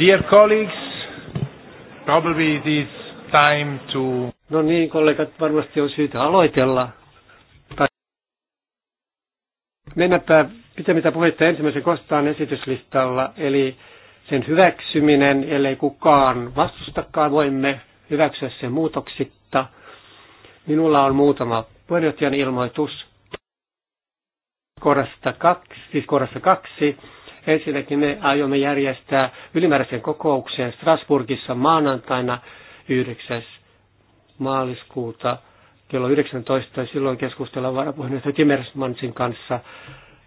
Dear colleagues, probably it is time to... No niin, kollegat, varmasti on syytä aloitella. Tai mennäpä pitämättä puhetta ensimmäisen kohtaan esityslistalla, eli sen hyväksyminen, ellei kukaan vastustakaan, voimme hyväksyä sen muutoksitta. Minulla on muutama puheenjohtajan ilmoitus. Korasta kaksi, siis korassa kaksi Ensinnäkin me aiomme järjestää ylimääräisen kokouksen Strasburgissa maanantaina 9. maaliskuuta kello 19. Silloin keskustellaan varapuheenjohtaja Timmermansin kanssa.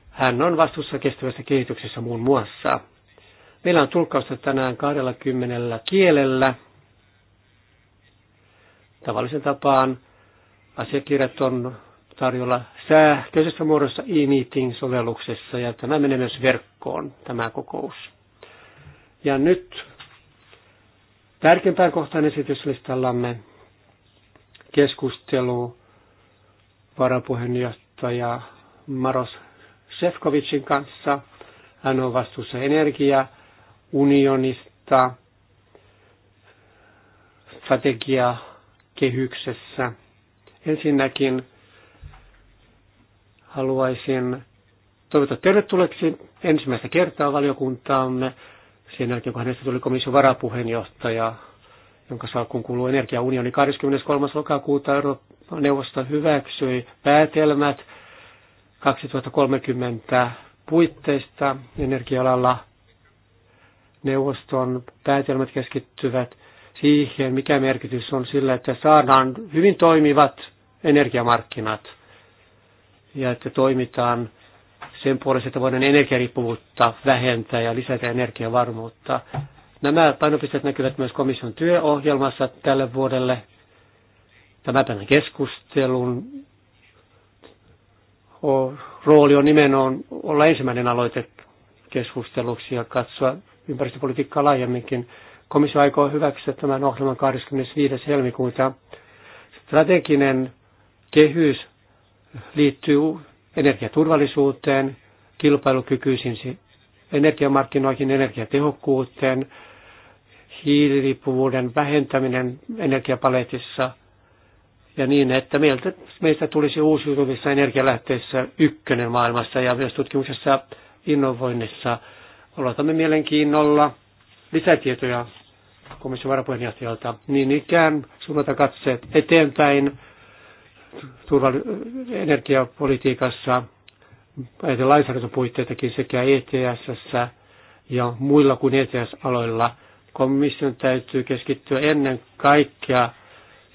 Hän on vastuussa kestävästä kehityksessä muun muassa. Meillä on tulkkausta tänään 20 kielellä. Tavallisen tapaan asiakirjat on tarjolla sähköisessä muodossa e-meeting-sovelluksessa ja tämä menee myös verkkoon, tämä kokous. Ja nyt tärkeimpään kohtaan esityslistallamme keskustelu varapuheenjohtaja Maros Shevkovicin kanssa. Hän on vastuussa energiaunionista strategiakehyksessä. Ensinnäkin haluaisin toivottaa tervetulleeksi ensimmäistä kertaa valiokuntaamme sen jälkeen, kun hänestä tuli komission varapuheenjohtaja, jonka salkun kuuluu energiaunioni. 23. lokakuuta Euroopan neuvosto hyväksyi päätelmät 2030 puitteista energialalla. Neuvoston päätelmät keskittyvät siihen, mikä merkitys on sillä, että saadaan hyvin toimivat energiamarkkinat – ja että toimitaan sen puolesta, että voidaan energiariippuvuutta vähentää ja lisätä energiavarmuutta. Nämä painopisteet näkyvät myös komission työohjelmassa tälle vuodelle. Tämä tämän keskustelun rooli on nimenomaan olla ensimmäinen aloite keskusteluksi ja katsoa ympäristöpolitiikkaa laajemminkin. Komissio aikoo hyväksyä tämän ohjelman 25. helmikuuta. Strateginen kehys liittyy energiaturvallisuuteen, kilpailukykyisiin energiamarkkinoihin, energiatehokkuuteen, hiiliriippuvuuden vähentäminen energiapaletissa ja niin, että meiltä, meistä tulisi uusiutuvissa energialähteissä ykkönen maailmassa ja myös tutkimuksessa innovoinnissa. Olotamme mielenkiinnolla lisätietoja komission varapuheenjohtajalta. Niin ikään suunnata katseet eteenpäin turvalli- energiapolitiikassa, ajatellen lainsäädäntöpuitteitakin sekä ETS ja muilla kuin ETS-aloilla. Komission täytyy keskittyä ennen kaikkea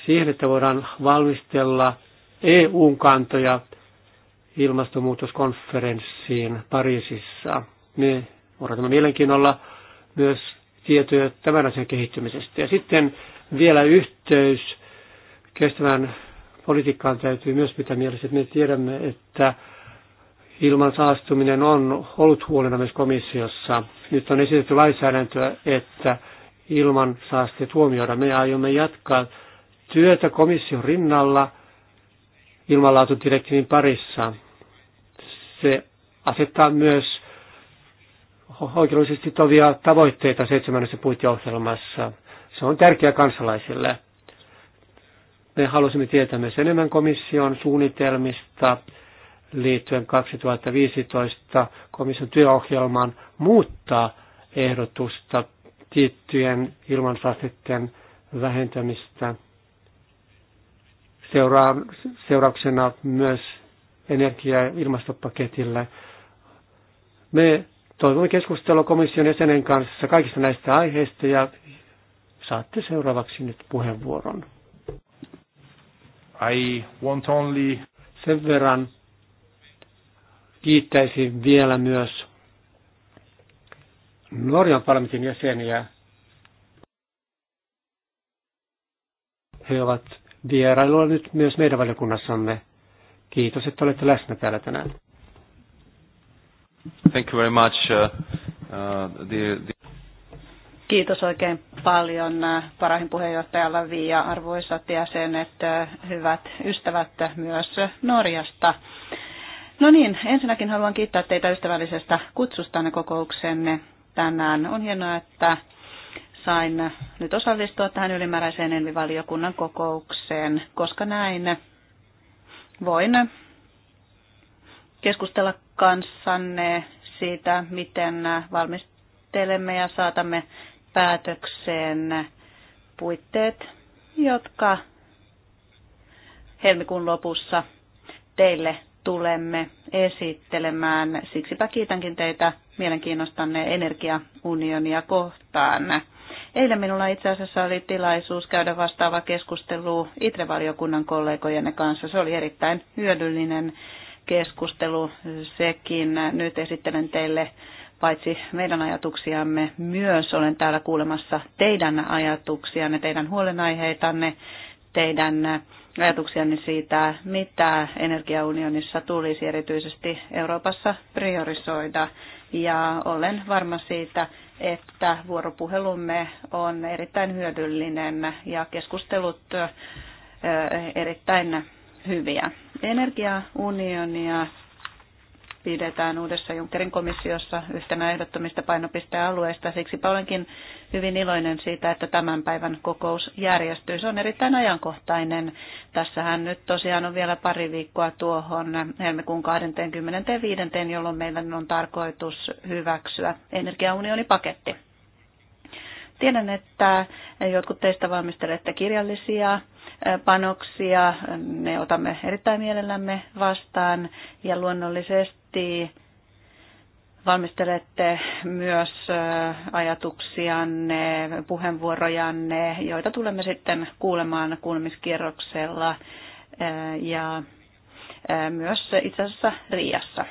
siihen, että voidaan valmistella eu kantoja ilmastonmuutoskonferenssiin Pariisissa. Me odotamme mielenkiinnolla myös tietoja tämän asian kehittymisestä. Ja sitten vielä yhteys kestävän politiikkaan täytyy myös pitää mielessä, että me tiedämme, että ilman saastuminen on ollut huolena myös komissiossa. Nyt on esitetty lainsäädäntöä, että ilman saasteet huomioidaan. Me aiomme jatkaa työtä komission rinnalla ilmanlaatudirektiivin parissa. Se asettaa myös oikeudellisesti tovia tavoitteita seitsemännessä puitteohjelmassa. Se on tärkeä kansalaisille. Me halusimme tietää myös enemmän komission suunnitelmista liittyen 2015 komission työohjelmaan muuttaa ehdotusta tiettyjen ilmansaasteiden vähentämistä. Seuraa, seurauksena myös energia- ja ilmastopaketille. Me toivomme keskustelua komission jäsenen kanssa kaikista näistä aiheista ja saatte seuraavaksi nyt puheenvuoron. I want only... Sen verran kiittäisin vielä myös Norjan parlamentin jäseniä. He ovat vierailulla nyt myös meidän valiokunnassamme. Kiitos, että olette läsnä täällä tänään. Thank you very much, uh, uh, dear, dear... Kiitos oikein paljon äh, parahin puheenjohtaja Lavi ja arvoisat jäsenet, äh, hyvät ystävät äh, myös Norjasta. No niin, ensinnäkin haluan kiittää teitä ystävällisestä kutsustanne kokouksenne tänään. On hienoa, että sain nyt osallistua tähän ylimääräiseen envivaliokunnan kokoukseen, koska näin voin keskustella kanssanne siitä, miten valmistelemme ja saatamme päätöksen puitteet, jotka helmikuun lopussa teille tulemme esittelemään. Siksipä kiitänkin teitä mielenkiinnostanne energiaunionia kohtaan. Eilen minulla itse asiassa oli tilaisuus käydä vastaava keskustelu Itrevaliokunnan kollegojen kollegojenne kanssa. Se oli erittäin hyödyllinen keskustelu sekin. Nyt esittelen teille paitsi meidän ajatuksiamme, myös olen täällä kuulemassa teidän ajatuksianne, teidän huolenaiheitanne, teidän ajatuksianne siitä, mitä energiaunionissa tulisi erityisesti Euroopassa priorisoida. Ja olen varma siitä, että vuoropuhelumme on erittäin hyödyllinen ja keskustelut erittäin hyviä. Energiaunionia pidetään uudessa Junckerin komissiossa yhtenä ehdottomista painopistealueista. Siksi olenkin hyvin iloinen siitä, että tämän päivän kokous järjestyy. Se on erittäin ajankohtainen. Tässähän nyt tosiaan on vielä pari viikkoa tuohon helmikuun 25. jolloin meillä on tarkoitus hyväksyä energiaunionipaketti. Tiedän, että jotkut teistä valmistelette kirjallisia panoksia. ne otamme erittäin mielellämme vastaan ja luonnollisesti miettii. Valmistelette myös ajatuksianne, puheenvuorojanne, joita tulemme sitten kuulemaan kuulemiskierroksella ja myös itse asiassa Riassa.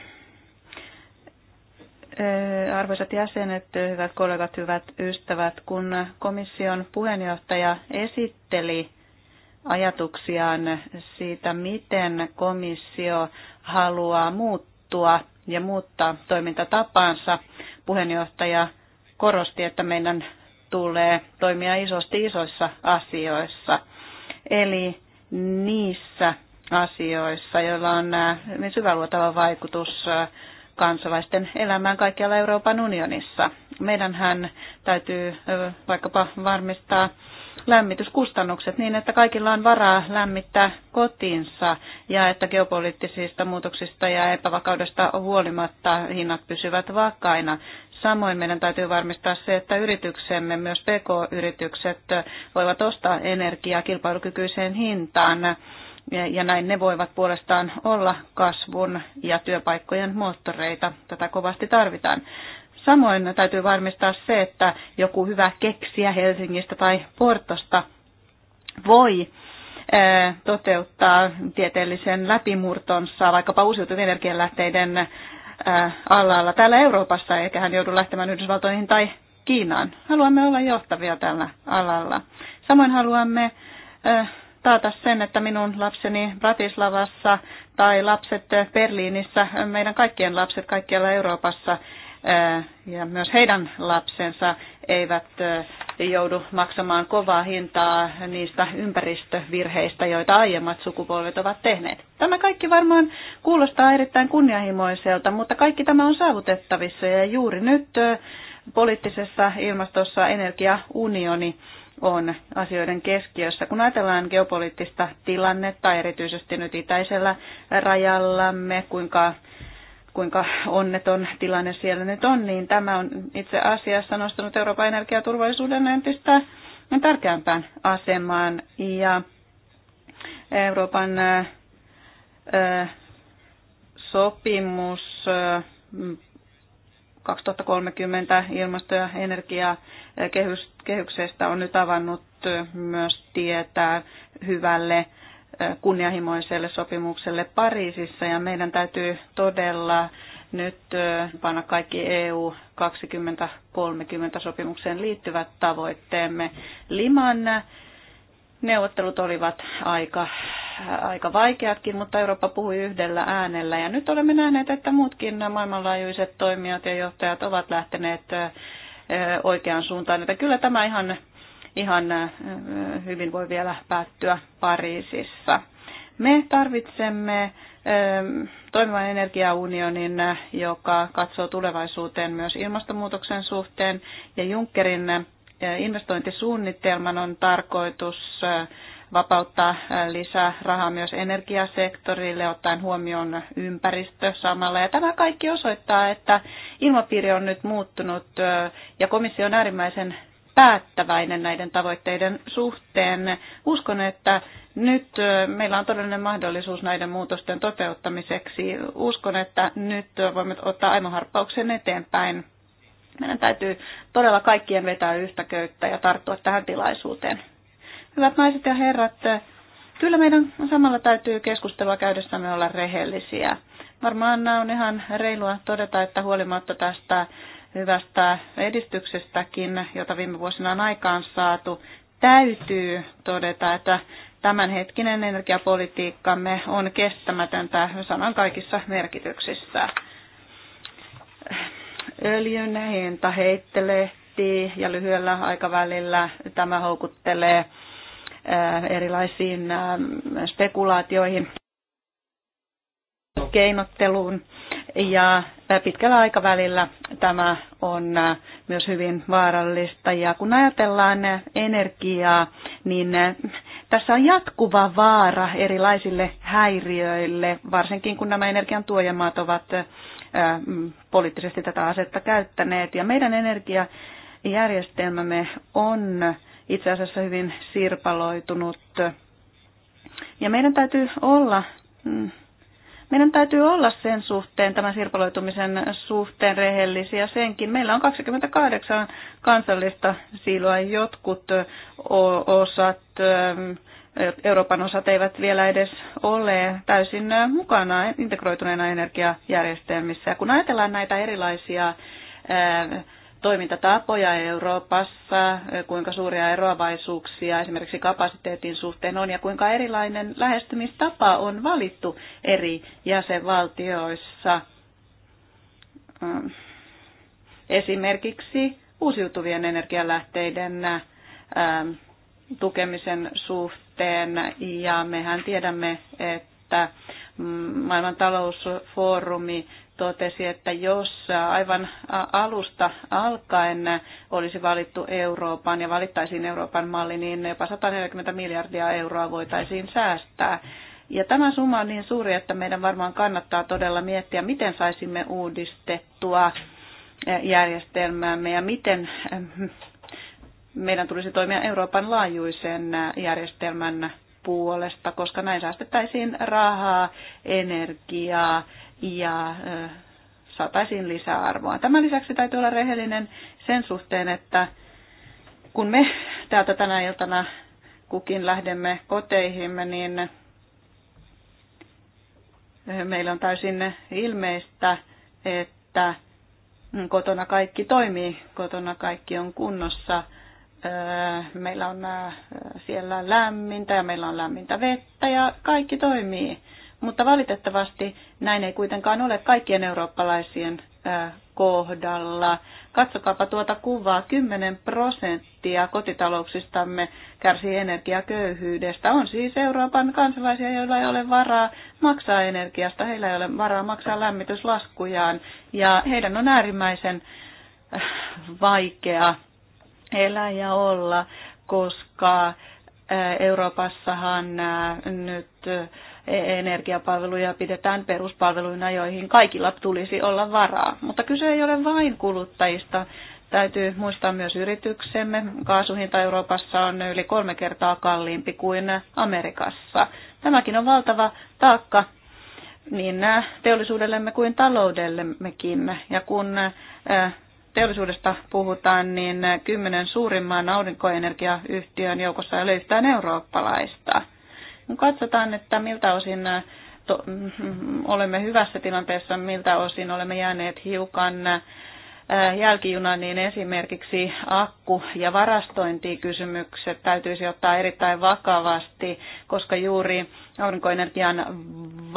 Arvoisat jäsenet, hyvät kollegat, hyvät ystävät, kun komission puheenjohtaja esitteli ajatuksiaan siitä, miten komissio haluaa muuttaa muuttua ja muuttaa toimintatapaansa. Puheenjohtaja korosti, että meidän tulee toimia isosti isoissa asioissa, eli niissä asioissa, joilla on äh, hyvin syväluotava vaikutus äh, kansalaisten elämään kaikkialla Euroopan unionissa. Meidänhän täytyy äh, vaikkapa varmistaa lämmityskustannukset niin, että kaikilla on varaa lämmittää kotiinsa ja että geopoliittisista muutoksista ja epävakaudesta huolimatta hinnat pysyvät vakaina. Samoin meidän täytyy varmistaa se, että yrityksemme, myös PK-yritykset, voivat ostaa energiaa kilpailukykyiseen hintaan ja näin ne voivat puolestaan olla kasvun ja työpaikkojen moottoreita. Tätä kovasti tarvitaan. Samoin täytyy varmistaa se, että joku hyvä keksiä Helsingistä tai Portosta voi toteuttaa tieteellisen läpimurtonsa vaikkapa uusiutuvien energialähteiden alalla täällä Euroopassa, eikä hän joudu lähtemään Yhdysvaltoihin tai Kiinaan. Haluamme olla johtavia tällä alalla. Samoin haluamme taata sen, että minun lapseni Bratislavassa tai lapset Berliinissä, meidän kaikkien lapset kaikkialla Euroopassa ja myös heidän lapsensa eivät joudu maksamaan kovaa hintaa niistä ympäristövirheistä, joita aiemmat sukupolvet ovat tehneet. Tämä kaikki varmaan kuulostaa erittäin kunnianhimoiselta, mutta kaikki tämä on saavutettavissa ja juuri nyt poliittisessa ilmastossa energiaunioni on asioiden keskiössä. Kun ajatellaan geopoliittista tilannetta, erityisesti nyt itäisellä rajallamme, kuinka kuinka onneton tilanne siellä nyt on, niin tämä on itse asiassa nostanut Euroopan energiaturvallisuuden entistä tärkeämpään asemaan. Ja Euroopan sopimus 2030 ilmasto- ja energiakehyksestä on nyt avannut myös tietää hyvälle kunnianhimoiselle sopimukselle Pariisissa ja meidän täytyy todella nyt panna kaikki EU 2030 sopimukseen liittyvät tavoitteemme. Liman neuvottelut olivat aika, aika vaikeatkin, mutta Eurooppa puhui yhdellä äänellä. Ja nyt olemme nähneet, että muutkin maailmanlaajuiset toimijat ja johtajat ovat lähteneet oikeaan suuntaan. Että kyllä tämä ihan ihan hyvin voi vielä päättyä Pariisissa. Me tarvitsemme toimivan energiaunionin, joka katsoo tulevaisuuteen myös ilmastonmuutoksen suhteen. Ja Junckerin investointisuunnitelman on tarkoitus vapauttaa lisää rahaa myös energiasektorille, ottaen huomioon ympäristö samalla. Ja tämä kaikki osoittaa, että ilmapiiri on nyt muuttunut ja komissio on äärimmäisen päättäväinen näiden tavoitteiden suhteen. Uskon, että nyt meillä on todellinen mahdollisuus näiden muutosten toteuttamiseksi. Uskon, että nyt voimme ottaa aimo harppauksen eteenpäin. Meidän täytyy todella kaikkien vetää yhtä köyttä ja tarttua tähän tilaisuuteen. Hyvät naiset ja herrat, kyllä meidän samalla täytyy keskustelua käydessämme olla rehellisiä. Varmaan on ihan reilua todeta, että huolimatta tästä hyvästä edistyksestäkin, jota viime vuosina on aikaan saatu, täytyy todeta, että tämänhetkinen energiapolitiikkamme on kestämätöntä sanan kaikissa merkityksissä. Öljyn hinta heittelehtii ja lyhyellä aikavälillä tämä houkuttelee äh, erilaisiin äh, spekulaatioihin, keinotteluun ja äh, pitkällä aikavälillä tämä on äh, myös hyvin vaarallista. Ja kun ajatellaan äh, energiaa, niin tässä on jatkuva vaara erilaisille häiriöille, varsinkin kun nämä energiantuojamaat ovat mm, poliittisesti tätä asetta käyttäneet. Ja meidän energiajärjestelmämme on itse asiassa hyvin sirpaloitunut. Ja meidän täytyy olla mm, meidän täytyy olla sen suhteen, tämän sirpaloitumisen suhteen rehellisiä senkin. Meillä on 28 kansallista siiloa, jotkut osat, ähm, Euroopan osat eivät vielä edes ole täysin äh, mukana integroituneena energiajärjestelmissä. Ja kun ajatellaan näitä erilaisia äh, toimintatapoja Euroopassa, kuinka suuria eroavaisuuksia esimerkiksi kapasiteetin suhteen on ja kuinka erilainen lähestymistapa on valittu eri jäsenvaltioissa. Esimerkiksi uusiutuvien energialähteiden ähm, tukemisen suhteen ja mehän tiedämme, että mm, maailman talousfoorumi totesi, että jos aivan alusta alkaen olisi valittu Euroopan ja valittaisiin Euroopan malli, niin jopa 140 miljardia euroa voitaisiin säästää. Ja tämä summa on niin suuri, että meidän varmaan kannattaa todella miettiä, miten saisimme uudistettua järjestelmäämme ja miten eh, meidän tulisi toimia Euroopan laajuisen järjestelmän puolesta, koska näin säästettäisiin rahaa, energiaa ja saataisiin lisäarvoa. Tämän lisäksi täytyy olla rehellinen sen suhteen, että kun me täältä tänä iltana kukin lähdemme koteihimme, niin meillä on täysin ilmeistä, että kotona kaikki toimii, kotona kaikki on kunnossa. Meillä on siellä lämmintä ja meillä on lämmintä vettä ja kaikki toimii. Mutta valitettavasti näin ei kuitenkaan ole kaikkien eurooppalaisien kohdalla. Katsokaapa tuota kuvaa. 10 prosenttia kotitalouksistamme kärsii energiaköyhyydestä. On siis Euroopan kansalaisia, joilla ei ole varaa maksaa energiasta, heillä ei ole varaa maksaa lämmityslaskujaan ja heidän on äärimmäisen vaikea elää ja olla, koska Euroopassahan nyt energiapalveluja pidetään peruspalveluina, joihin kaikilla tulisi olla varaa. Mutta kyse ei ole vain kuluttajista. Täytyy muistaa myös yrityksemme. Kaasuhinta Euroopassa on yli kolme kertaa kalliimpi kuin Amerikassa. Tämäkin on valtava taakka niin teollisuudellemme kuin taloudellemmekin. Ja kun äh, teollisuudesta puhutaan, niin kymmenen suurimman aurinkoenergiayhtiön joukossa ei löytää eurooppalaista – katsotaan, että miltä osin äh, to, mm, olemme hyvässä tilanteessa, miltä osin olemme jääneet hiukan äh, jälkijunaan, niin esimerkiksi akku- ja varastointikysymykset täytyisi ottaa erittäin vakavasti, koska juuri aurinkoenergian mm,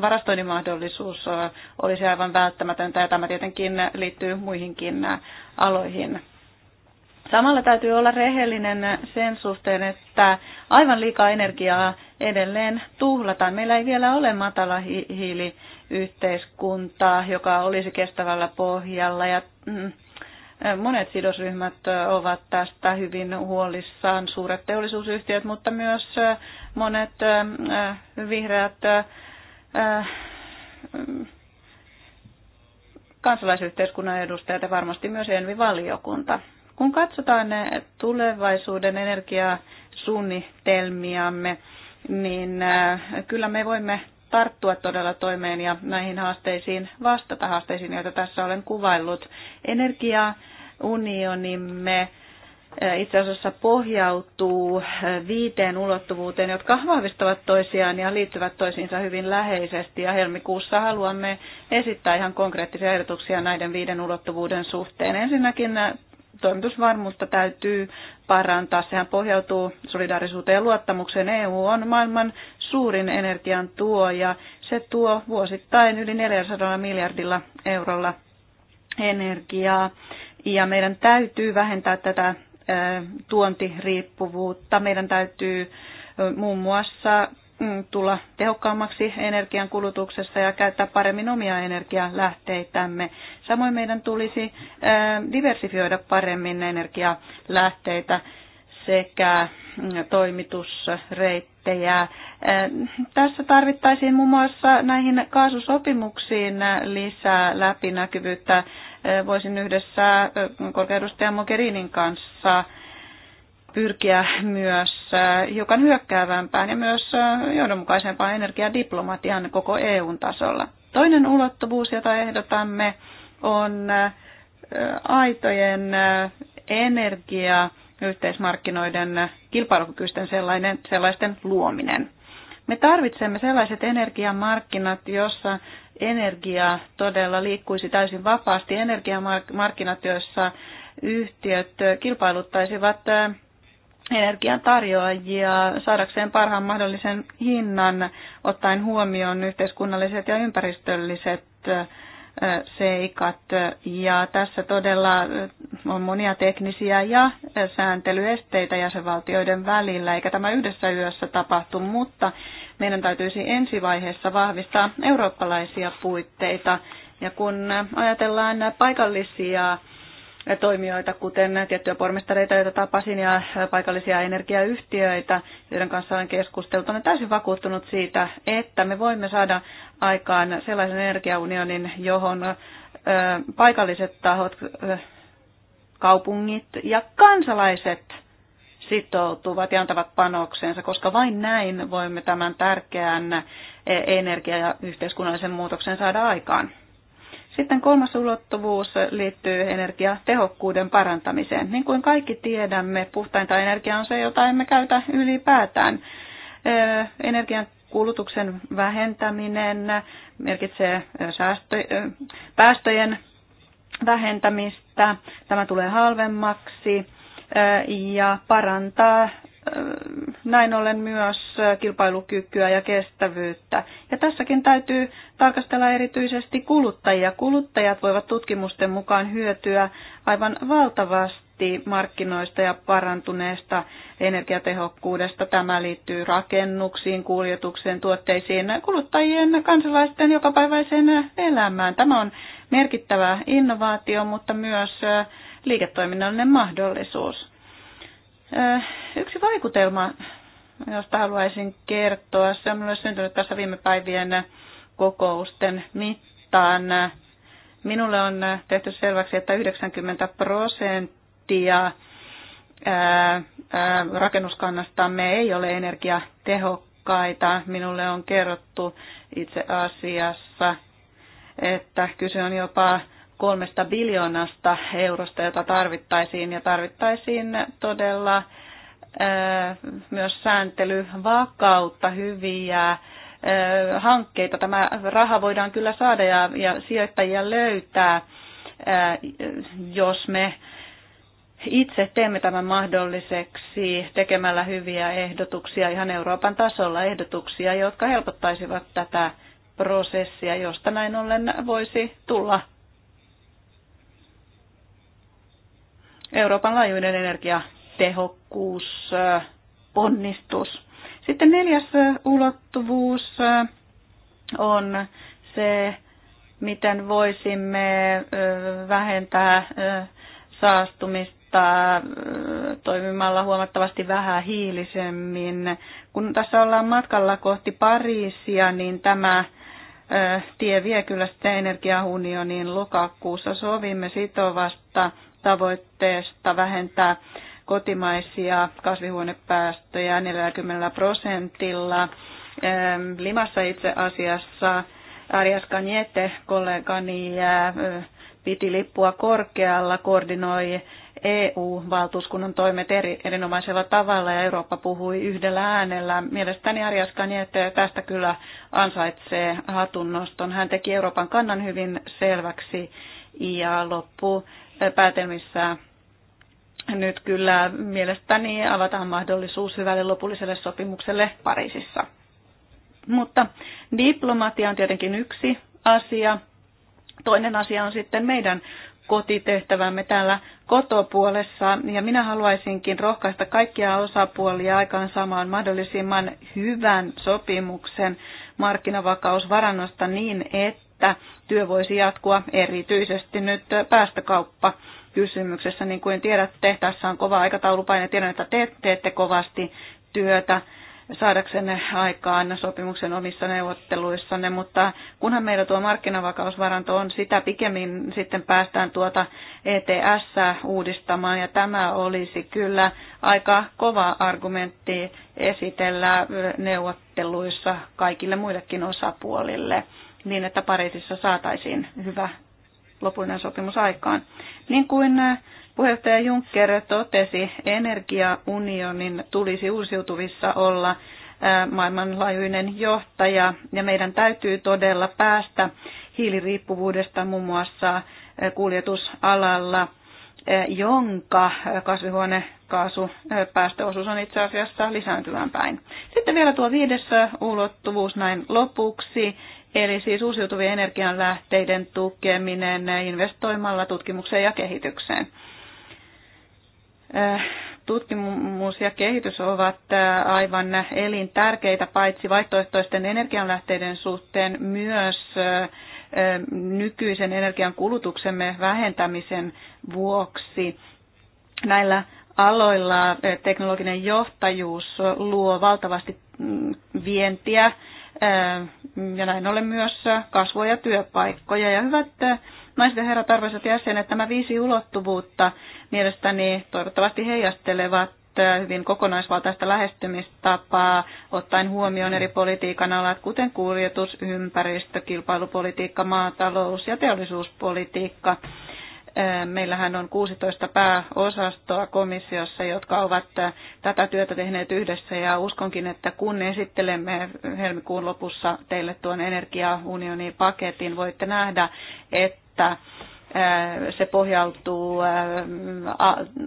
varastoinnin mahdollisuus olisi aivan välttämätöntä, ja tämä tietenkin liittyy muihinkin äh, aloihin. Samalla täytyy olla rehellinen sen suhteen, että aivan liikaa energiaa edelleen tuhlataan. Meillä ei vielä ole matala hiiliyhteiskuntaa, joka olisi kestävällä pohjalla ja mm, monet sidosryhmät ovat tästä hyvin huolissaan, suuret teollisuusyhtiöt, mutta myös monet mm, vihreät mm, kansalaisyhteiskunnan edustajat ja varmasti myös Envi-valiokunta. Kun katsotaan tulevaisuuden energiasuunnitelmiamme, niin äh, kyllä me voimme tarttua todella toimeen ja näihin haasteisiin vastata haasteisiin, joita tässä olen kuvaillut. Energiaunionimme äh, itse asiassa pohjautuu äh, viiteen ulottuvuuteen, jotka vahvistavat toisiaan ja liittyvät toisiinsa hyvin läheisesti. Ja helmikuussa haluamme esittää ihan konkreettisia ehdotuksia näiden viiden ulottuvuuden suhteen. Ensinnäkin toimitusvarmuutta täytyy parantaa. Sehän pohjautuu solidaarisuuteen ja luottamukseen. EU on maailman suurin energian tuoja. Se tuo vuosittain yli 400 miljardilla eurolla energiaa. Ja meidän täytyy vähentää tätä tuontiriippuvuutta. Meidän täytyy muun muassa Mm, tulla tehokkaammaksi kulutuksessa ja käyttää paremmin omia energialähteitämme. Samoin meidän tulisi diversifioida paremmin energialähteitä sekä mm, toimitusreittejä. Tässä tarvittaisiin muun muassa näihin kaasusopimuksiin lisää läpinäkyvyyttä. Voisin yhdessä korkeudustajan Mogherinin kanssa pyrkiä myös äh, hiukan hyökkäävämpään ja myös äh, johdonmukaisempaan energiadiplomatian koko EUn tasolla. Toinen ulottuvuus, jota ehdotamme, on äh, aitojen energia yhteismarkkinoiden kilpailukykyisten sellainen, sellaisten luominen. Me tarvitsemme sellaiset energiamarkkinat, jossa energia todella liikkuisi täysin vapaasti, energiamarkkinat, joissa yhtiöt kilpailuttaisivat energian tarjoajia saadakseen parhaan mahdollisen hinnan ottaen huomioon yhteiskunnalliset ja ympäristölliset seikat. Ja tässä todella on monia teknisiä ja sääntelyesteitä jäsenvaltioiden välillä, eikä tämä yhdessä yössä tapahtu, mutta meidän täytyisi ensivaiheessa vahvistaa eurooppalaisia puitteita. Ja kun ajatellaan paikallisia toimijoita, kuten tiettyjä pormestareita, joita tapasin, ja paikallisia energiayhtiöitä, joiden kanssa olen keskustellut. Olen täysin vakuuttunut siitä, että me voimme saada aikaan sellaisen energiaunionin, johon paikalliset tahot, kaupungit ja kansalaiset sitoutuvat ja antavat panoksensa, koska vain näin voimme tämän tärkeän e, energia- ja yhteiskunnallisen muutoksen saada aikaan. Sitten kolmas ulottuvuus liittyy energiatehokkuuden parantamiseen. Niin kuin kaikki tiedämme, puhtainta energiaa on se, jota emme käytä ylipäätään. Energian kulutuksen vähentäminen merkitsee säästö, päästöjen vähentämistä. Tämä tulee halvemmaksi ja parantaa näin ollen myös kilpailukykyä ja kestävyyttä. Ja tässäkin täytyy tarkastella erityisesti kuluttajia. Kuluttajat voivat tutkimusten mukaan hyötyä aivan valtavasti markkinoista ja parantuneesta energiatehokkuudesta. Tämä liittyy rakennuksiin, kuljetukseen, tuotteisiin, kuluttajien, kansalaisten jokapäiväiseen elämään. Tämä on merkittävä innovaatio, mutta myös liiketoiminnallinen mahdollisuus. Yksi vaikutelma, josta haluaisin kertoa, se on minulle syntynyt tässä viime päivien kokousten mittaan. Minulle on tehty selväksi, että 90 prosenttia rakennuskannastamme ei ole energiatehokkaita. Minulle on kerrottu itse asiassa, että kyse on jopa kolmesta biljoonasta eurosta, jota tarvittaisiin, ja tarvittaisiin todella myös sääntelyvakautta, hyviä hankkeita. Tämä raha voidaan kyllä saada ja, ja sijoittajia löytää, jos me itse teemme tämän mahdolliseksi tekemällä hyviä ehdotuksia ihan Euroopan tasolla, ehdotuksia, jotka helpottaisivat tätä prosessia, josta näin ollen voisi tulla Euroopan laajuinen energiatehokkuus, ponnistus. Sitten neljäs ulottuvuus on se, miten voisimme vähentää saastumista toimimalla huomattavasti vähän hiilisemmin. Kun tässä ollaan matkalla kohti Pariisia, niin tämä tie vie kyllä sitten energiaunioniin lokakuussa. Sovimme sitovasta tavoitteesta vähentää kotimaisia kasvihuonepäästöjä 40 prosentilla. Limassa itse asiassa Arias Kanjete, kollegani, piti lippua korkealla, koordinoi EU-valtuuskunnan toimet eri, erinomaisella tavalla ja Eurooppa puhui yhdellä äänellä. Mielestäni Arias Kanjete tästä kyllä ansaitsee hatunnoston. Hän teki Euroopan kannan hyvin selväksi ja loppu päätelmissä nyt kyllä mielestäni avataan mahdollisuus hyvälle lopulliselle sopimukselle Pariisissa. Mutta diplomatia on tietenkin yksi asia. Toinen asia on sitten meidän kotitehtävämme täällä kotopuolessa. Ja minä haluaisinkin rohkaista kaikkia osapuolia aikaan saamaan mahdollisimman hyvän sopimuksen markkinavakausvarannosta niin, että että työ voisi jatkua erityisesti nyt päästökauppa kysymyksessä. Niin kuin tiedätte, tässä on kova aikataulupaine. Tiedän, että te teette kovasti työtä saadaksenne aikaan sopimuksen omissa neuvotteluissanne, mutta kunhan meillä tuo markkinavakausvaranto on, sitä pikemmin sitten päästään tuota ETS uudistamaan, ja tämä olisi kyllä aika kova argumentti esitellä neuvotteluissa kaikille muillekin osapuolille niin, että Pariisissa saataisiin hyvä lopullinen sopimus aikaan. Niin kuin äh, puheenjohtaja Juncker totesi, energiaunionin tulisi uusiutuvissa olla äh, maailmanlaajuinen johtaja ja meidän täytyy todella päästä hiiliriippuvuudesta muun muassa äh, kuljetusalalla, jonka kasvihuonekaasupäästöosuus on itse asiassa lisääntyvän päin. Sitten vielä tuo viides ulottuvuus näin lopuksi, Eli siis uusiutuvien energianlähteiden tukeminen investoimalla tutkimukseen ja kehitykseen. Äh, tutkimus ja kehitys ovat äh, aivan elintärkeitä paitsi vaihtoehtoisten energianlähteiden suhteen myös äh, nykyisen energian kulutuksemme vähentämisen vuoksi. Näillä aloilla teknologinen johtajuus luo valtavasti mm, vientiä ja näin ollen myös kasvoja ja työpaikkoja. Ja hyvät naiset ja herrat, arvoisat jäsenet, nämä viisi ulottuvuutta mielestäni toivottavasti heijastelevat hyvin kokonaisvaltaista lähestymistapaa, ottaen huomioon eri politiikan alat, kuten kuljetus, ympäristö, kilpailupolitiikka, maatalous ja teollisuuspolitiikka. Meillähän on 16 pääosastoa komissiossa, jotka ovat tätä työtä tehneet yhdessä ja uskonkin, että kun esittelemme helmikuun lopussa teille tuon energiaunionin paketin, voitte nähdä, että se pohjautuu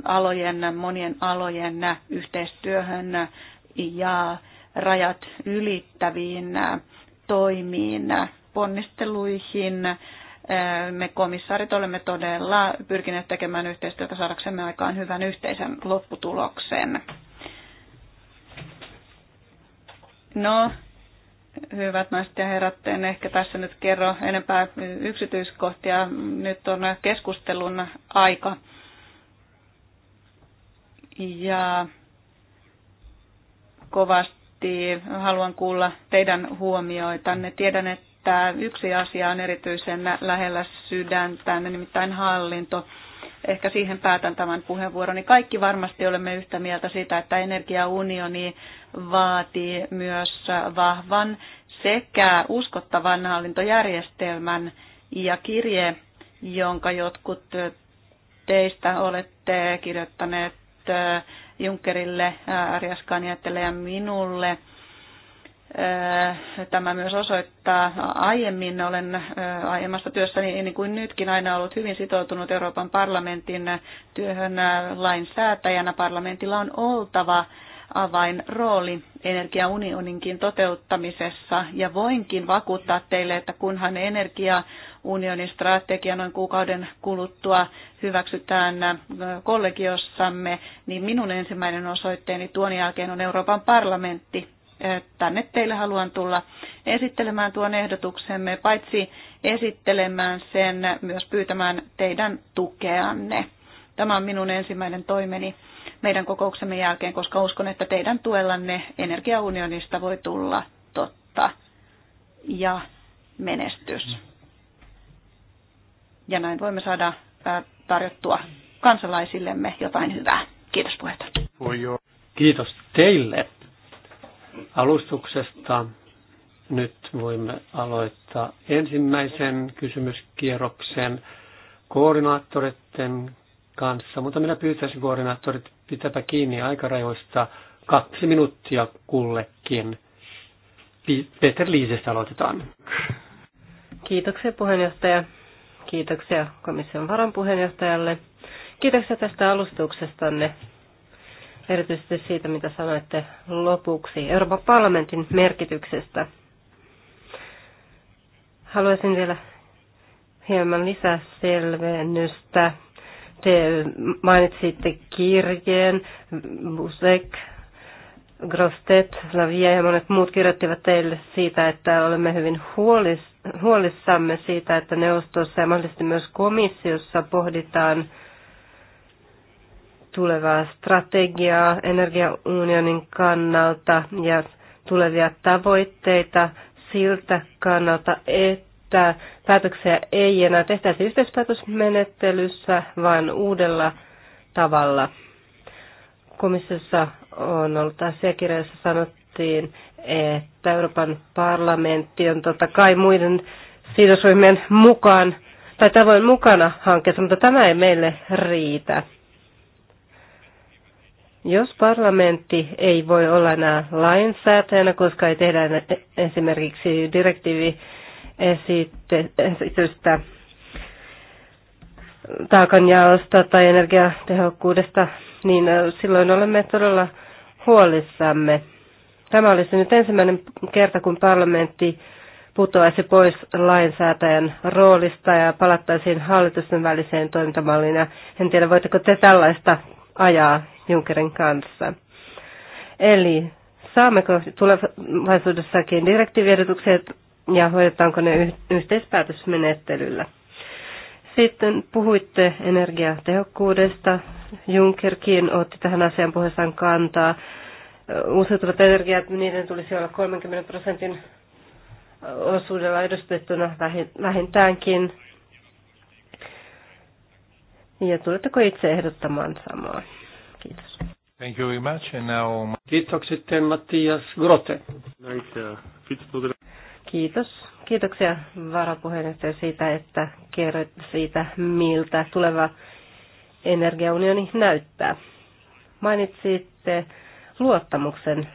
alojen, monien alojen yhteistyöhön ja rajat ylittäviin toimiin, ponnisteluihin, me komissaarit olemme todella pyrkineet tekemään yhteistyötä saadaksemme aikaan hyvän yhteisen lopputuloksen. No, hyvät naiset ja herrat, en ehkä tässä nyt kerro enempää yksityiskohtia. Nyt on keskustelun aika. Ja kovasti haluan kuulla teidän huomioitanne. Tiedän, että että yksi asia on erityisen lähellä sydäntä, nimittäin hallinto. Ehkä siihen päätän tämän puheenvuoroni. Kaikki varmasti olemme yhtä mieltä siitä, että energiaunioni vaatii myös vahvan sekä uskottavan hallintojärjestelmän ja kirje, jonka jotkut teistä olette kirjoittaneet äh, Junckerille, äh, Arjaskanjättele ja minulle – Tämä myös osoittaa aiemmin, olen aiemmassa työssäni niin kuin nytkin aina ollut hyvin sitoutunut Euroopan parlamentin työhön lainsäätäjänä. Parlamentilla on oltava avainrooli energiaunioninkin toteuttamisessa ja voinkin vakuuttaa teille, että kunhan energiaunionin strategia noin kuukauden kuluttua hyväksytään kollegiossamme, niin minun ensimmäinen osoitteeni tuon jälkeen on Euroopan parlamentti tänne teille haluan tulla esittelemään tuon ehdotuksemme, paitsi esittelemään sen, myös pyytämään teidän tukeanne. Tämä on minun ensimmäinen toimeni meidän kokouksemme jälkeen, koska uskon, että teidän tuellanne energiaunionista voi tulla totta ja menestys. Ja näin voimme saada tarjottua kansalaisillemme jotain hyvää. Kiitos puheenjohtaja. Kiitos teille alustuksesta. Nyt voimme aloittaa ensimmäisen kysymyskierroksen koordinaattoritten kanssa, mutta minä pyytäisin koordinaattorit pitäpä kiinni aikarajoista kaksi minuuttia kullekin. Peter Liisestä aloitetaan. Kiitoksia puheenjohtaja. Kiitoksia komission puheenjohtajalle. Kiitoksia tästä alustuksestanne erityisesti siitä, mitä sanoitte lopuksi Euroopan parlamentin merkityksestä. Haluaisin vielä hieman lisää selvennystä. Te mainitsitte kirjeen, Busek, Grostet, Lavia ja monet muut kirjoittivat teille siitä, että olemme hyvin huolissamme siitä, että neuvostossa ja mahdollisesti myös komissiossa pohditaan – tulevaa strategiaa energiaunionin kannalta ja tulevia tavoitteita siltä kannalta, että päätöksiä ei enää tehtäisi yhteispäätösmenettelyssä, vaan uudella tavalla. Komissiossa on ollut asiakirjassa sanottiin, että Euroopan parlamentti on totta kai muiden sidosryhmien mukaan tai tavoin mukana hankkeessa, mutta tämä ei meille riitä. Jos parlamentti ei voi olla enää lainsäätäjänä, koska ei tehdä esimerkiksi direktiiviesitystä taakanjaosta tai energiatehokkuudesta, niin silloin olemme todella huolissamme. Tämä olisi nyt ensimmäinen kerta, kun parlamentti putoaisi pois lainsäätäjän roolista ja palattaisiin hallitusten väliseen toimintamalliin. Ja en tiedä, voitteko te tällaista ajaa Junckerin kanssa. Eli saammeko tulevaisuudessakin direktiiviehdotukset ja hoidetaanko ne yhteispäätösmenettelyllä? Sitten puhuitte energiatehokkuudesta. Junkerkin otti tähän asian puheessaan kantaa. Uusiutuvat energiat, niiden tulisi olla 30 prosentin osuudella edustettuna vähintäänkin. Ja tuletteko itse ehdottamaan samaa? Thank you very much. And now... Kiitos sitten Mattias Grote. Äh, Kiitos. Kiitoksia varapuheenjohtaja siitä, että kerroit siitä, miltä tuleva energiaunioni näyttää. Mainitsitte luottamuksen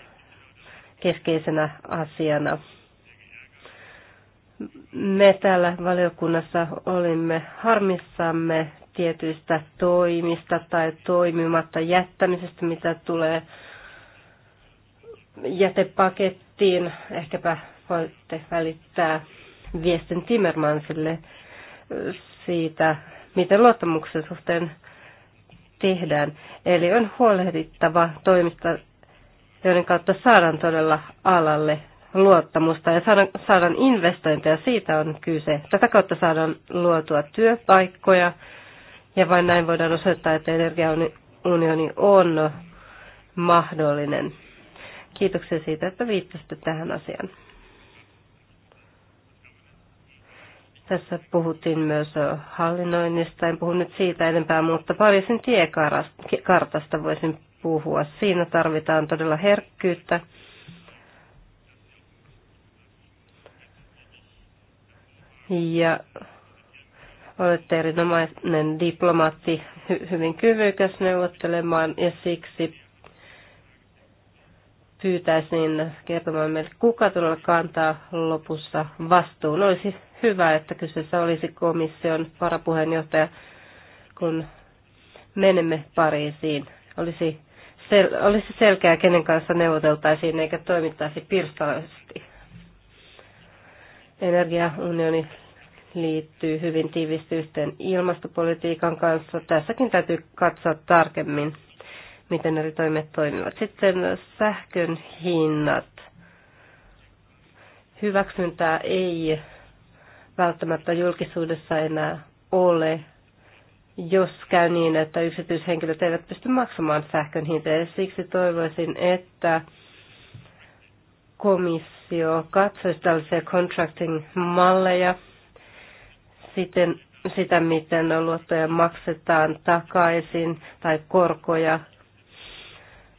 keskeisenä asiana. Me täällä valiokunnassa olimme harmissamme tietyistä toimista tai toimimatta jättämisestä, mitä tulee jätepakettiin. Ehkäpä voitte välittää viestin Timmermansille siitä, miten luottamuksen suhteen tehdään. Eli on huolehdittava toimista, joiden kautta saadaan todella alalle luottamusta ja saadaan, saadaan investointeja, siitä on kyse. Tätä kautta saadaan luotua työpaikkoja ja vain näin voidaan osoittaa, että energiaunioni on mahdollinen. Kiitoksia siitä, että viittasitte tähän asiaan. Tässä puhuttiin myös hallinnoinnista. En puhu nyt siitä enempää, mutta Pariisin tiekartasta voisin puhua. Siinä tarvitaan todella herkkyyttä. Ja Olette erinomainen diplomaatti, hy- hyvin kyvykäs neuvottelemaan ja siksi pyytäisin kertomaan meille, kuka todella kantaa lopussa vastuun. Olisi hyvä, että kyseessä olisi komission varapuheenjohtaja, kun menemme Pariisiin. Olisi, sel- olisi selkeää, kenen kanssa neuvoteltaisiin eikä toimittaisi pirstaloisesti Energiaunioni liittyy hyvin tiivisti yhteen ilmastopolitiikan kanssa. Tässäkin täytyy katsoa tarkemmin, miten eri toimet toimivat. Sitten sähkön hinnat. Hyväksyntää ei välttämättä julkisuudessa enää ole, jos käy niin, että yksityishenkilöt eivät pysty maksamaan sähkön hintaa. Siksi toivoisin, että komissio katsoisi tällaisia contracting-malleja, siten, sitä, miten luottoja maksetaan takaisin tai korkoja.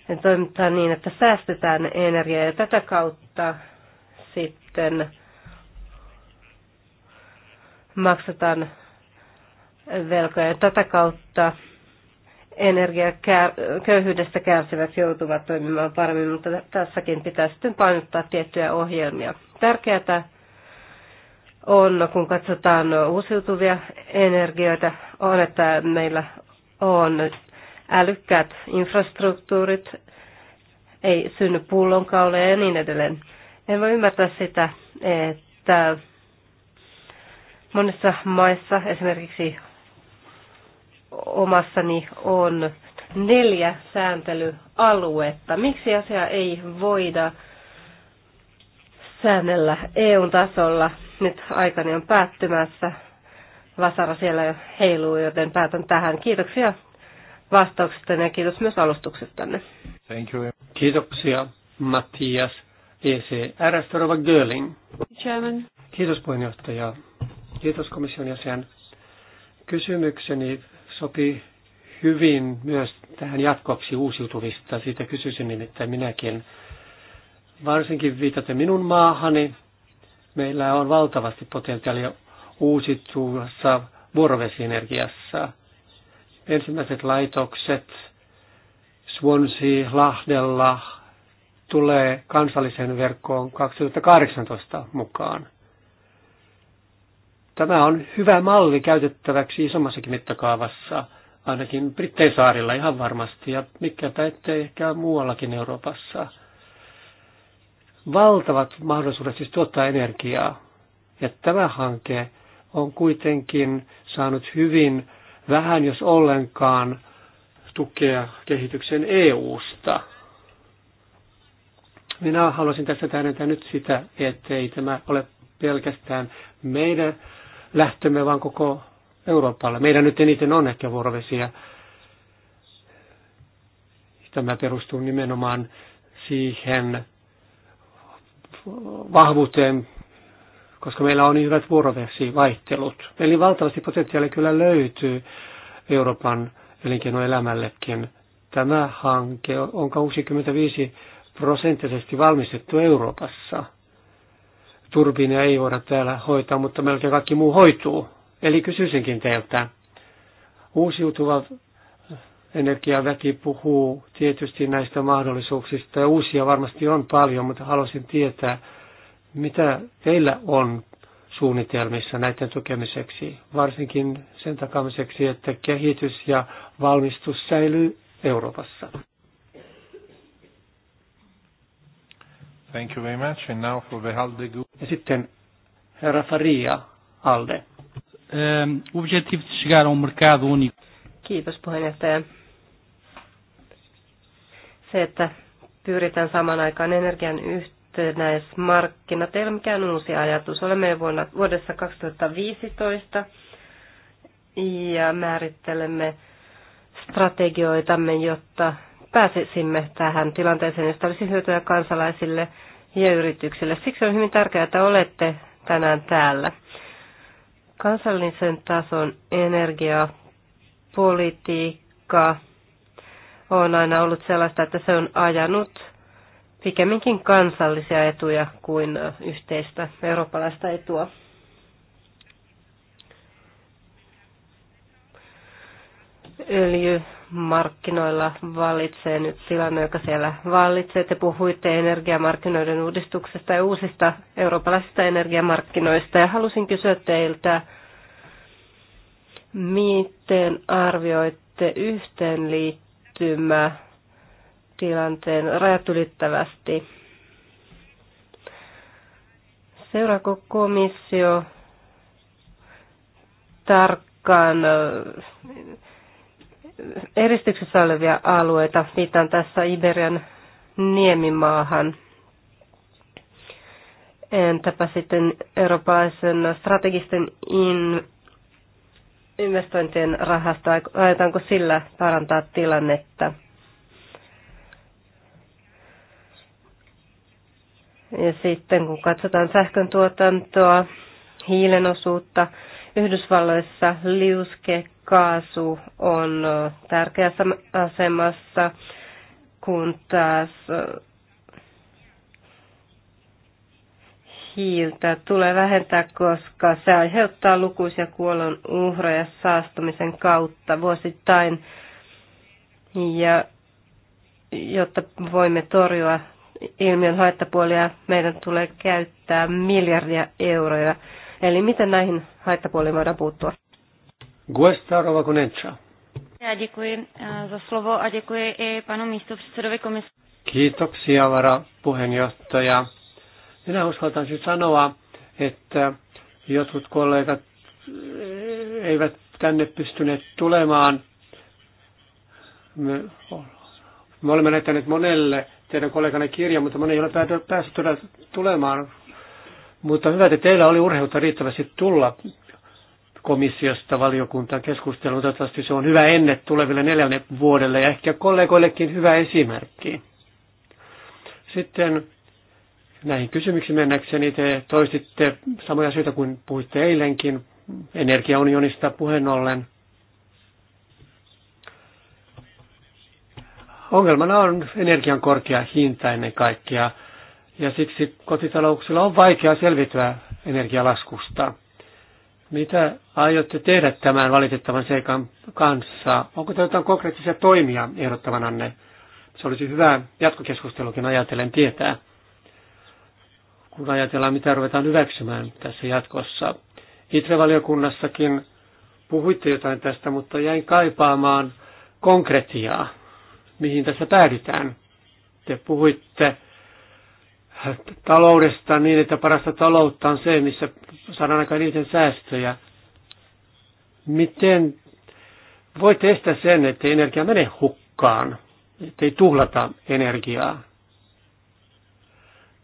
Ne toimitaan niin, että säästetään energiaa ja tätä kautta sitten maksetaan velkoja. Tätä kautta köyhyydestä kärsivät joutuvat toimimaan paremmin, mutta tässäkin pitää sitten painottaa tiettyjä ohjelmia. Tärkeää on, kun katsotaan uusiutuvia energioita, on, että meillä on älykkäät infrastruktuurit, ei synny pullonkauleja ja niin edelleen. En voi ymmärtää sitä, että monissa maissa, esimerkiksi omassani on neljä sääntelyaluetta. Miksi asia ei voida säännellä EU-tasolla nyt aikani on päättymässä. Vasara siellä jo heiluu, joten päätän tähän. Kiitoksia vastauksista ja kiitos myös alustuksestanne. Thank you. Kiitoksia Mattias ECR Storova Görling. Chairman. Kiitos puheenjohtaja. Kiitos komission jäsen. Kysymykseni sopii hyvin myös tähän jatkoksi uusiutuvista. Siitä kysyisin nimittäin minäkin. Varsinkin viitaten minun maahani, Meillä on valtavasti potentiaalia uusituvassa vuorovesienergiassa. Ensimmäiset laitokset Swansea, Lahdella tulee kansalliseen verkkoon 2018 mukaan. Tämä on hyvä malli käytettäväksi isommassakin mittakaavassa, ainakin Brittein saarilla ihan varmasti, ja mikäpä ettei ehkä muuallakin Euroopassa – valtavat mahdollisuudet siis tuottaa energiaa. Ja tämä hanke on kuitenkin saanut hyvin vähän, jos ollenkaan, tukea kehityksen EU-sta. Minä haluaisin tässä tähdentää nyt sitä, ettei tämä ole pelkästään meidän lähtömme, vaan koko Euroopalle. Meidän nyt eniten on ehkä vuorovesiä. Tämä perustuu nimenomaan siihen vahvuuteen, koska meillä on niin hyvät vuoroversivaihtelut. Eli valtavasti potentiaalia kyllä löytyy Euroopan elinkeinoelämällekin. Tämä hanke on 65 prosenttisesti valmistettu Euroopassa. Turbiineja ei voida täällä hoitaa, mutta melkein kaikki muu hoituu. Eli kysyisinkin teiltä, uusiutuva Energiaväki puhuu tietysti näistä mahdollisuuksista ja uusia varmasti on paljon, mutta haluaisin tietää, mitä teillä on suunnitelmissa näiden tukemiseksi, varsinkin sen takamiseksi, että kehitys ja valmistus säilyy Euroopassa. Thank you very much. And now for the Alde Group. Ja sitten herra Faria, Alde. Um, ehm, objetivo de chegar a um mercado único. Kiitos puheenjohtaja. Se, että pyritään saman aikaan energian yhtenäismarkkinat, ei ole mikään uusi ajatus. Olemme vuonna, vuodessa 2015 ja määrittelemme strategioitamme, jotta pääsisimme tähän tilanteeseen, josta olisi hyötyä kansalaisille ja yrityksille. Siksi on hyvin tärkeää, että olette tänään täällä. Kansallisen tason energiapolitiikka on aina ollut sellaista, että se on ajanut pikemminkin kansallisia etuja kuin yhteistä eurooppalaista etua. öljymarkkinoilla vallitsee nyt tilanne, joka siellä vallitsee. Te puhuitte energiamarkkinoiden uudistuksesta ja uusista eurooppalaisista energiamarkkinoista. Ja halusin kysyä teiltä, miten arvioitte yhteenliittymistä siirtymä tilanteen rajat ylittävästi. Seuraako komissio tarkkaan eristyksessä olevia alueita? Viitan tässä Iberian niemimaahan. Entäpä sitten eurooppalaisen strategisten in, investointien rahasta, aiotaanko sillä parantaa tilannetta? Ja sitten kun katsotaan sähkön tuotantoa, hiilen osuutta, Yhdysvalloissa liuskekaasu on tärkeässä asemassa, kun taas hiiltä tulee vähentää, koska se aiheuttaa lukuisia kuollon uhreja saastumisen kautta vuosittain. Ja jotta voimme torjua ilmiön haittapuolia, meidän tulee käyttää miljardia euroja. Eli miten näihin haittapuoliin voidaan puuttua? Guesta Rovakunencha. Já eh, Kiitoksia varapuheenjohtaja minä uskaltaisin sanoa, että jotkut kollegat eivät tänne pystyneet tulemaan. Me, me olemme lähettäneet monelle teidän kolleganne kirja, mutta moni ei ole päässyt tulemaan. Mutta hyvä, että teillä oli urheutta riittävästi tulla komissiosta valiokuntaan keskusteluun. Toivottavasti se on hyvä enne tuleville neljänne vuodelle ja ehkä kollegoillekin hyvä esimerkki. Sitten Näihin kysymyksiin mennäkseni te toistitte samoja syitä kuin puhuitte eilenkin energiaunionista puheen ollen. Ongelmana on energian korkea hinta ennen kaikkea, ja siksi kotitalouksilla on vaikea selviytyä energialaskusta. Mitä aiotte tehdä tämän valitettavan seikan kanssa? Onko teillä jotain konkreettisia toimia ehdottavananne? Se olisi hyvä jatkokeskustelukin ajatellen tietää kun ajatellaan, mitä ruvetaan hyväksymään tässä jatkossa. Itrevaliokunnassakin puhuitte jotain tästä, mutta jäin kaipaamaan konkretiaa, mihin tässä päädytään. Te puhuitte taloudesta niin, että parasta taloutta on se, missä saadaan aika niiden säästöjä. Miten voitte estää sen, että energia menee hukkaan, ettei tuhlata energiaa?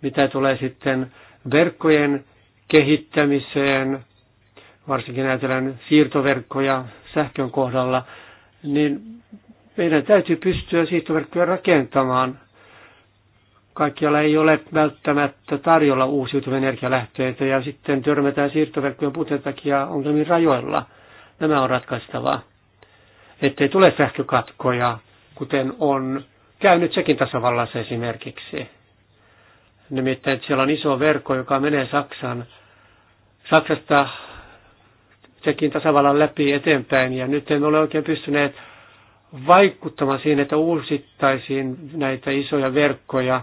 Mitä tulee sitten verkkojen kehittämiseen, varsinkin ajatellaan siirtoverkkoja sähkön kohdalla, niin meidän täytyy pystyä siirtoverkkoja rakentamaan. Kaikkialla ei ole välttämättä tarjolla uusiutuvia energialähteitä ja sitten törmätään siirtoverkkojen puutteen takia ongelmiin rajoilla. Nämä on ratkaistavaa. Ettei tule sähkökatkoja, kuten on käynyt sekin tasavallassa esimerkiksi. Nimittäin siellä on iso verkko, joka menee Saksan, Saksasta sekin tasavallan läpi eteenpäin. Ja nyt emme ole oikein pystyneet vaikuttamaan siihen, että uusittaisiin näitä isoja verkkoja.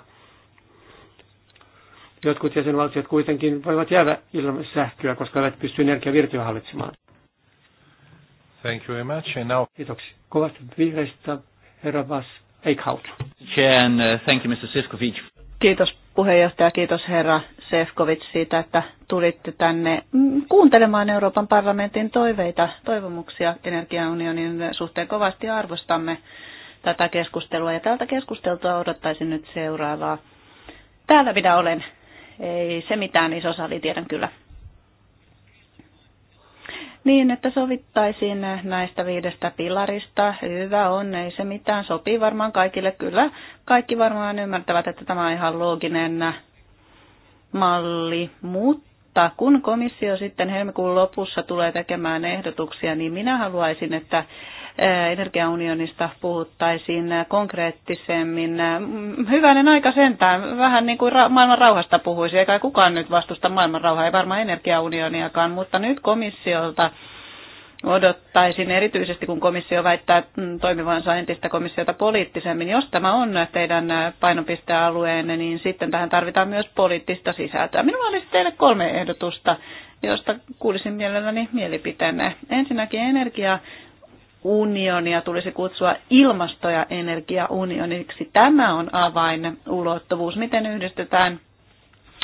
Jotkut jäsenvaltiot kuitenkin voivat jäädä ilman sähköä, koska eivät pysty energiavirtoja hallitsemaan. Thank you very much. And now... Kiitoksia. Kovasti vihreistä, herra Vas Eichhout. Chair, and, uh, thank you, Mr. Siskovic. Kiitos puheenjohtaja, kiitos herra Sefkovic siitä, että tulitte tänne kuuntelemaan Euroopan parlamentin toiveita, toivomuksia energiaunionin suhteen. Kovasti arvostamme tätä keskustelua ja tältä keskusteltua odottaisin nyt seuraavaa. Täällä minä olen. Ei se mitään, iso sali tiedän kyllä niin, että sovittaisiin näistä viidestä pilarista. Hyvä on, ei se mitään, sopii varmaan kaikille. Kyllä kaikki varmaan ymmärtävät, että tämä on ihan looginen malli, mutta kun komissio sitten helmikuun lopussa tulee tekemään ehdotuksia, niin minä haluaisin, että energiaunionista puhuttaisiin konkreettisemmin. Hyvänen aika sentään, vähän niin kuin maailman rauhasta puhuisi, eikä kukaan nyt vastusta maailman rauhaa, ei varmaan energiaunioniakaan, mutta nyt komissiolta odottaisin, erityisesti kun komissio väittää mm, toimivansa entistä komissiota poliittisemmin. Jos tämä on teidän painopistealueenne, niin sitten tähän tarvitaan myös poliittista sisältöä. Minulla olisi teille kolme ehdotusta, josta kuulisin mielelläni mielipiteenne. Ensinnäkin energia unionia tulisi kutsua ilmasto- ja energiaunioniksi. Tämä on avain ulottuvuus, miten yhdistetään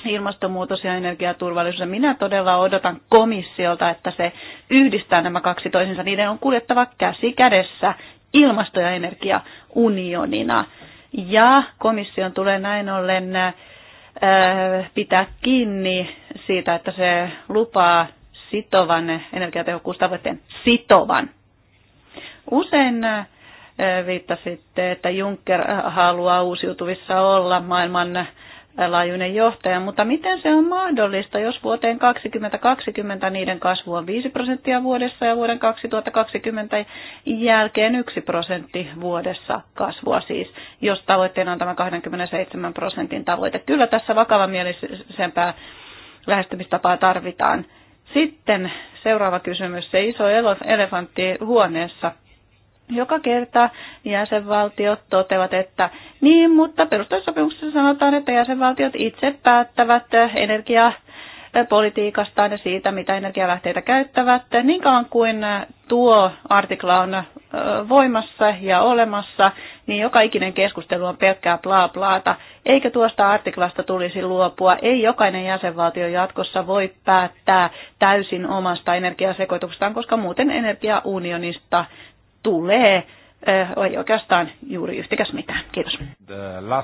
ilmastonmuutos ja energiaturvallisuus. Ja minä todella odotan komissiolta, että se yhdistää nämä kaksi toisinsa. Niiden on kuljettava käsi kädessä ilmasto- ja energiaunionina. Ja komission tulee näin ollen äh, pitää kiinni siitä, että se lupaa sitovan energiatehokkuustavoitteen sitovan Usein äh, viittasitte, että Juncker äh, haluaa uusiutuvissa olla maailman äh, laajuinen johtaja, mutta miten se on mahdollista, jos vuoteen 2020 niiden kasvu on 5 prosenttia vuodessa ja vuoden 2020 jälkeen 1 prosentti vuodessa kasvua siis, jos tavoitteena on tämä 27 prosentin tavoite. Kyllä tässä vakavamielisempää lähestymistapaa tarvitaan. Sitten seuraava kysymys, se iso elefantti huoneessa joka kerta jäsenvaltiot toteavat, että niin, mutta perustamissopimuksessa sanotaan, että jäsenvaltiot itse päättävät energiaa ja siitä, mitä energialähteitä käyttävät, niin kauan kuin tuo artikla on voimassa ja olemassa, niin joka ikinen keskustelu on pelkkää bla blaata, eikä tuosta artiklasta tulisi luopua. Ei jokainen jäsenvaltio jatkossa voi päättää täysin omasta energiasekoituksestaan, koska muuten energiaunionista tulee eh, ei oikeastaan juuri yhtäkäs mitään. Kiitos.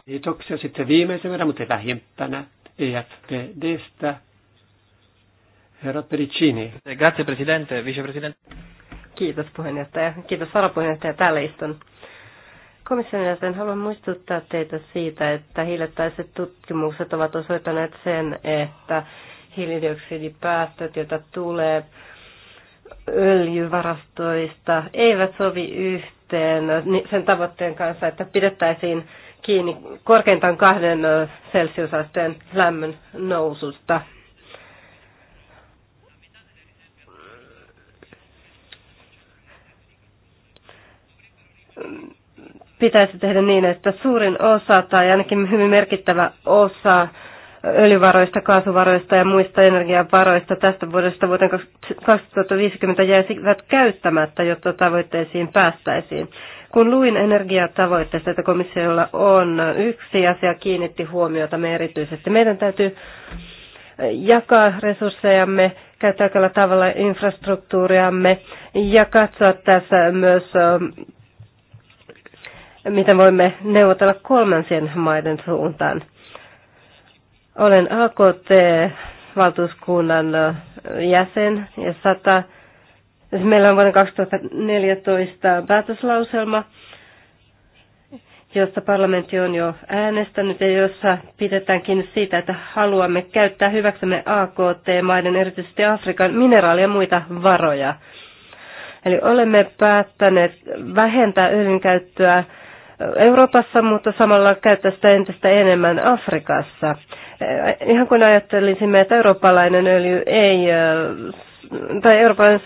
Kiitoksia. Sitten viimeisen verran, mutta vähimpänä EFPDstä. Herra Pericini. Grazie Presidente, Vicepresidente. Kiitos puheenjohtaja. Kiitos varapuheenjohtaja. Täällä istun. Komission jäsen, haluan muistuttaa teitä siitä, että hiilettäiset tutkimukset ovat osoittaneet sen, että hiilidioksidipäästöt, joita tulee öljyvarastoista eivät sovi yhteen sen tavoitteen kanssa, että pidettäisiin kiinni korkeintaan kahden celsiusasteen lämmön noususta. Pitäisi tehdä niin, että suurin osa tai ainakin hyvin merkittävä osa öljyvaroista, kaasuvaroista ja muista energiavaroista tästä vuodesta vuoteen 2050 jäisivät käyttämättä, jotta tavoitteisiin päästäisiin. Kun luin energiatavoitteesta, että komissiolla on yksi asia kiinnitti huomiota me erityisesti. Meidän täytyy jakaa resurssejamme, käyttää kaikella tavalla infrastruktuuriamme ja katsoa tässä myös, miten voimme neuvotella kolmansien maiden suuntaan. Olen AKT-valtuuskunnan jäsen ja sata Meillä on vuoden 2014 päätöslauselma, josta parlamentti on jo äänestänyt ja jossa pidetään kiinni siitä, että haluamme käyttää hyväksemme AKT-maiden, erityisesti Afrikan mineraaleja ja muita varoja. Eli olemme päättäneet vähentää öljyn käyttöä Euroopassa, mutta samalla käyttää sitä entistä enemmän Afrikassa. Äh, ihan kun ajattelisimme, että eurooppalainen öljy ei, äh, tai eurooppalainen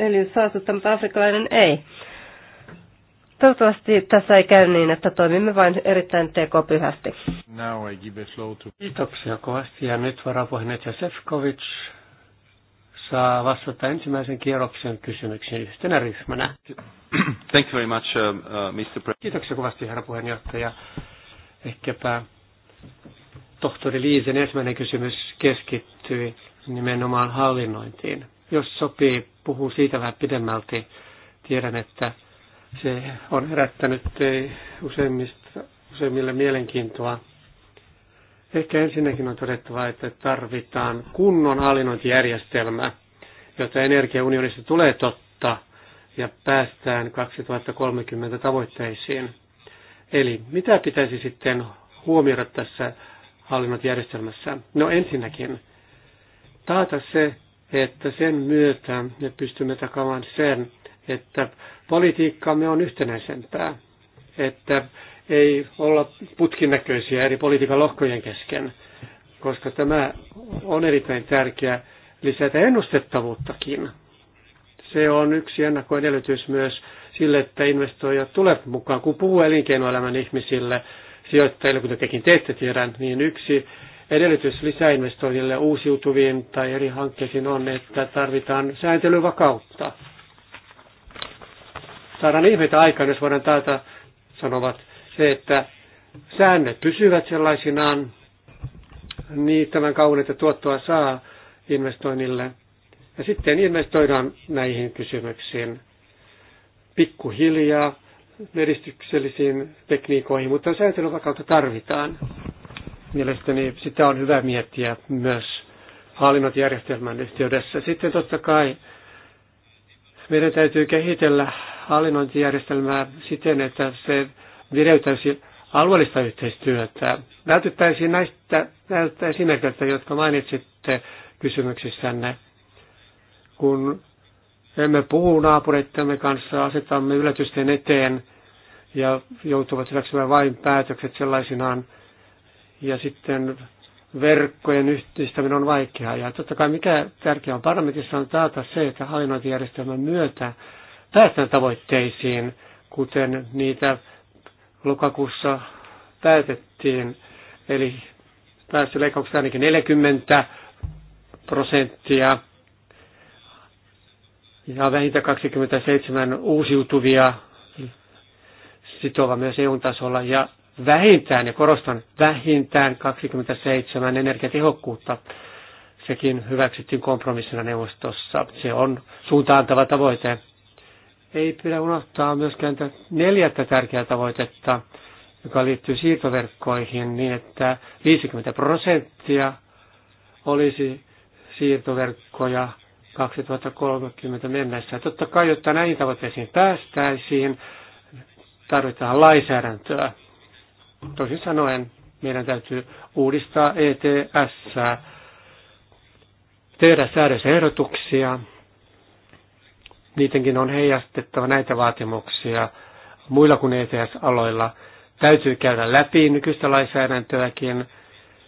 öljy saastuttaa, mutta afrikkalainen ei. Toivottavasti tässä ei käy niin, että toimimme vain erittäin tekopyhästi. Now I give slow to... Kiitoksia kovasti. Ja nyt varapuheenjohtaja Sefcovic saa vastata ensimmäisen kierroksen kysymyksiin yhtenä ryhmänä. Thank you very much, um, uh, Mr. Kiitoksia kovasti, herra puheenjohtaja. Ehkäpä tohtori Liisen ensimmäinen kysymys keskittyi nimenomaan hallinnointiin. Jos sopii, puhuu siitä vähän pidemmälti. Tiedän, että se on herättänyt useimmista, useimmille mielenkiintoa. Ehkä ensinnäkin on todettava, että tarvitaan kunnon hallinnointijärjestelmä, jota energiaunionista tulee totta ja päästään 2030 tavoitteisiin. Eli mitä pitäisi sitten huomioida tässä hallinnointijärjestelmässä? No ensinnäkin taata se, että sen myötä me pystymme takamaan sen, että politiikkaamme on yhtenäisempää, että ei olla putkinäköisiä eri politiikan lohkojen kesken, koska tämä on erittäin tärkeä lisätä ennustettavuuttakin. Se on yksi ennakkoedellytys myös sille, että investoijat tulevat mukaan. Kun puhuu elinkeinoelämän ihmisille, sijoittajille, kuten tekin teette tiedän, niin yksi edellytys lisäinvestoinnille uusiutuviin tai eri hankkeisiin on, että tarvitaan sääntelyvakautta. Saadaan ihmeitä aikaan, jos voidaan taata, sanovat, se, että säännöt pysyvät sellaisinaan, niin tämän kauan, että tuottoa saa investoinnille. Ja sitten investoidaan näihin kysymyksiin pikkuhiljaa edistyksellisiin tekniikoihin, mutta sääntelyvakautta tarvitaan. Mielestäni sitä on hyvä miettiä myös hallinnot järjestelmän yhteydessä. Sitten totta kai meidän täytyy kehitellä hallinnointijärjestelmää siten, että se vireyttäisi alueellista yhteistyötä. Vältyttäisiin näistä, näiltä esimerkkeistä, jotka mainitsitte kysymyksissänne, kun emme puhu naapureittamme kanssa, asetamme yllätysten eteen ja joutuvat hyväksymään vain päätökset sellaisinaan. Ja sitten verkkojen yhdistäminen on vaikeaa. Ja totta kai mikä tärkeää on parlamentissa on taata se, että hallinnointijärjestelmän myötä päästään tavoitteisiin, kuten niitä lokakuussa päätettiin. Eli päästöleikkaukset ainakin 40 prosenttia ja vähintään 27 uusiutuvia sitova myös EU-tasolla ja vähintään, ja korostan, vähintään 27 energiatehokkuutta. Sekin hyväksyttiin kompromissina neuvostossa. Se on suuntaantava tavoite. Ei pidä unohtaa myöskään neljättä tärkeää tavoitetta, joka liittyy siirtoverkkoihin niin, että 50 prosenttia olisi siirtoverkkoja 2030 mennessä. Totta kai, jotta näihin tavoitteisiin päästäisiin, tarvitaan lainsäädäntöä. Toisin sanoen, meidän täytyy uudistaa ETS, tehdä säädösehdotuksia, niidenkin on heijastettava näitä vaatimuksia muilla kuin ETS-aloilla. Täytyy käydä läpi nykyistä lainsäädäntöäkin,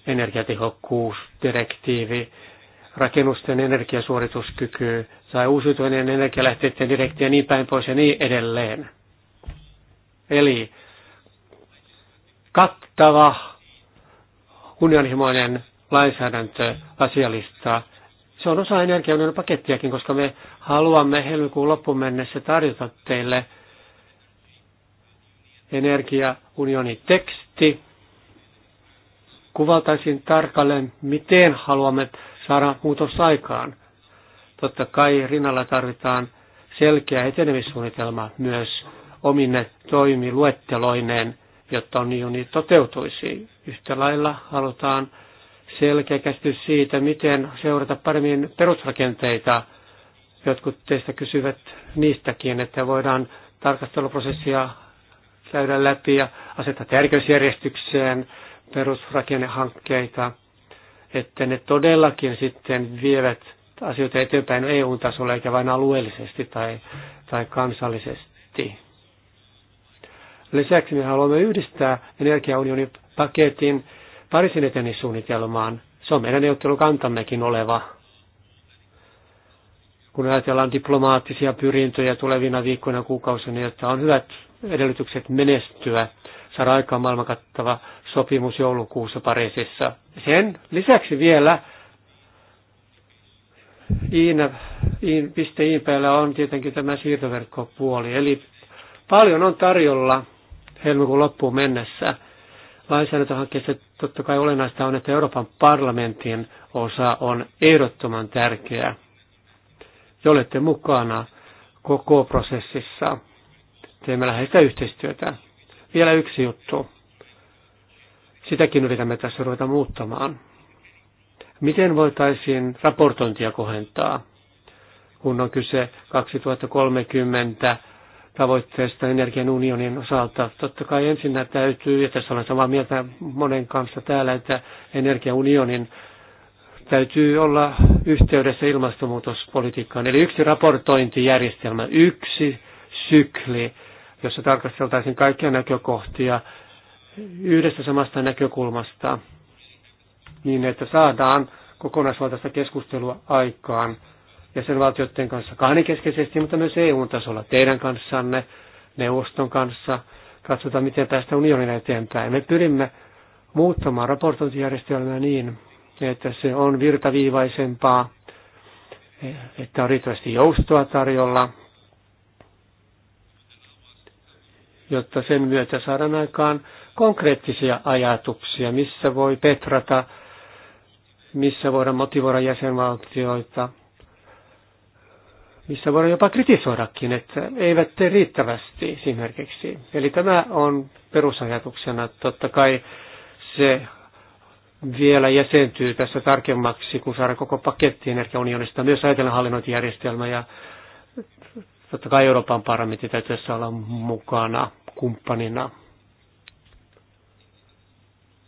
energiatehokkuusdirektiivi, rakennusten energiasuorituskyky tai uusiutuvien energialähteiden direktiivi ja niin päin pois ja niin edelleen. Eli kattava, kunnianhimoinen lainsäädäntö asialista. Se on osa energiaunionin pakettiakin, koska me haluamme helmikuun loppuun mennessä tarjota teille energiaunionin teksti. Kuvaltaisin tarkalleen, miten haluamme saadaan muutos aikaan. Totta kai rinnalla tarvitaan selkeä etenemissuunnitelma myös omine toimiluetteloineen, jotta unioni toteutuisi. Yhtä lailla halutaan selkeä käsitys siitä, miten seurata paremmin perusrakenteita. Jotkut teistä kysyvät niistäkin, että voidaan tarkasteluprosessia käydä läpi ja asettaa tärkeysjärjestykseen perusrakennehankkeita – että ne todellakin sitten vievät asioita eteenpäin EU-tasolla eikä vain alueellisesti tai, tai kansallisesti. Lisäksi me haluamme yhdistää energiaunionin paketin Pariisin etenissuunnitelmaan. Se on meidän neuvottelukantammekin oleva. Kun ajatellaan diplomaattisia pyrintöjä tulevina viikkoina ja kuukausina, jotta on hyvät edellytykset menestyä, saada aikaan maailman kattava sopimus joulukuussa Pariisissa. Sen lisäksi vielä iin päällä on tietenkin tämä siirtoverkkopuoli. Eli paljon on tarjolla helmikuun loppuun mennessä lainsäädäntöhankkeessa totta kai olennaista on, että Euroopan parlamentin osa on ehdottoman tärkeä. Te olette mukana koko prosessissa. Teemme läheistä yhteistyötä. Vielä yksi juttu. Sitäkin yritämme tässä ruveta muuttamaan. Miten voitaisiin raportointia kohentaa, kun on kyse 2030 tavoitteesta energian unionin osalta. Totta kai ensinnä täytyy, ja tässä olen samaa mieltä monen kanssa täällä, että unionin täytyy olla yhteydessä ilmastonmuutospolitiikkaan. Eli yksi raportointijärjestelmä, yksi sykli, jossa tarkasteltaisiin kaikkia näkökohtia yhdestä samasta näkökulmasta, niin että saadaan kokonaisvaltaista keskustelua aikaan jäsenvaltioiden kanssa kahdenkeskeisesti, mutta myös EU-tasolla, teidän kanssanne, neuvoston kanssa, katsotaan miten tästä unionin eteenpäin. Me pyrimme muuttamaan raportointijärjestelmää niin, että se on virtaviivaisempaa, että on riittävästi joustoa tarjolla, jotta sen myötä saadaan aikaan konkreettisia ajatuksia, missä voi petrata, missä voidaan motivoida jäsenvaltioita, missä voidaan jopa kritisoidakin, että eivät tee riittävästi esimerkiksi. Eli tämä on perusajatuksena. Totta kai se vielä jäsentyy tässä tarkemmaksi, kun saadaan koko paketti energiaunionista, myös ajatellen hallinnointijärjestelmä ja Totta kai Euroopan parlamentti täytyy tässä olla mukana kumppanina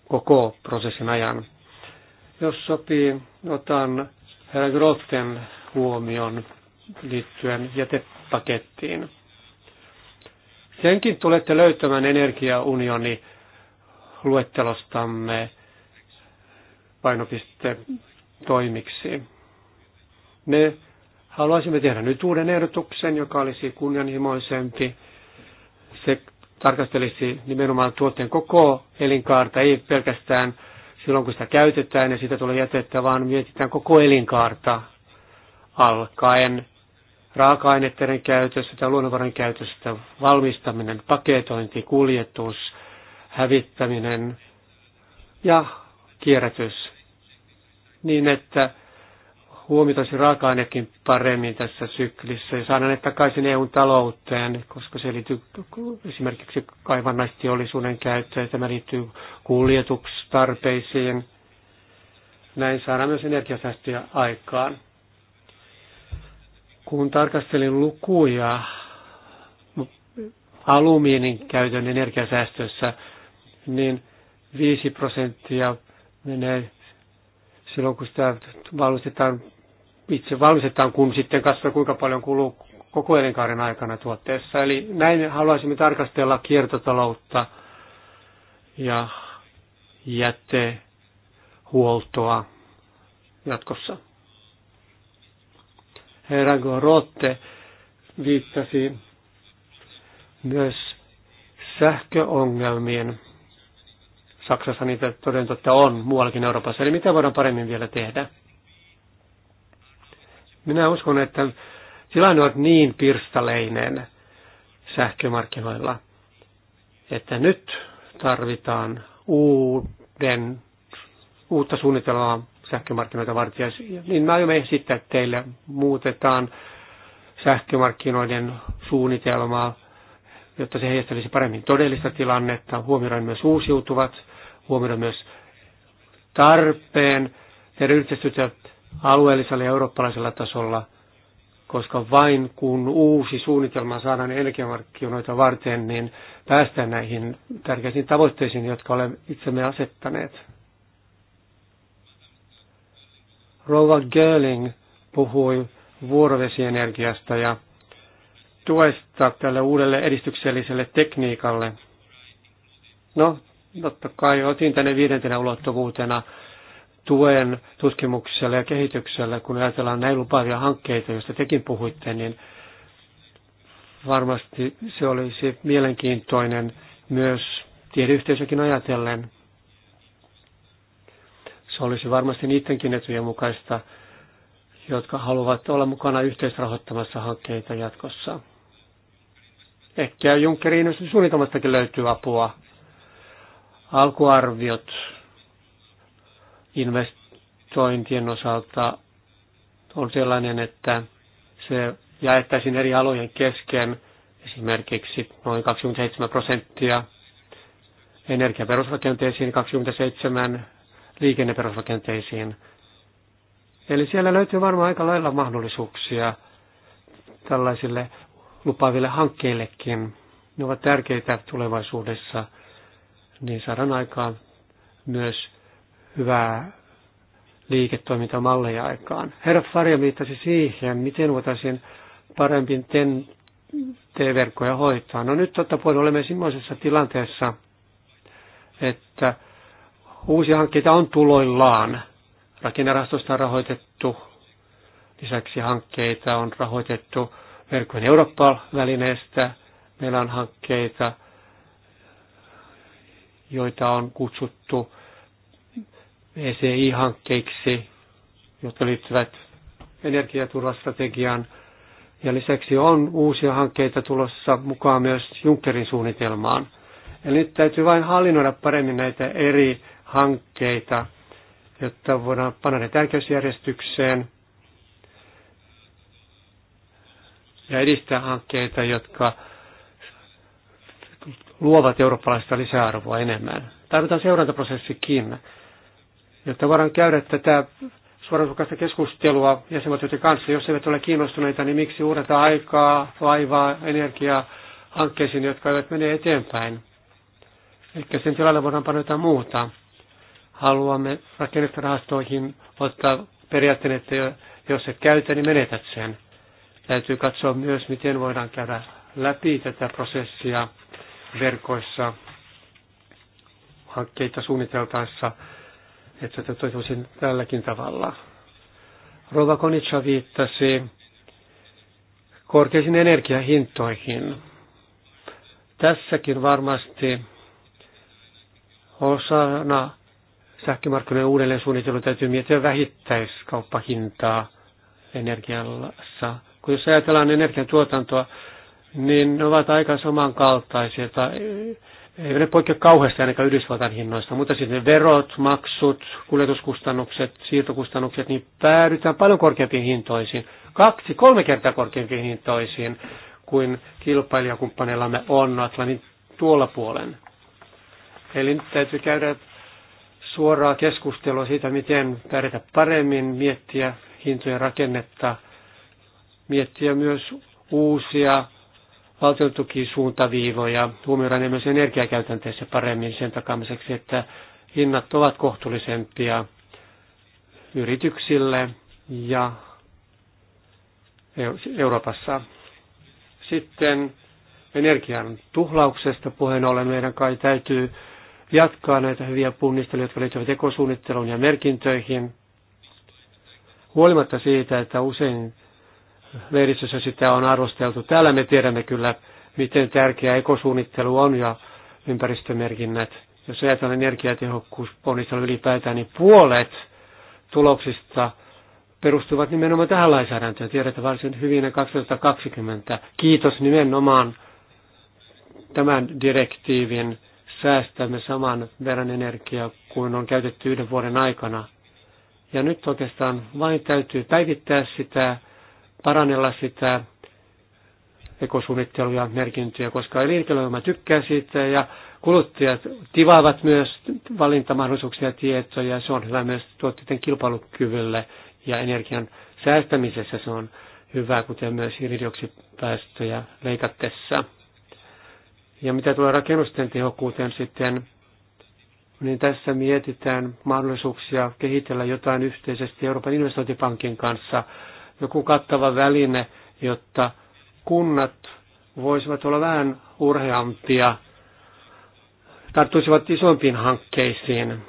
koko prosessin ajan. Jos sopii, otan herra Grotten huomion liittyen jätepakettiin. Senkin tulette löytämään energiaunioni luettelostamme painopiste toimiksi. Me Haluaisimme tehdä nyt uuden ehdotuksen, joka olisi kunnianhimoisempi. Se tarkastelisi nimenomaan tuotteen koko elinkaarta, ei pelkästään silloin kun sitä käytetään ja siitä tulee jätettä, vaan mietitään koko elinkaarta alkaen raaka-aineiden käytöstä tai luonnonvaran käytöstä, valmistaminen, paketointi, kuljetus, hävittäminen ja kierrätys. Niin, että huomioitaisi raaka-ainekin paremmin tässä syklissä ja saadaan että takaisin EUn talouteen, koska se liittyy esimerkiksi kaivannaisteollisuuden käyttöön ja tämä liittyy kuljetustarpeisiin. Näin saadaan myös energiasäästöjä aikaan. Kun tarkastelin lukuja alumiinin käytön energiasäästössä, niin 5 prosenttia menee silloin, kun sitä valmistetaan itse valmistetaan, kun sitten kasvaa kuinka paljon kuluu koko elinkaaren aikana tuotteessa. Eli näin haluaisimme tarkastella kiertotaloutta ja jätehuoltoa jatkossa. Herra Rotte viittasi myös sähköongelmien Saksassa niitä todennäköisesti on, muuallakin Euroopassa. Eli mitä voidaan paremmin vielä tehdä? Minä uskon, että tilanne on niin pirstaleinen sähkömarkkinoilla, että nyt tarvitaan uuden, uutta suunnitelmaa sähkömarkkinoita varten. Niin mä aion esittää teille, muutetaan sähkömarkkinoiden suunnitelmaa, jotta se heijastelisi paremmin todellista tilannetta, huomioidaan myös uusiutuvat, huomioidaan myös tarpeen tehdä yhteistyötä alueellisella ja eurooppalaisella tasolla, koska vain kun uusi suunnitelma saadaan energiamarkkinoita varten, niin päästään näihin tärkeisiin tavoitteisiin, jotka olemme itsemme asettaneet. Rova Görling puhui vuorovesienergiasta ja tuesta tälle uudelle edistykselliselle tekniikalle. No, totta kai otin tänne viidentenä ulottuvuutena tuen tutkimukselle ja kehitykselle, kun ajatellaan näin lupaavia hankkeita, joista tekin puhuitte, niin varmasti se olisi mielenkiintoinen myös tiedeyhteisökin ajatellen. Se olisi varmasti niidenkin etujen mukaista, jotka haluavat olla mukana yhteisrahoittamassa hankkeita jatkossa. Ehkä Junckerin suunnitelmastakin löytyy apua. Alkuarviot investointien osalta on sellainen, että se jaettaisiin eri alojen kesken, esimerkiksi noin 27 prosenttia energiaperusrakenteisiin, 27 liikenneperusrakenteisiin. Eli siellä löytyy varmaan aika lailla mahdollisuuksia tällaisille lupaaville hankkeillekin. Ne ovat tärkeitä tulevaisuudessa, niin saadaan aikaan myös hyvää liiketoimintamalleja aikaan. Herra Faria viittasi siihen, miten voitaisiin paremmin TEN-verkkoja hoitaa. No nyt totta puolella olemme semmoisessa tilanteessa, että uusia hankkeita on tuloillaan. Rakennerahastosta on rahoitettu, lisäksi hankkeita on rahoitettu verkkojen Eurooppa-välineestä. Meillä on hankkeita, joita on kutsuttu ECI-hankkeiksi, jotka liittyvät energiaturvastrategiaan. Ja lisäksi on uusia hankkeita tulossa mukaan myös Junckerin suunnitelmaan. Eli nyt täytyy vain hallinnoida paremmin näitä eri hankkeita, jotta voidaan panna ne tärkeysjärjestykseen ja edistää hankkeita, jotka luovat eurooppalaista lisäarvoa enemmän. Tarvitaan seurantaprosessikin, jotta voidaan käydä tätä suorasukaista keskustelua jäsenvaltioiden kanssa. Jos eivät ole kiinnostuneita, niin miksi uhrata aikaa, vaivaa, energiaa hankkeisiin, jotka eivät mene eteenpäin? Eli sen tilalle voidaan panna jotain muuta. Haluamme rakennusrahastoihin ottaa periaatteen, että jos se käytä, niin menetät sen. Täytyy katsoa myös, miten voidaan käydä läpi tätä prosessia verkoissa hankkeita suunniteltaessa että se toivoisin tälläkin tavalla. Rova Konitsa viittasi korkeisiin energiahintoihin. Tässäkin varmasti osana sähkömarkkinoiden uudelleen suunnittelu täytyy miettiä vähittäiskauppahintaa energiassa. Kun jos ajatellaan energiantuotantoa, niin ne ovat aika samankaltaisia tai ei ole poikkea kauheasti ainakaan Yhdysvaltain hinnoista, mutta sitten siis verot, maksut, kuljetuskustannukset, siirtokustannukset, niin päädytään paljon korkeampiin hintoisiin, kaksi, kolme kertaa korkeampiin hintoisiin kuin kilpailijakumppaneillamme on Atlantin tuolla puolen. Eli nyt täytyy käydä suoraa keskustelua siitä, miten pärjätä paremmin, miettiä hintojen rakennetta, miettiä myös uusia valtiotukisuuntaviivoja huomioidaan myös energiakäytänteessä paremmin sen takamiseksi, että hinnat ovat kohtuullisempia yrityksille ja Euroopassa. Sitten energian tuhlauksesta puheen ollen meidän kai täytyy jatkaa näitä hyviä punnisteluja, jotka liittyvät ekosuunnitteluun ja merkintöihin. Huolimatta siitä, että usein lehdistössä sitä on arvosteltu. Täällä me tiedämme kyllä, miten tärkeä ekosuunnittelu on ja ympäristömerkinnät. Jos ajatellaan on ylipäätään, niin puolet tuloksista perustuvat nimenomaan tähän lainsäädäntöön. Tiedätte varsin hyvin 2020. Kiitos nimenomaan tämän direktiivin säästämme saman verran energiaa kuin on käytetty yhden vuoden aikana. Ja nyt oikeastaan vain täytyy päivittää sitä paranella sitä ekosuunnittelua ja merkintöjä, koska elinkeinoelämä tykkää siitä ja kuluttajat tivaavat myös valintamahdollisuuksia ja tietoja. Se on hyvä myös tuotteiden kilpailukyvylle ja energian säästämisessä se on hyvä, kuten myös hiilidioksipäästöjä leikattessa. Ja mitä tulee rakennusten tehokkuuteen sitten, niin tässä mietitään mahdollisuuksia kehitellä jotain yhteisesti Euroopan investointipankin kanssa – joku kattava väline, jotta kunnat voisivat olla vähän urheampia, tarttuisivat isompiin hankkeisiin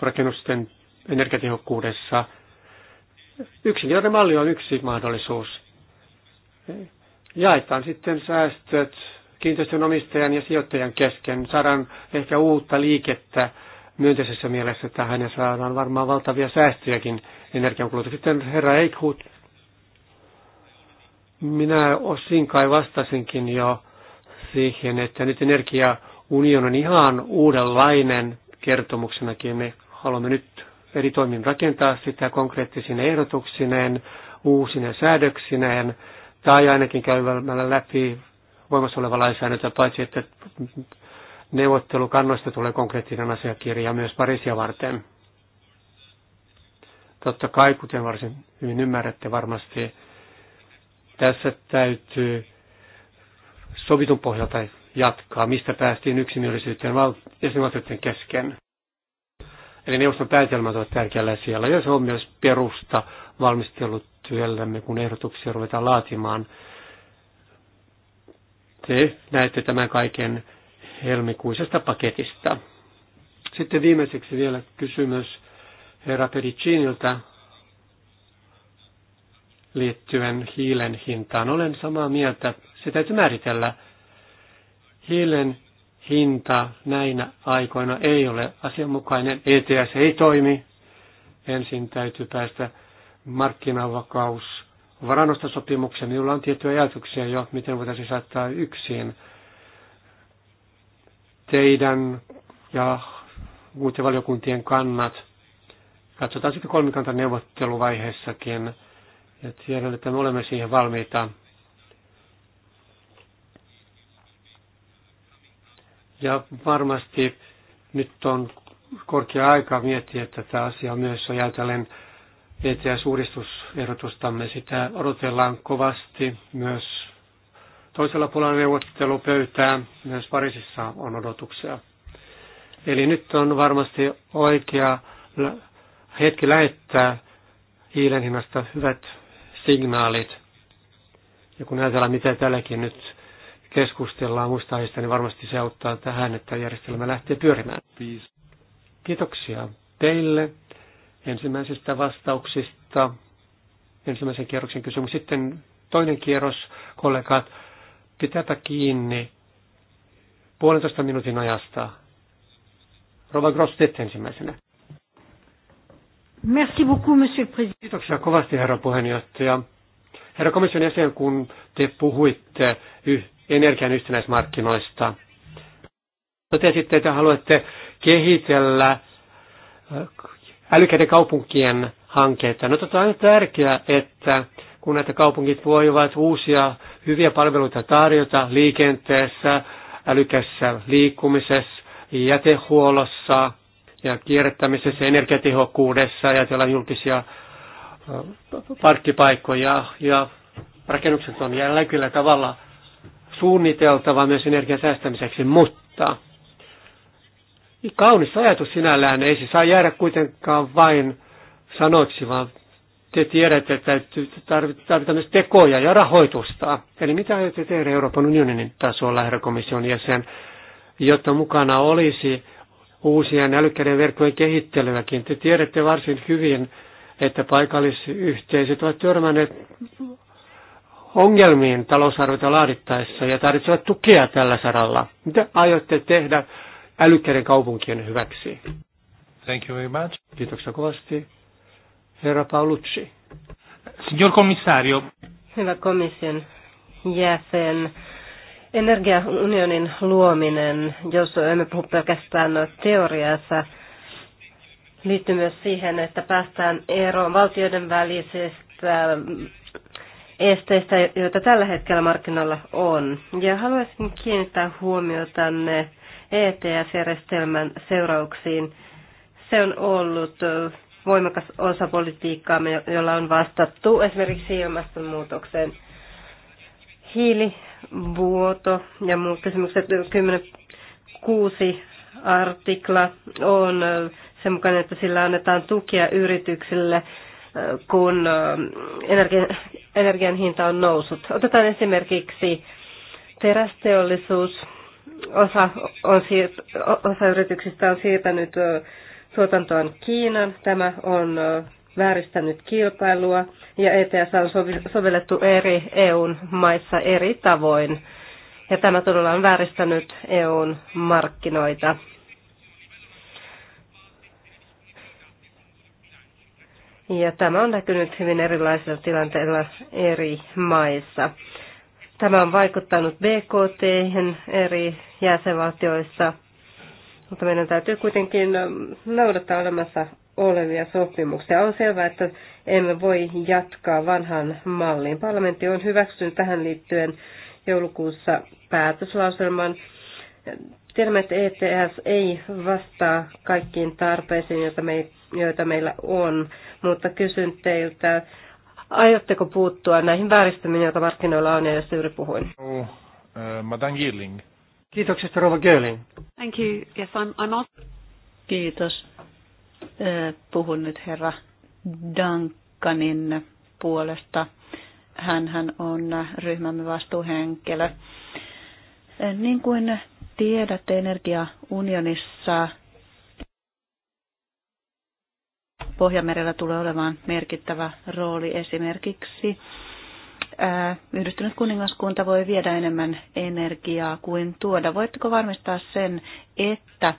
rakennusten energiatehokkuudessa. Yksinkertainen malli on yksi mahdollisuus. Jaetaan sitten säästöt kiinteistön omistajan ja sijoittajan kesken. Saadaan ehkä uutta liikettä myönteisessä mielessä, että hänen saadaan varmaan valtavia säästöjäkin energiankulutus. Sitten herra Eichhut, minä osin kai vastasinkin jo siihen, että nyt energiaunion on ihan uudenlainen kertomuksenakin. Me haluamme nyt eri toimin rakentaa sitä konkreettisiin ehdotuksineen, uusine säädöksineen tai ainakin käymällä läpi voimassa oleva lainsäädäntö, paitsi että neuvottelukannoista tulee konkreettinen asiakirja myös Pariisia varten. Totta kai, kuten varsin hyvin ymmärrätte varmasti, tässä täytyy sovitun pohjalta jatkaa, mistä päästiin yksimielisyyteen jäsenvaltioiden kesken. Eli neuvoston päätelmät ovat tärkeällä siellä, ja se on myös perusta työllämme, kun ehdotuksia ruvetaan laatimaan. Te näette tämän kaiken helmikuisesta paketista. Sitten viimeiseksi vielä kysymys herra Periciniltä liittyen hiilen hintaan. Olen samaa mieltä. Se täytyy määritellä. Hiilen hinta näinä aikoina ei ole asianmukainen. ETS ei toimi. Ensin täytyy päästä markkinavakaus varannosta sopimukseen. Minulla on tiettyjä ajatuksia jo, miten voitaisiin saattaa yksin teidän ja muiden valiokuntien kannat. Katsotaan sitten kolmikanta neuvotteluvaiheessakin. Ja tiedän, että me olemme siihen valmiita. Ja varmasti nyt on korkea aika miettiä tätä asiaa myös ajatellen ETS-uudistusehdotustamme. Sitä odotellaan kovasti myös Toisella puolella neuvottelupöytää myös Pariisissa on odotuksia. Eli nyt on varmasti oikea hetki lähettää hiilen hinnasta hyvät signaalit. Ja kun ajatellaan, mitä tälläkin nyt keskustellaan muista aiheista, niin varmasti se auttaa tähän, että järjestelmä lähtee pyörimään. Kiitoksia teille ensimmäisistä vastauksista, ensimmäisen kierroksen kysymys. Sitten toinen kierros, kollegat, pitääpä kiinni puolentoista minuutin ajasta. Rova teet ensimmäisenä. Merci beaucoup, monsieur le président. Kiitoksia kovasti, herra puheenjohtaja. Herra komission jäsen, kun te puhuitte energian yhtenäismarkkinoista, totesitte, että haluatte kehitellä älykäiden kaupunkien hankkeita. No tota on tärkeää, että kun näitä kaupungit voivat uusia hyviä palveluita tarjota liikenteessä, älykässä liikkumisessa, jätehuollossa ja kierrättämisessä, energiatehokkuudessa, ajatellaan julkisia parkkipaikkoja ja rakennukset on kyllä tavalla suunniteltava myös energian säästämiseksi, mutta kaunis ajatus sinällään ei se saa jäädä kuitenkaan vain sanoiksi, vaan te tiedätte, että tarvitaan myös tekoja ja rahoitusta. Eli mitä aiotte tehdä Euroopan unionin tasolla, herra komission jäsen, jotta mukana olisi uusien älykkäiden verkkojen kehittelyäkin? Te tiedätte varsin hyvin, että paikallisyhteisöt ovat törmänneet ongelmiin talousarvoita laadittaessa ja tarvitsevat tukea tällä saralla. Mitä aiotte tehdä älykkäiden kaupunkien hyväksi? Thank you very much. Kiitoksia kovasti herra Paulucci. Signor Commissario. Hyvä komission jäsen. Energiaunionin luominen, jos emme puhu pelkästään teoriassa, liittyy myös siihen, että päästään eroon valtioiden välisestä esteistä, joita tällä hetkellä markkinoilla on. Ja haluaisin kiinnittää huomiota tänne ETS-järjestelmän seurauksiin. Se on ollut voimakas osa politiikkaamme, jolla on vastattu esimerkiksi ilmastonmuutokseen. Hiilivuoto ja muut kysymykset, 16 artikla on sen mukaan, että sillä annetaan tukia yrityksille, kun äh, energian, energian hinta on noussut. Otetaan esimerkiksi terästeollisuus. Osa, on, osa yrityksistä on siirtänyt äh, tuotantoon Kiinan. Tämä on vääristänyt kilpailua ja ETS on sovellettu eri EUn maissa eri tavoin. Ja tämä todella on vääristänyt EUn markkinoita. Ja tämä on näkynyt hyvin erilaisilla tilanteilla eri maissa. Tämä on vaikuttanut BKT eri jäsenvaltioissa – mutta meidän täytyy kuitenkin noudattaa olemassa olevia sopimuksia. On selvää, että emme voi jatkaa vanhan malliin. Parlamentti on hyväksynyt tähän liittyen joulukuussa päätöslauselman. Tiedämme, että ETS ei vastaa kaikkiin tarpeisiin, joita, me, joita meillä on, mutta kysyn teiltä, aiotteko puuttua näihin vääristymiin, joita markkinoilla on, ja jos juuri puhuin? Oh, eh, Madame Girling. Kiitoksesta Rova Görling. Thank you. Yes, I'm, I'm also... Kiitos. Puhun nyt herra Duncanin puolesta. hän on ryhmämme vastuuhenkilö. Niin kuin tiedätte, energiaunionissa Pohjanmerellä tulee olemaan merkittävä rooli esimerkiksi yhdistynyt kuningaskunta voi viedä enemmän energiaa kuin tuoda. Voitteko varmistaa sen, että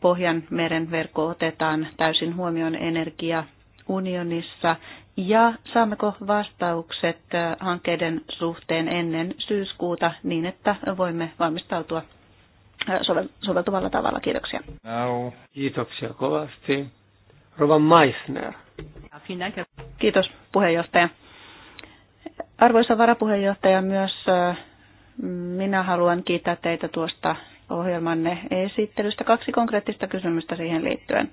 Pohjanmeren verkko otetaan täysin huomioon energiaunionissa ja saammeko vastaukset hankkeiden suhteen ennen syyskuuta niin, että voimme valmistautua soveltuvalla tavalla. Kiitoksia. No. Kiitoksia kovasti. Rova Meissner. Kiitos puheenjohtaja. Arvoisa varapuheenjohtaja, myös minä haluan kiittää teitä tuosta ohjelmanne esittelystä. Kaksi konkreettista kysymystä siihen liittyen.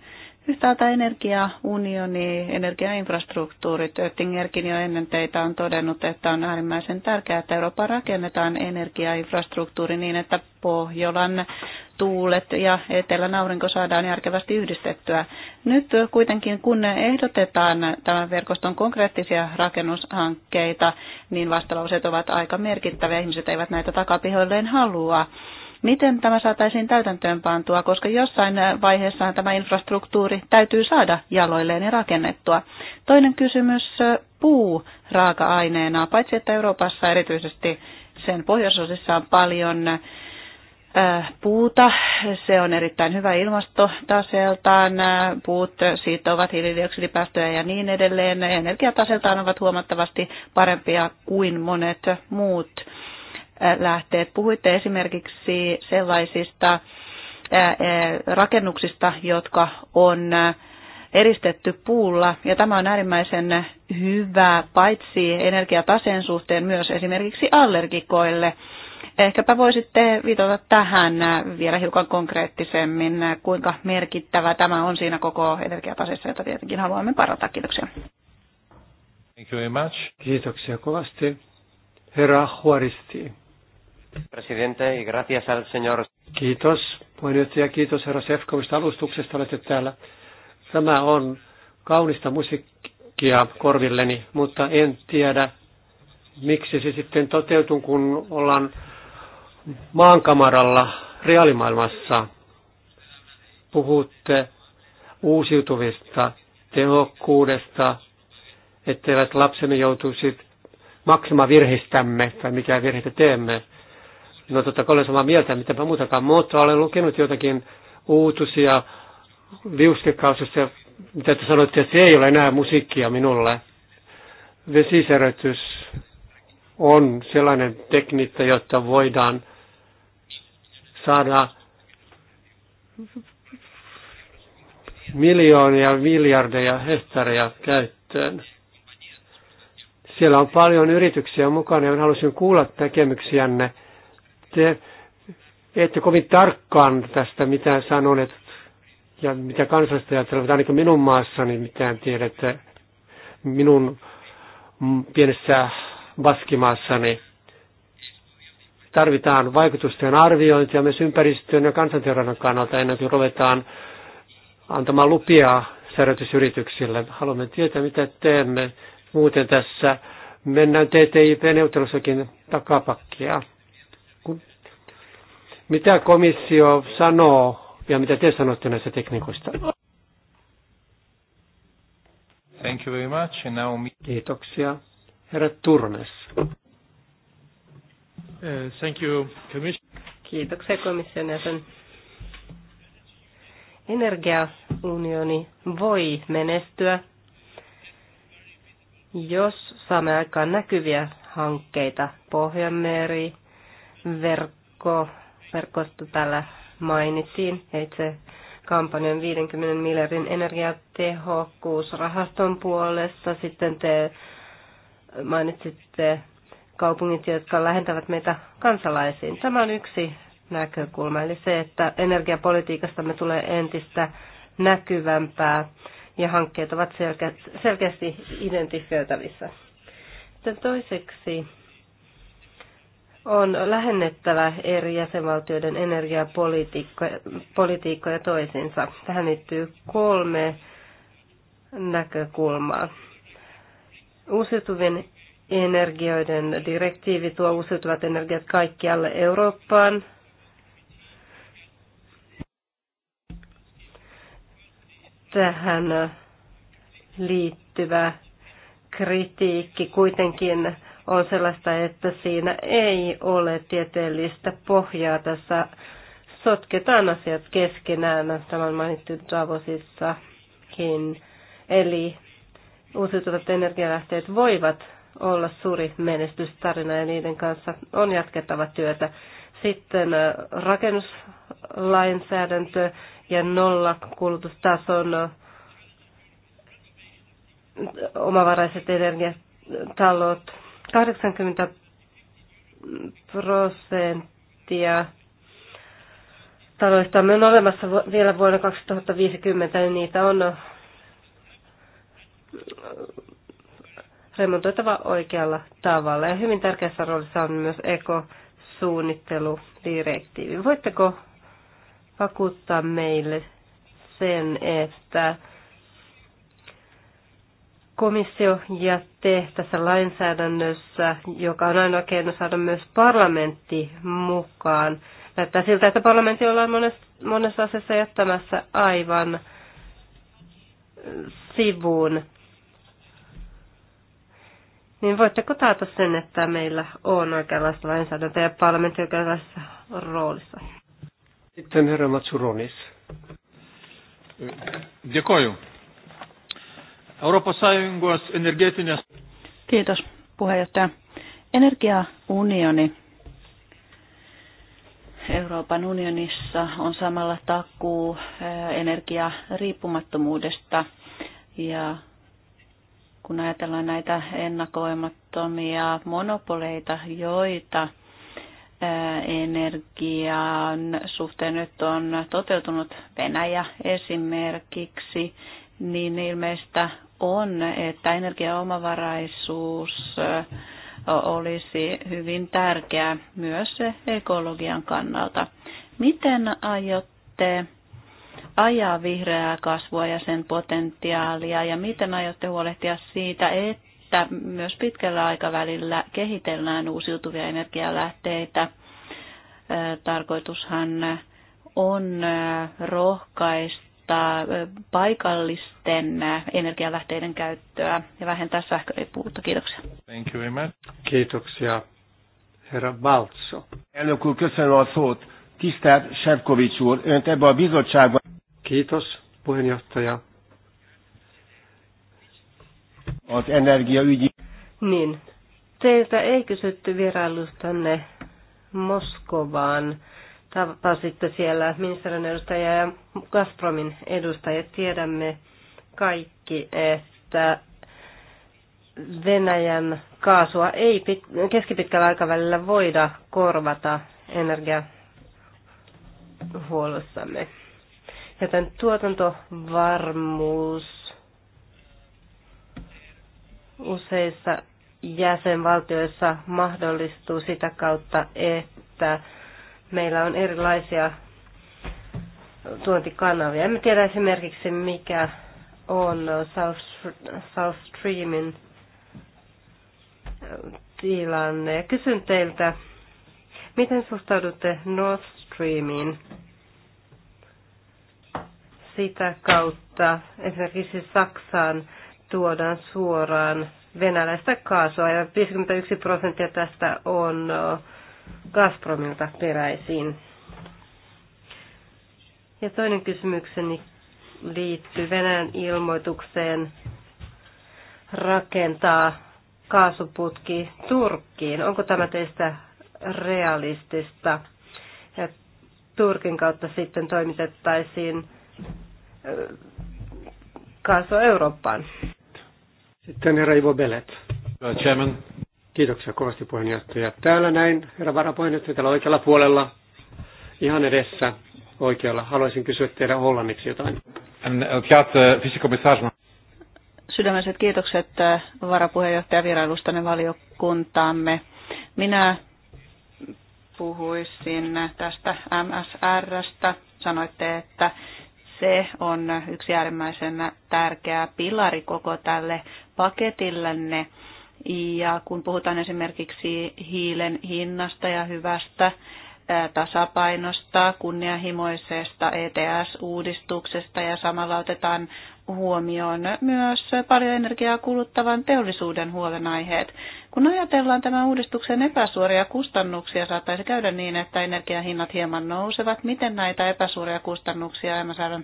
Yhtäältä energiaunioni, energiainfrastruktuurit. Oettingerkin jo ennen teitä on todennut, että on äärimmäisen tärkeää, että Eurooppa rakennetaan energiainfrastruktuuri niin, että Pohjolan tuulet ja etelän aurinko saadaan järkevästi yhdistettyä. Nyt kuitenkin kun ehdotetaan tämän verkoston konkreettisia rakennushankkeita, niin vastalauseet ovat aika merkittäviä. Ihmiset eivät näitä takapihoilleen halua. Miten tämä saataisiin täytäntöön pantua, koska jossain vaiheessa tämä infrastruktuuri täytyy saada jaloilleen ja rakennettua. Toinen kysymys, puu raaka-aineena. Paitsi että Euroopassa erityisesti sen pohjoisosissa on paljon puuta. Se on erittäin hyvä ilmastotaseeltaan. Puut ovat hiilidioksidipäästöjä ja niin edelleen. Energiataseeltaan ovat huomattavasti parempia kuin monet muut lähteet. Puhuitte esimerkiksi sellaisista rakennuksista, jotka on eristetty puulla. Ja tämä on äärimmäisen hyvä paitsi energiataseen suhteen myös esimerkiksi allergikoille – Ehkäpä voisitte viitata tähän vielä hiukan konkreettisemmin, kuinka merkittävä tämä on siinä koko energiataseessa, jota tietenkin haluamme parata Kiitoksia. Thank you very much. Kiitoksia kovasti. Herra Huaristi. Presidente, gracias al señor. Kiitos puheenjohtaja, kiitos herra Sefkovista alustuksesta, olette täällä. Tämä on kaunista musiikkia korvilleni, mutta en tiedä, miksi se sitten toteutuu, kun ollaan maankamaralla reaalimaailmassa puhutte uusiutuvista, tehokkuudesta, etteivät lapsemme joutuisi maksamaan virhistämme tai mikä virhe teemme. No totta kai olen samaa mieltä, mitäpä muutakaan, mutta olen lukenut jotakin uutisia liuskekausista, mitä te sanoitte, että se ei ole enää musiikkia minulle. Vesisärötys on sellainen tekniikka, jotta voidaan saada miljoonia, miljardeja hehtareja käyttöön. Siellä on paljon yrityksiä mukana ja haluaisin kuulla näkemyksiänne. Te ette kovin tarkkaan tästä mitä sanoneet ja mitä kansasta ajattelevat, ainakin minun maassani mitään tiedätte. Minun pienessä baskimaassani Tarvitaan vaikutusten arviointia myös ympäristön ja kansanterveyden kannalta ennen kuin ruvetaan antamaan lupia säädötysyrityksille. Haluamme tietää, mitä teemme. Muuten tässä mennään TTIP-neuvottelussakin takapakkia. Mitä komissio sanoo ja mitä te sanotte näistä tekniikoista? Thank you very much. And now... Kiitoksia. Herra Turmes. Uh, thank you, commission. Kiitoksia komission jäsen. Energiaunioni voi menestyä, jos saamme aikaan näkyviä hankkeita. Pohjanmeri, verkko, verkosto täällä mainittiin itse kampanjan 50 miljardin energiatehokkuusrahaston puolesta. Sitten te mainitsitte kaupungit, jotka lähentävät meitä kansalaisiin. Tämä on yksi näkökulma, eli se, että energiapolitiikastamme tulee entistä näkyvämpää ja hankkeet ovat selkeästi identifioitavissa. Sitten toiseksi on lähennettävä eri jäsenvaltioiden energiapolitiikkoja toisiinsa. Tähän liittyy kolme näkökulmaa. Uusiutuvien energioiden direktiivi tuo uusiutuvat energiat kaikkialle Eurooppaan. Tähän liittyvä kritiikki kuitenkin on sellaista, että siinä ei ole tieteellistä pohjaa. Tässä sotketaan asiat keskenään, tämä on mainittu Davosissakin. Eli uusiutuvat energialähteet voivat olla suuri menestystarina ja niiden kanssa on jatkettava työtä. Sitten äh, rakennuslainsäädäntö ja nollakulutustason äh, omavaraiset energiatalot. 80 prosenttia taloista on olemassa vielä vuonna 2050, niin niitä on äh, remontoitava oikealla tavalla. Ja hyvin tärkeässä roolissa on myös ekosuunnitteludirektiivi. Voitteko vakuuttaa meille sen, että komissio ja te tässä lainsäädännössä, joka on ainoa keino saada myös parlamentti mukaan. Näyttää siltä, että parlamentti ollaan monessa, monessa asiassa jättämässä aivan sivuun. Niin voitteko taata sen, että meillä on oikeanlaista lainsäädäntöä ja parlamentti oikeanlaisessa roolissa? Sitten herra Matsuronis. Dėkoju. Euroopassa sąjungos energetinės. Kiitos puheenjohtaja. Energiaunioni Euroopan unionissa on samalla takuu energiariippumattomuudesta ja kun ajatellaan näitä ennakoimattomia monopoleita, joita energian suhteen nyt on toteutunut Venäjä esimerkiksi, niin ilmeistä on, että energiaomavaraisuus olisi hyvin tärkeää myös ekologian kannalta. Miten aiotte ajaa vihreää kasvua ja sen potentiaalia ja miten aiotte huolehtia siitä, että myös pitkällä aikavälillä kehitellään uusiutuvia energialähteitä. Tarkoitushan on rohkaista paikallisten energialähteiden käyttöä ja vähentää sähköriippuvuutta. Kiitoksia. Thank you very much. Kiitoksia. Herra Valtso. Ennen kuin köszönöm a szót Tisztelt Sefkovics úr, önt ebbe a bizottságban... Kétos puheenjohtaja. Az energiaügyi... Niin, teiltä ei kysytty vierailustanne Moskovaan. Tapasitte siellä ministerin edustajia ja Gazpromin edustajia. Tiedämme kaikki, että Venäjän kaasua ei keskipitkällä aikavälillä voida korvata energiaa terveydenhuollossamme. Joten tuotantovarmuus useissa jäsenvaltioissa mahdollistuu sitä kautta, että meillä on erilaisia tuontikanavia. Emme tiedä esimerkiksi, mikä on South Streamin äh, tilanne. Kysyn teiltä, miten suhtaudutte North mainstreamiin. Sitä kautta esimerkiksi Saksaan tuodaan suoraan venäläistä kaasua ja 51 prosenttia tästä on Gazpromilta peräisin. Ja toinen kysymykseni liittyy Venäjän ilmoitukseen rakentaa kaasuputki Turkkiin. Onko tämä teistä realistista? Turkin kautta sitten toimitettaisiin kaasua Eurooppaan. Sitten herra Ivo Belet. Chairman. Kiitoksia kovasti puheenjohtaja. Täällä näin, herra varapuheenjohtaja, täällä oikealla puolella, ihan edessä oikealla. Haluaisin kysyä teidän hollanniksi jotain. Eh, eh, Sydämiset kiitokset eh, varapuheenjohtajan vierailustanne valiokuntaamme. Minä puhuisin tästä MSRstä. Sanoitte, että se on yksi äärimmäisen tärkeä pilari koko tälle paketillenne. Ja kun puhutaan esimerkiksi hiilen hinnasta ja hyvästä tasapainosta, kunnianhimoisesta ETS-uudistuksesta ja samalla otetaan huomioon myös paljon energiaa kuluttavan teollisuuden huolenaiheet. Kun ajatellaan tämän uudistuksen epäsuoria kustannuksia, saattaisi käydä niin, että energiahinnat hieman nousevat. Miten näitä epäsuoria kustannuksia MSRn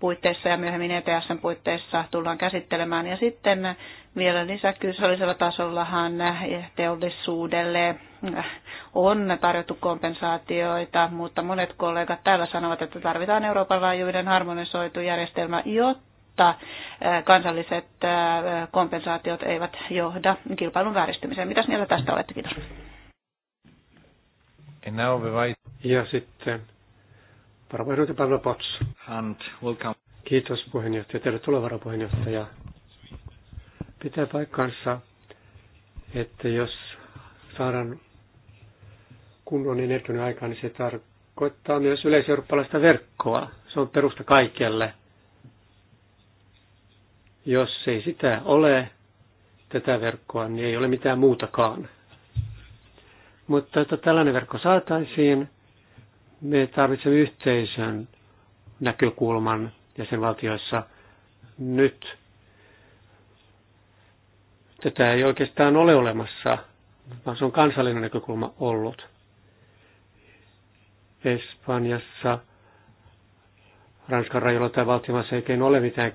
puitteissa ja myöhemmin ETSn puitteissa tullaan käsittelemään? Ja sitten vielä lisäkysymyksellisellä tasollahan teollisuudelle on tarjottu kompensaatioita, mutta monet kollegat täällä sanovat, että tarvitaan Euroopan laajuinen harmonisoitu järjestelmä, jotta jotta kansalliset kompensaatiot eivät johda kilpailun vääristymiseen. Mitäs mieltä tästä olette? Kiitos. Ja sitten varapuheenjohtaja Pavlo Pots. And welcome. Kiitos puheenjohtaja. Tervetuloa varapuheenjohtaja. Pitää paikkansa, että jos saadaan kunnon niin energian aikaan, niin se tarkoittaa myös yleiseurooppalaista verkkoa. Se on perusta kaikelle – jos ei sitä ole, tätä verkkoa, niin ei ole mitään muutakaan. Mutta että tällainen verkko saataisiin, me tarvitsemme yhteisön näkökulman jäsenvaltioissa nyt. Tätä ei oikeastaan ole olemassa, vaan se on kansallinen näkökulma ollut. Espanjassa, Ranskan rajoilla tai valtiomassa ei ole mitään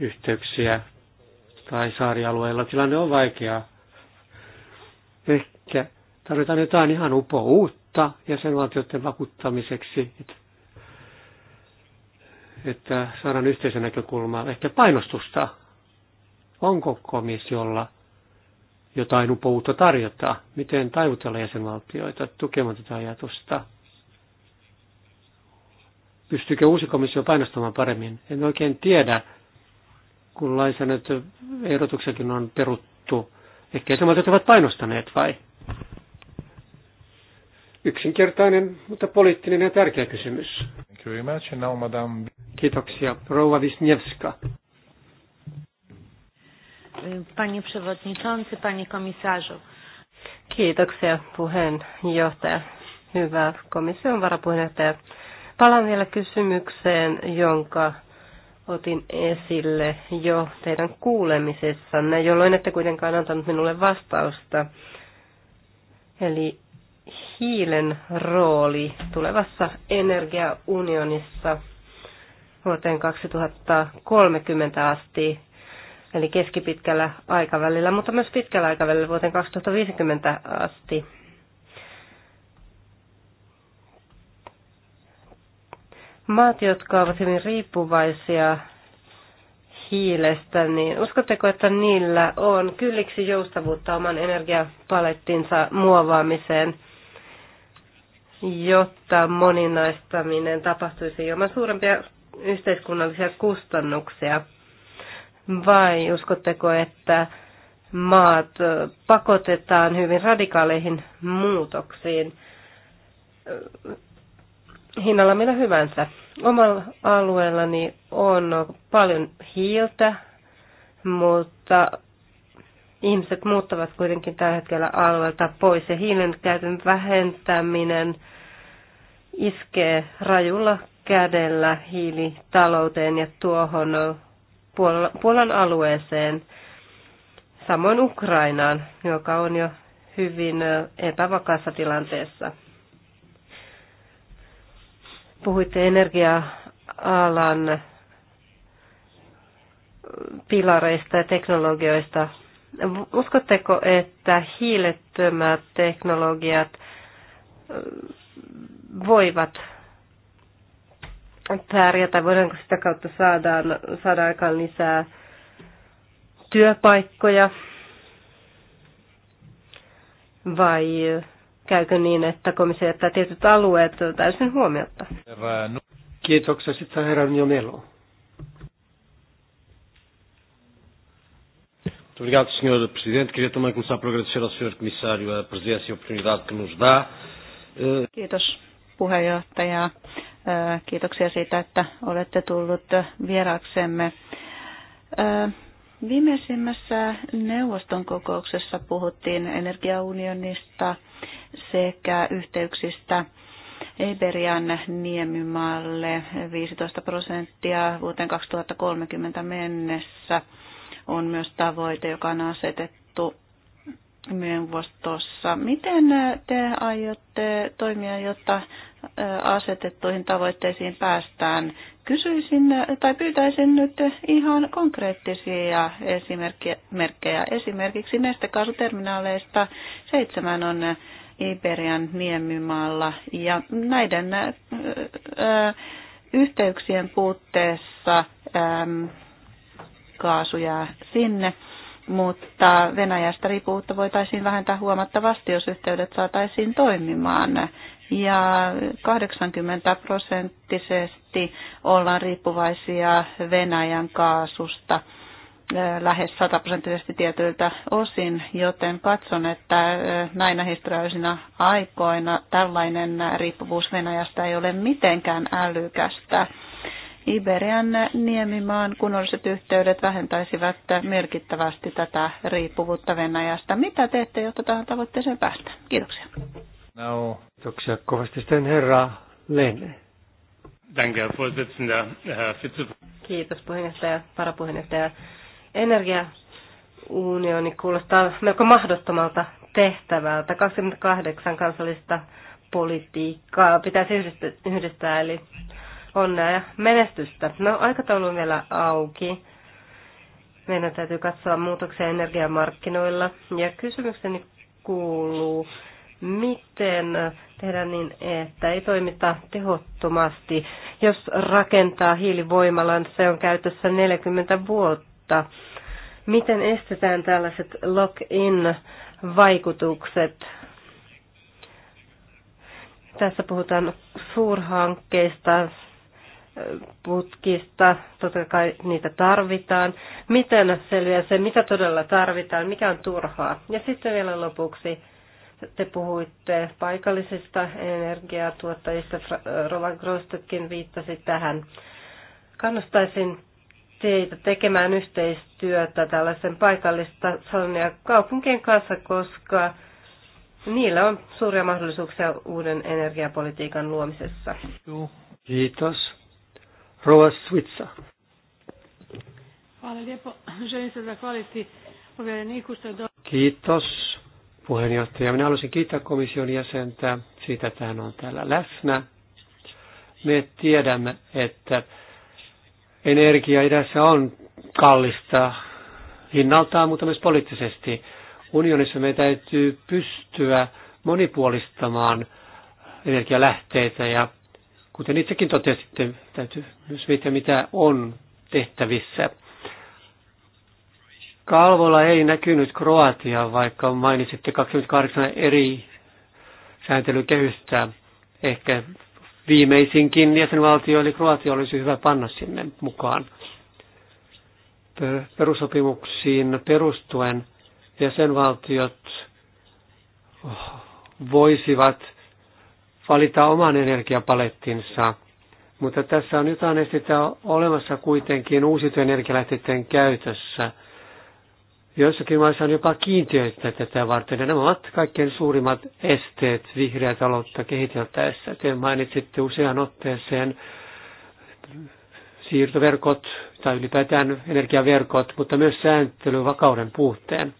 yhteyksiä tai saarialueilla. Tilanne on vaikea. Ehkä tarvitaan jotain ihan upo uutta jäsenvaltioiden vakuuttamiseksi, että saadaan yhteisen näkökulmaa, ehkä painostusta. Onko komissiolla jotain upouutta tarjota? Miten taivutella jäsenvaltioita tukemaan tätä ajatusta? Pystyykö uusi komissio painostamaan paremmin? En oikein tiedä kun lainsäädäntöehdotuksenkin on peruttu. Ehkä jäsenvaltiot ovat painostaneet vai? Yksinkertainen, mutta poliittinen ja tärkeä kysymys. Kiitoksia. Rouva Wisniewska. Panie przewodniczący, panie komisarzu. Kiitoksia puheenjohtaja. Hyvä komission varapuheenjohtaja. Palaan vielä kysymykseen, jonka otin esille jo teidän kuulemisessanne, jolloin ette kuitenkaan antanut minulle vastausta. Eli hiilen rooli tulevassa energiaunionissa vuoteen 2030 asti, eli keskipitkällä aikavälillä, mutta myös pitkällä aikavälillä vuoteen 2050 asti. Maat, jotka ovat hyvin riippuvaisia hiilestä, niin uskotteko, että niillä on kylliksi joustavuutta oman energiapalettinsa muovaamiseen, jotta moninaistaminen tapahtuisi ilman suurempia yhteiskunnallisia kustannuksia? Vai uskotteko, että maat pakotetaan hyvin radikaaleihin muutoksiin hinnalla millä hyvänsä. Omalla alueellani on paljon hiiltä, mutta ihmiset muuttavat kuitenkin tällä hetkellä alueelta pois ja hiilen käytön vähentäminen iskee rajulla kädellä hiilitalouteen ja tuohon Puolan alueeseen, samoin Ukrainaan, joka on jo hyvin epävakaassa tilanteessa. Puhuitte energia-alan pilareista ja teknologioista. Uskotteko, että hiilettömät teknologiat voivat pärjätä? Voidaanko sitä kautta saadaan, saada aikaan lisää työpaikkoja? Vai käykö niin, että komissio jättää tietyt alueet täysin huomiota? Kiitoksia. Sitten herra jo melu. Muito obrigado, Sr. Presidente. Queria também começar por agradecer ao Sr. Comissário a presença e a oportunidade que nos dá. Eh, Kiitos puheenjohtaja. Eh, kiitoksia siitä, että olette tullut vieraaksemme. Eh, Viimeisimmässä neuvoston kokouksessa puhuttiin energiaunionista sekä yhteyksistä Iberian niemimaalle 15 prosenttia vuoteen 2030 mennessä on myös tavoite, joka on asetettu neuvostossa. Miten te aiotte toimia, jotta asetettuihin tavoitteisiin päästään? Kysyisin tai pyytäisin nyt ihan konkreettisia esimerkkejä. Esimerkiksi nestekaasuterminaaleista seitsemän on Iberian niemimaalla ja näiden yhteyksien puutteessa kaasu jää sinne mutta Venäjästä riippuvuutta voitaisiin vähentää huomattavasti, jos yhteydet saataisiin toimimaan. Ja 80 prosenttisesti ollaan riippuvaisia Venäjän kaasusta lähes 100 prosenttisesti tietyiltä osin, joten katson, että näinä historiallisina aikoina tällainen riippuvuus Venäjästä ei ole mitenkään älykästä Iberian niemimaan kunnolliset yhteydet vähentäisivät merkittävästi tätä riippuvuutta Venäjästä. Mitä teette, jotta tähän tavoitteeseen päästään? Kiitoksia. No, kiitoksia kovasti sitten herra Lene. Kiitos puheenjohtaja, varapuheenjohtaja. Energiaunioni kuulostaa melko mahdottomalta tehtävältä. 28 kansallista politiikkaa pitäisi yhdistää eli onnea ja menestystä. No, aikataulu on vielä auki. Meidän täytyy katsoa muutoksia energiamarkkinoilla. Ja kysymykseni kuuluu, miten tehdä niin, että ei toimita tehottomasti. Jos rakentaa hiilivoimalan, se on käytössä 40 vuotta. Miten estetään tällaiset lock-in-vaikutukset? Tässä puhutaan suurhankkeista, putkista, totta kai niitä tarvitaan. Miten selviää se, mitä todella tarvitaan, mikä on turhaa. Ja sitten vielä lopuksi te puhuitte paikallisista energiatuottajista, Rova Grostetkin viittasi tähän. Kannustaisin teitä tekemään yhteistyötä tällaisen paikallista salonia kaupunkien kanssa, koska niillä on suuria mahdollisuuksia uuden energiapolitiikan luomisessa. Kiitos. Rova Svica. Hvala lijepo. Želim se zahvaliti povjereniku što je do... Kiitos puheenjohtaja. Minä haluaisin kiittää komission jäsentä siitä, että hän on täällä läsnä. Me tiedämme, että energia idässä on kallista hinnaltaan, mutta myös poliittisesti. Unionissa me täytyy pystyä monipuolistamaan energialähteitä ja Kuten itsekin totesitte, täytyy myös miettiä, mitä on tehtävissä. Kalvolla ei näkynyt Kroatia, vaikka mainitsitte 28 eri sääntelykehystä. Ehkä viimeisinkin jäsenvaltio eli Kroatia olisi hyvä panna sinne mukaan. Perusopimuksiin perustuen jäsenvaltiot voisivat valita oman energiapalettinsa. Mutta tässä on jotain esteitä olemassa kuitenkin uusiutuvien energialähteiden käytössä. Joissakin maissa on jopa kiintiöitä tätä varten, ja nämä ovat kaikkein suurimmat esteet vihreä taloutta kehiteltäessä. Te mainitsitte usean otteeseen siirtoverkot tai ylipäätään energiaverkot, mutta myös sääntelyvakauden puutteen.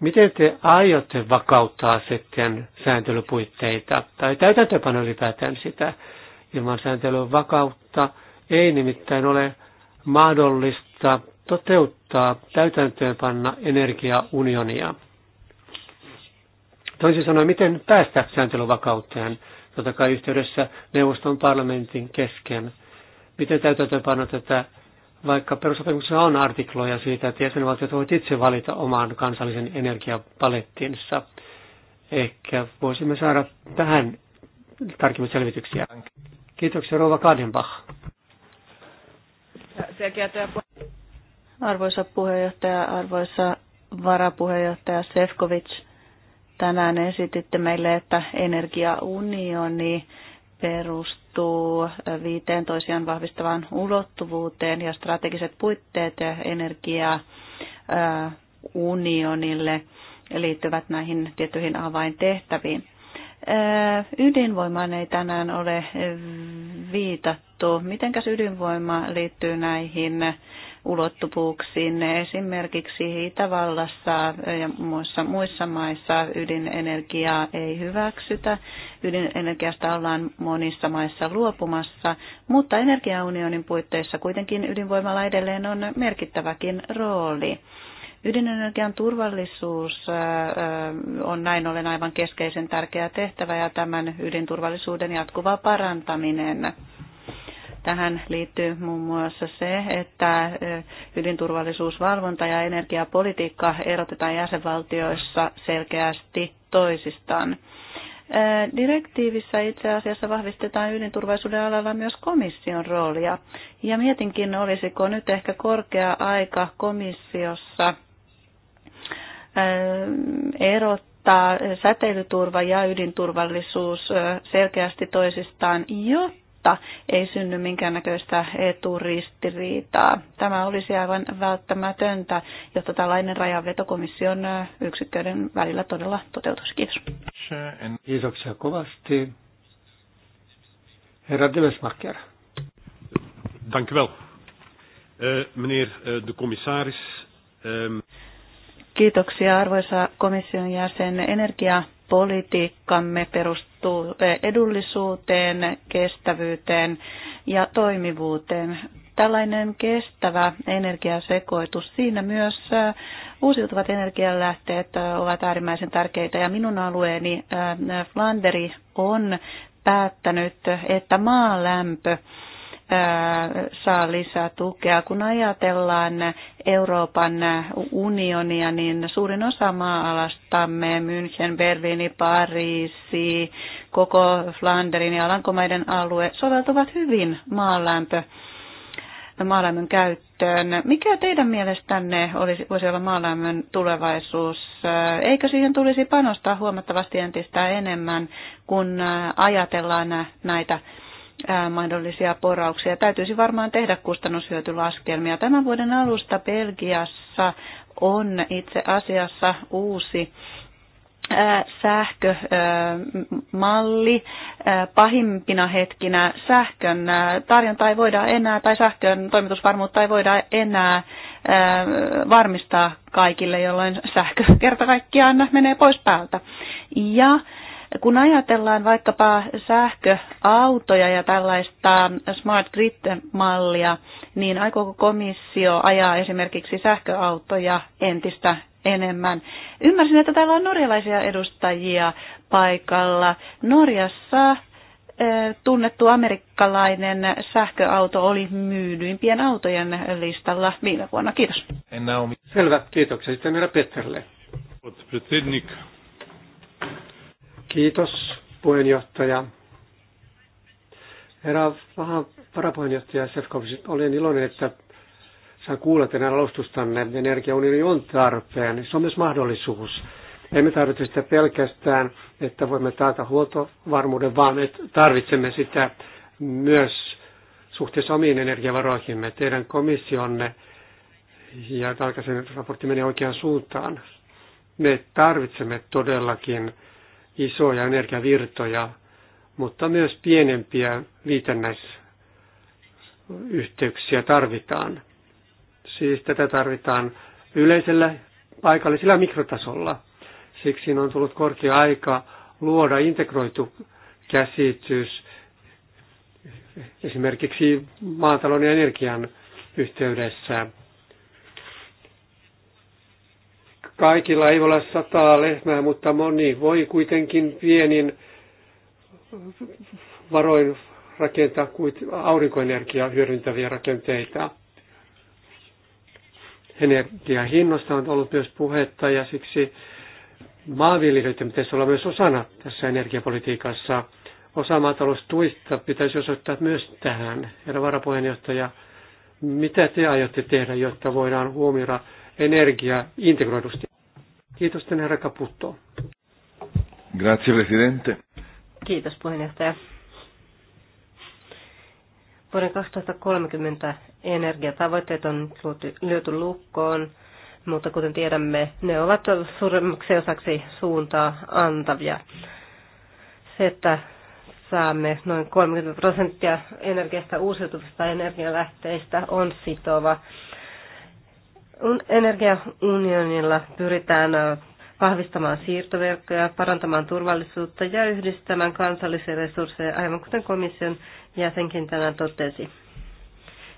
Miten te aiotte vakauttaa sitten sääntelypuitteita tai täytäntöpano ylipäätään sitä? Ilman sääntelyn vakautta ei nimittäin ole mahdollista toteuttaa täytäntöönpanna energiaunionia. Toisin sanoen, miten päästä sääntelyvakauteen, totta kai yhteydessä neuvoston parlamentin kesken. Miten täytäntöönpanna tätä vaikka perusopimuksessa on artikloja siitä, että jäsenvaltiot voivat itse valita oman kansallisen energiapalettinsa. Ehkä voisimme saada tähän tarkemmin selvityksiä. Kiitoksia Rova Kadenbach. Arvoisa puheenjohtaja, arvoisa varapuheenjohtaja Sefkovic, tänään esititte meille, että energiaunioni perustuu perustuu viiteen toisiaan vahvistavaan ulottuvuuteen ja strategiset puitteet energiaa unionille liittyvät näihin tiettyihin avaintehtäviin. Ydinvoimaan ei tänään ole viitattu. Mitenkäs ydinvoima liittyy näihin ulottuvuuksiin. Esimerkiksi Itävallassa ja muissa, muissa maissa ydinenergiaa ei hyväksytä. Ydinenergiasta ollaan monissa maissa luopumassa, mutta energiaunionin puitteissa kuitenkin ydinvoimalla edelleen on merkittäväkin rooli. Ydinenergian turvallisuus on näin ollen aivan keskeisen tärkeä tehtävä ja tämän ydinturvallisuuden jatkuva parantaminen Tähän liittyy muun muassa se, että ydinturvallisuusvalvonta ja energiapolitiikka erotetaan jäsenvaltioissa selkeästi toisistaan. Direktiivissä itse asiassa vahvistetaan ydinturvallisuuden alalla myös komission roolia. Ja mietinkin, olisiko nyt ehkä korkea aika komissiossa erottaa säteilyturva ja ydinturvallisuus selkeästi toisistaan, jotta jotta ei synny minkäännäköistä eturistiriitaa. Tämä olisi aivan välttämätöntä, jotta tällainen rajanvetokomission yksiköiden välillä todella toteutuisi. Kiitos. Kiitoksia kovasti. Herra Dillesmakker. Dank wel. Eh, meneer eh, de commissaris. Ehm, Kiitoksia arvoisa komission jäsen. Energia politiikkamme perustuu edullisuuteen, kestävyyteen ja toimivuuteen. Tällainen kestävä energiasekoitus, siinä myös äh, uusiutuvat energialähteet äh, ovat äärimmäisen tärkeitä ja minun alueeni äh, Flanderi on päättänyt, että maalämpö lämpö saa lisää tukea. Kun ajatellaan Euroopan unionia, niin suurin osa maa-alastamme, München, Berliini, Pariisi, koko Flanderin ja Alankomaiden alue, soveltuvat hyvin maalämpö maalämmön käyttöön. Mikä teidän mielestänne olisi, voisi olla maalämmön tulevaisuus? Eikö siihen tulisi panostaa huomattavasti entistä enemmän, kun ajatellaan näitä mahdollisia porauksia. Täytyisi varmaan tehdä kustannushyötylaskelmia. Tämän vuoden alusta Belgiassa on itse asiassa uusi sähkömalli. Pahimpina hetkinä sähkön tarjonta ei voida enää, tai sähkön toimitusvarmuutta ei voida enää varmistaa kaikille, jolloin sähkö kerta kaikkiaan menee pois päältä. Ja kun ajatellaan vaikkapa sähköautoja ja tällaista smart grid-mallia, niin aikooko komissio ajaa esimerkiksi sähköautoja entistä enemmän? Ymmärsin, että täällä on norjalaisia edustajia paikalla. Norjassa tunnettu amerikkalainen sähköauto oli myydyimpien autojen listalla viime vuonna. Kiitos. Selvä, kiitoksia. Sitten herra Petterille. Kiitos puheenjohtaja. Herra varapuheenjohtaja Sefkovic, olen iloinen, että saan kuulla teidän alustustanne. Energiaunioni on tarpeen. Se on myös mahdollisuus. Emme tarvitse sitä pelkästään, että voimme taata huoltovarmuuden, vaan me tarvitsemme sitä myös suhteessa omiin energiavaroihimme. Teidän komissionne ja Tarkasen raportti meni oikeaan suuntaan. Me tarvitsemme todellakin isoja energiavirtoja, mutta myös pienempiä viitännäisyhteyksiä tarvitaan. Siis tätä tarvitaan yleisellä paikallisella mikrotasolla. Siksi on tullut korkea aika luoda integroitu käsitys esimerkiksi maatalouden ja energian yhteydessä Kaikilla ei ole sataa lehmää, mutta moni voi kuitenkin pienin varoin rakentaa aurinkoenergiaa hyödyntäviä rakenteita. Energiahinnosta on ollut myös puhetta ja siksi maanviljelijöiden pitäisi olla myös osana tässä energiapolitiikassa. Osa maataloustuista pitäisi osoittaa myös tähän. Herra varapuheenjohtaja, mitä te aiotte tehdä, jotta voidaan huomioida energia integroidusti? Kiitos, herra Caputo. Grazie, Presidente. Kiitos, puheenjohtaja. Vuoden 2030 energiatavoitteet on lyöty lukkoon, mutta kuten tiedämme, ne ovat suuremmaksi osaksi suuntaa antavia. Se, että saamme noin 30 prosenttia energiasta uusiutuvista energialähteistä on sitova Energiaunionilla pyritään vahvistamaan siirtoverkkoja, parantamaan turvallisuutta ja yhdistämään kansallisia resursseja, aivan kuten komission jäsenkin tänään totesi.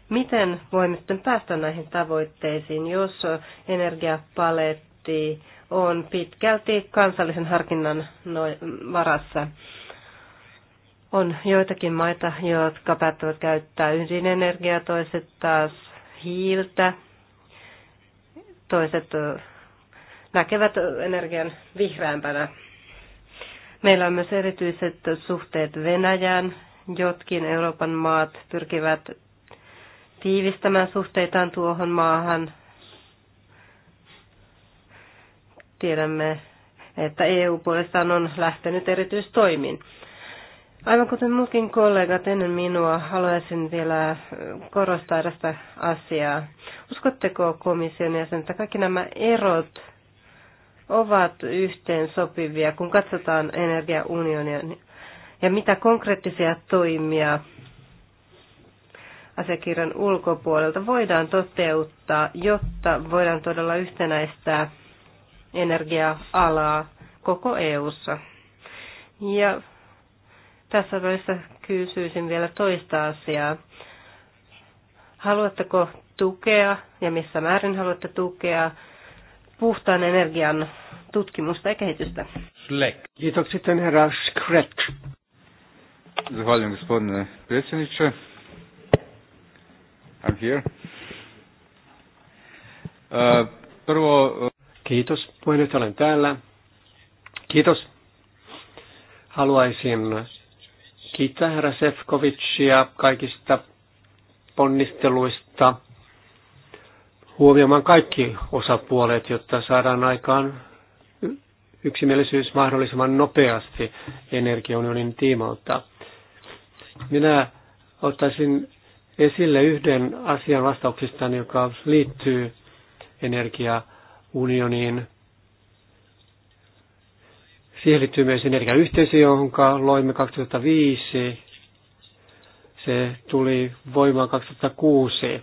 Miten voimme sitten päästä näihin tavoitteisiin, jos energiapaletti on pitkälti kansallisen harkinnan varassa? On joitakin maita, jotka päättävät käyttää ydinenergiaa, toiset taas hiiltä, toiset näkevät energian vihreämpänä. Meillä on myös erityiset suhteet Venäjään. Jotkin Euroopan maat pyrkivät tiivistämään suhteitaan tuohon maahan. Tiedämme, että EU puolestaan on lähtenyt erityistoimiin. Aivan kuten muutkin kollegat ennen minua, haluaisin vielä korostaa tästä asiaa. Uskotteko komission jäsen, että kaikki nämä erot ovat yhteen sopivia, kun katsotaan energiaunionia ja mitä konkreettisia toimia asiakirjan ulkopuolelta voidaan toteuttaa, jotta voidaan todella yhtenäistää energia-alaa koko EU:ssa. Ja tässä välissä kysyisin vielä toista asiaa. Haluatteko tukea ja missä määrin haluatte tukea puhtaan energian tutkimusta ja kehitystä? Slek. Kiitokset sitten herra Skrek. Zahvaljujem gospodine predsjedniče. I'm here. Uh, prvo... E, Kiitos. Puheenjohtaja, olen täällä. Kiitos. Haluaisin kiittää herra Sefcovicia kaikista ponnisteluista huomioimaan kaikki osapuolet, jotta saadaan aikaan yksimielisyys mahdollisimman nopeasti energiaunionin tiimalta. Minä ottaisin esille yhden asian vastauksista, joka liittyy energiaunioniin. Siihen liittyy myös energiayhteisö, jonka loimme 2005. Se tuli voimaan 2006.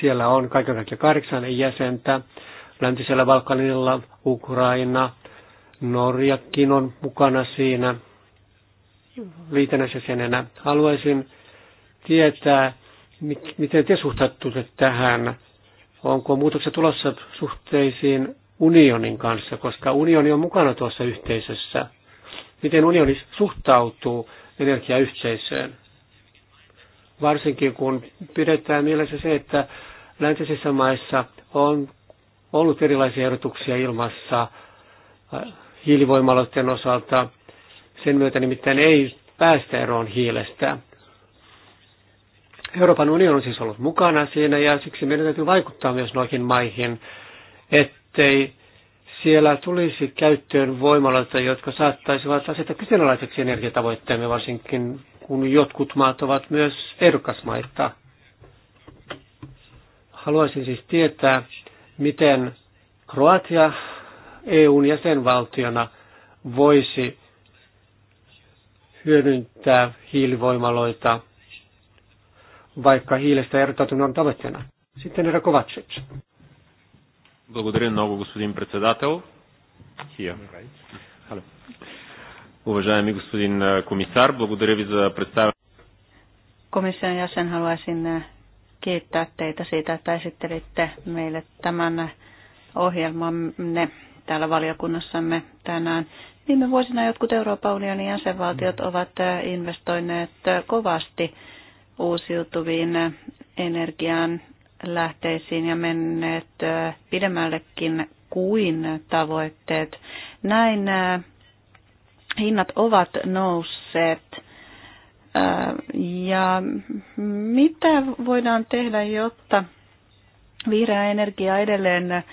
Siellä on kaiken kaikkiaan kahdeksan jäsentä. Läntisellä Balkanilla Ukraina, Norjakin on mukana siinä liitännäisjäsenenä. Haluaisin tietää, miten te suhtaudutte tähän. Onko muutoksia tulossa suhteisiin unionin kanssa, koska unioni on mukana tuossa yhteisössä. Miten unioni suhtautuu energiayhteisöön? Varsinkin kun pidetään mielessä se, että läntisissä maissa on ollut erilaisia ehdotuksia ilmassa äh, hiilivoimaloiden osalta. Sen myötä nimittäin ei päästä eroon hiilestä. Euroopan unioni on siis ollut mukana siinä ja siksi meidän täytyy vaikuttaa myös noihin maihin, että ettei siellä tulisi käyttöön voimaloita, jotka saattaisivat asettaa kyseenalaiseksi energiatavoitteemme, varsinkin kun jotkut maat ovat myös ehdokasmaita. Haluaisin siis tietää, miten Kroatia EUn jäsenvaltiona voisi hyödyntää hiilivoimaloita, vaikka hiilestä erotautun on tavoitteena. Sitten Era Kovacic. Благодаря много, господин председател. Уважаеми господин комисар, благодаря ви за представяне. Komission jäsen, haluaisin kiittää teitä siitä, että esittelitte meille tämän ohjelmanne täällä valiokunnassamme tänään. Viime vuosina jotkut Euroopan unionin jäsenvaltiot ovat investoineet kovasti uusiutuviin energiaan lähteisiin ja menneet pidemmällekin kuin tavoitteet. Näin hinnat ovat nousseet. Ja mitä voidaan tehdä, jotta vihreä energia edelleen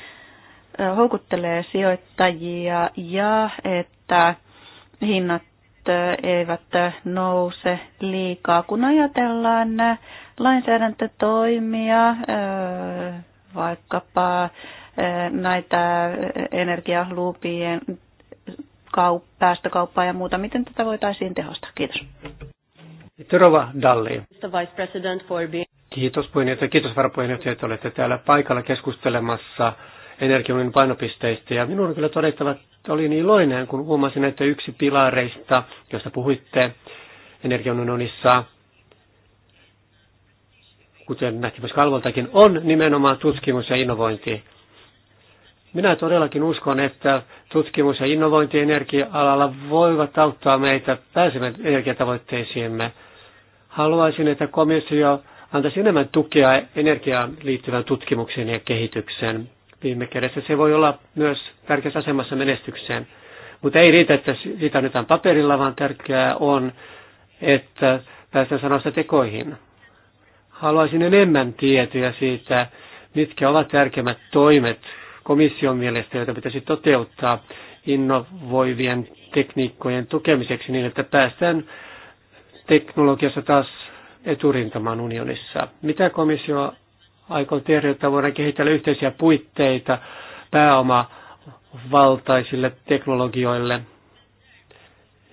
houkuttelee sijoittajia ja että hinnat eivät nouse liikaa, kun ajatellaan lainsäädäntötoimia, vaikkapa näitä energialuupien päästökauppaa ja muuta. Miten tätä voitaisiin tehostaa? Kiitos. Terova Dalli. Kiitos puheenjohtaja. Kiitos varapuheenjohtaja, että olette täällä paikalla keskustelemassa energiaunionin painopisteistä. Ja minun on kyllä todettava, että olin iloinen, kun huomasin, että yksi pilareista, josta puhuitte energiaunionissa, kuten näkemys kalvoltakin, on nimenomaan tutkimus ja innovointi. Minä todellakin uskon, että tutkimus ja innovointi energia-alalla voivat auttaa meitä pääsemään energiatavoitteisiimme. Haluaisin, että komissio antaisi enemmän tukea energiaan liittyvän tutkimuksen ja kehitykseen. Viime kädessä se voi olla myös tärkeässä asemassa menestykseen. Mutta ei riitä, että sitä annetaan paperilla, vaan tärkeää on, että päästään sanoista tekoihin. Haluaisin enemmän tietoja siitä, mitkä ovat tärkeimmät toimet komission mielestä, joita pitäisi toteuttaa innovoivien tekniikkojen tukemiseksi niin, että päästään teknologiassa taas eturintamaan unionissa. Mitä komissio aikoo tehdä, jotta voidaan kehitellä yhteisiä puitteita pääomavaltaisille teknologioille?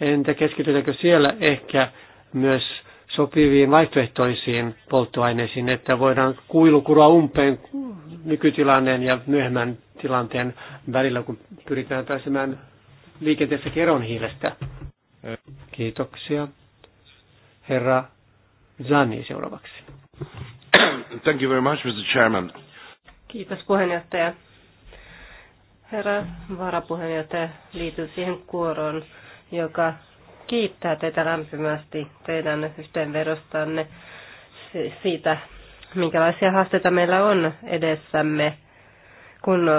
Entä keskitytäänkö siellä ehkä myös sopiviin vaihtoehtoisiin polttoaineisiin, että voidaan kuilu kuroa umpeen nykytilanteen ja myöhemmän tilanteen välillä, kun pyritään pääsemään liikenteessä keron hiilestä. Kiitoksia. Herra Zani seuraavaksi. Thank you very much, Mr. Chairman. Kiitos puheenjohtaja. Herra varapuheenjohtaja, liityn siihen kuoroon, joka kiittää teitä lämpimästi teidän yhteenvedostanne siitä, minkälaisia haasteita meillä on edessämme, kun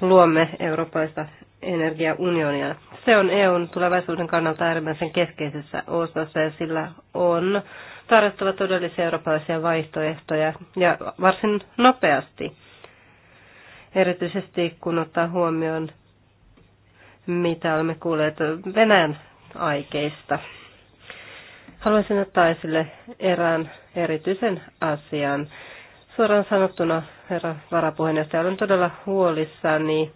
luomme eurooppaista energiaunionia. Se on EUn tulevaisuuden kannalta äärimmäisen keskeisessä osassa ja sillä on tarjottava todellisia eurooppalaisia vaihtoehtoja ja varsin nopeasti. Erityisesti kun ottaa huomioon, mitä olemme kuulleet Venäjän aikeista. Haluaisin ottaa esille erään erityisen asian. Suoraan sanottuna, herra varapuheenjohtaja, olen todella huolissani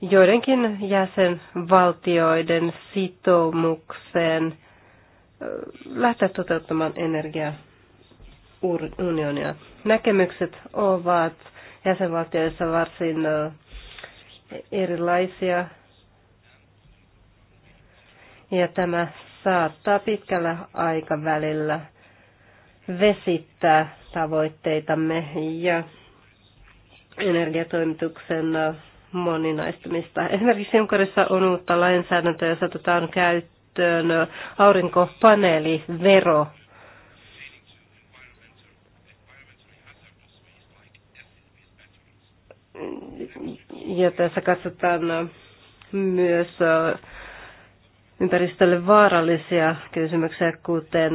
joidenkin jäsenvaltioiden sitoumukseen lähteä toteuttamaan energiaunionia. Näkemykset ovat jäsenvaltioissa varsin erilaisia ja tämä saattaa pitkällä aikavälillä vesittää tavoitteitamme ja energiatoimituksen moninaistumista. Esimerkiksi Junkarissa on uutta lainsäädäntöä, jossa otetaan käyttöön aurinkopaneelivero. Ja tässä katsotaan myös ympäristölle vaarallisia kysymyksiä, kuten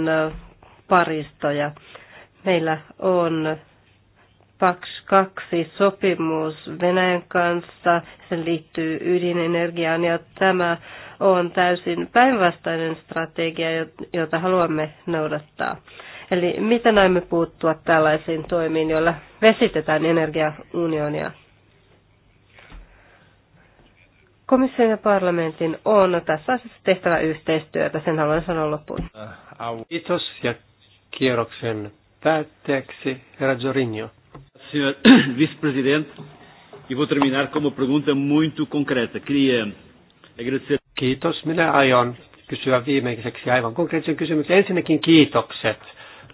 paristoja. Meillä on PAKS 2 sopimus Venäjän kanssa, se liittyy ydinenergiaan ja tämä on täysin päinvastainen strategia, jota haluamme noudattaa. Eli miten näemme puuttua tällaisiin toimiin, joilla vesitetään energiaunionia? Komission ja parlamentin on tässä asiassa tehtävä yhteistyötä, sen haluan sanoa loppuun. Äh, Kiitos ja kierroksen päätteeksi herra Zorinho. Senhor vice-presidente, e vou terminar com uma pergunta muito concreta. Queria agradecer... Kiitos. Minä aion kysyä viimeiseksi aivan konkreettisen kysymyksen. Ensinnäkin kiitokset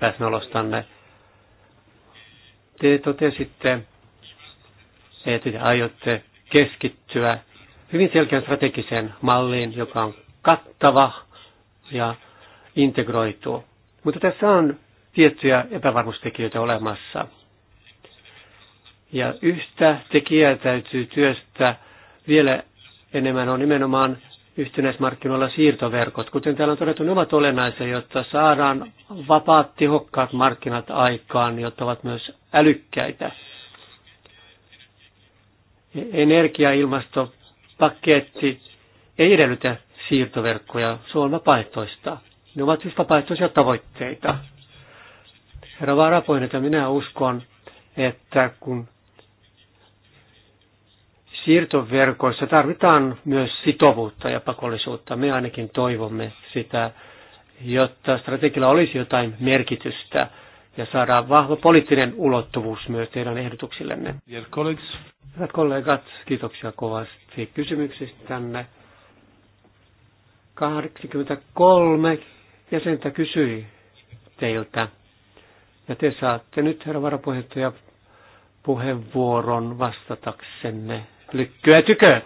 läsnäolostanne. Te totesitte, että te aiotte keskittyä hyvin selkeän strategisen mallin, joka on kattava ja integroitu. Mutta tässä on tiettyjä epävarmuustekijöitä olemassa. Ja yhtä tekijää täytyy työstää vielä enemmän on nimenomaan yhtenäismarkkinoilla siirtoverkot. Kuten täällä on todettu, ne ovat olennaisia, jotta saadaan vapaat, tehokkaat markkinat aikaan, jotta ovat myös älykkäitä. Energia- ja ilmasto paketti ei edellytä siirtoverkkoja, se on vapaaehtoista. Ne ovat siis vapaaehtoisia tavoitteita. Herra Varapoin, että minä uskon, että kun siirtoverkoissa tarvitaan myös sitovuutta ja pakollisuutta. Me ainakin toivomme sitä, jotta strategilla olisi jotain merkitystä – ja saadaan vahva poliittinen ulottuvuus myös teidän ehdotuksillenne. Hyvät kollegat, kiitoksia kovasti tänne. 83 jäsentä kysyi teiltä. Ja te saatte nyt, herra varapuheenjohtaja, puheenvuoron vastataksenne. Lykkyä tykö!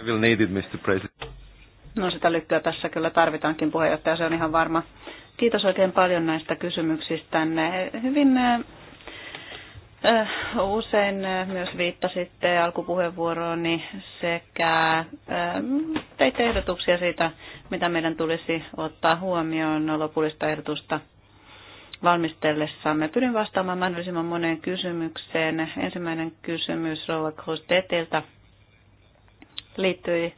I will need it, Mr. President. No sitä lykkyä tässä kyllä tarvitaankin puheenjohtaja, se on ihan varma. Kiitos oikein paljon näistä kysymyksistä. Hyvin äh, äh, usein äh, myös viittasitte alkupuheenvuorooni sekä teitte ehdotuksia siitä, mitä meidän tulisi ottaa huomioon lopullista ehdotusta valmistellessamme. Pyrin vastaamaan mahdollisimman moneen kysymykseen. Ensimmäinen kysymys Rova Kostetilta liittyi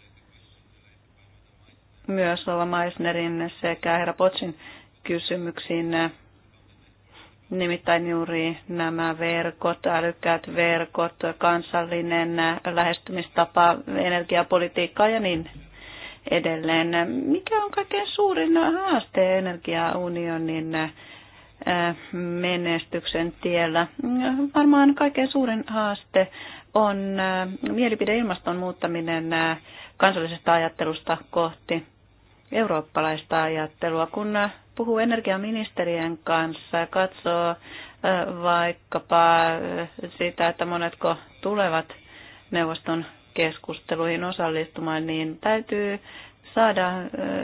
myös Rova Meissnerin sekä herra Potsin kysymyksiin. Nimittäin juuri nämä verkot, älykkäät verkot, kansallinen lähestymistapa, energiapolitiikka ja niin edelleen. Mikä on kaikkein suurin haaste energiaunionin äh, menestyksen tiellä? Varmaan kaikkein suurin haaste on äh, mielipideilmaston muuttaminen äh, kansallisesta ajattelusta kohti eurooppalaista ajattelua, kun puhuu energiaministerien kanssa ja katsoo vaikkapa sitä, että monetko tulevat neuvoston keskusteluihin osallistumaan, niin täytyy saada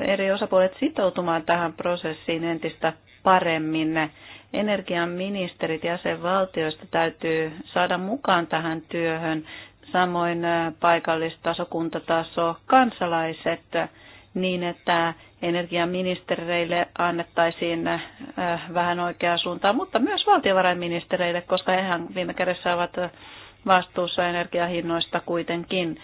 eri osapuolet sitoutumaan tähän prosessiin entistä paremmin. Energiaministerit jäsenvaltioista täytyy saada mukaan tähän työhön, samoin paikallistaso, kuntataso, kansalaiset niin, että energiaministereille annettaisiin äh, vähän oikeaa suuntaa, mutta myös valtiovarainministereille, koska hehän viime kädessä ovat äh, vastuussa energiahinnoista kuitenkin.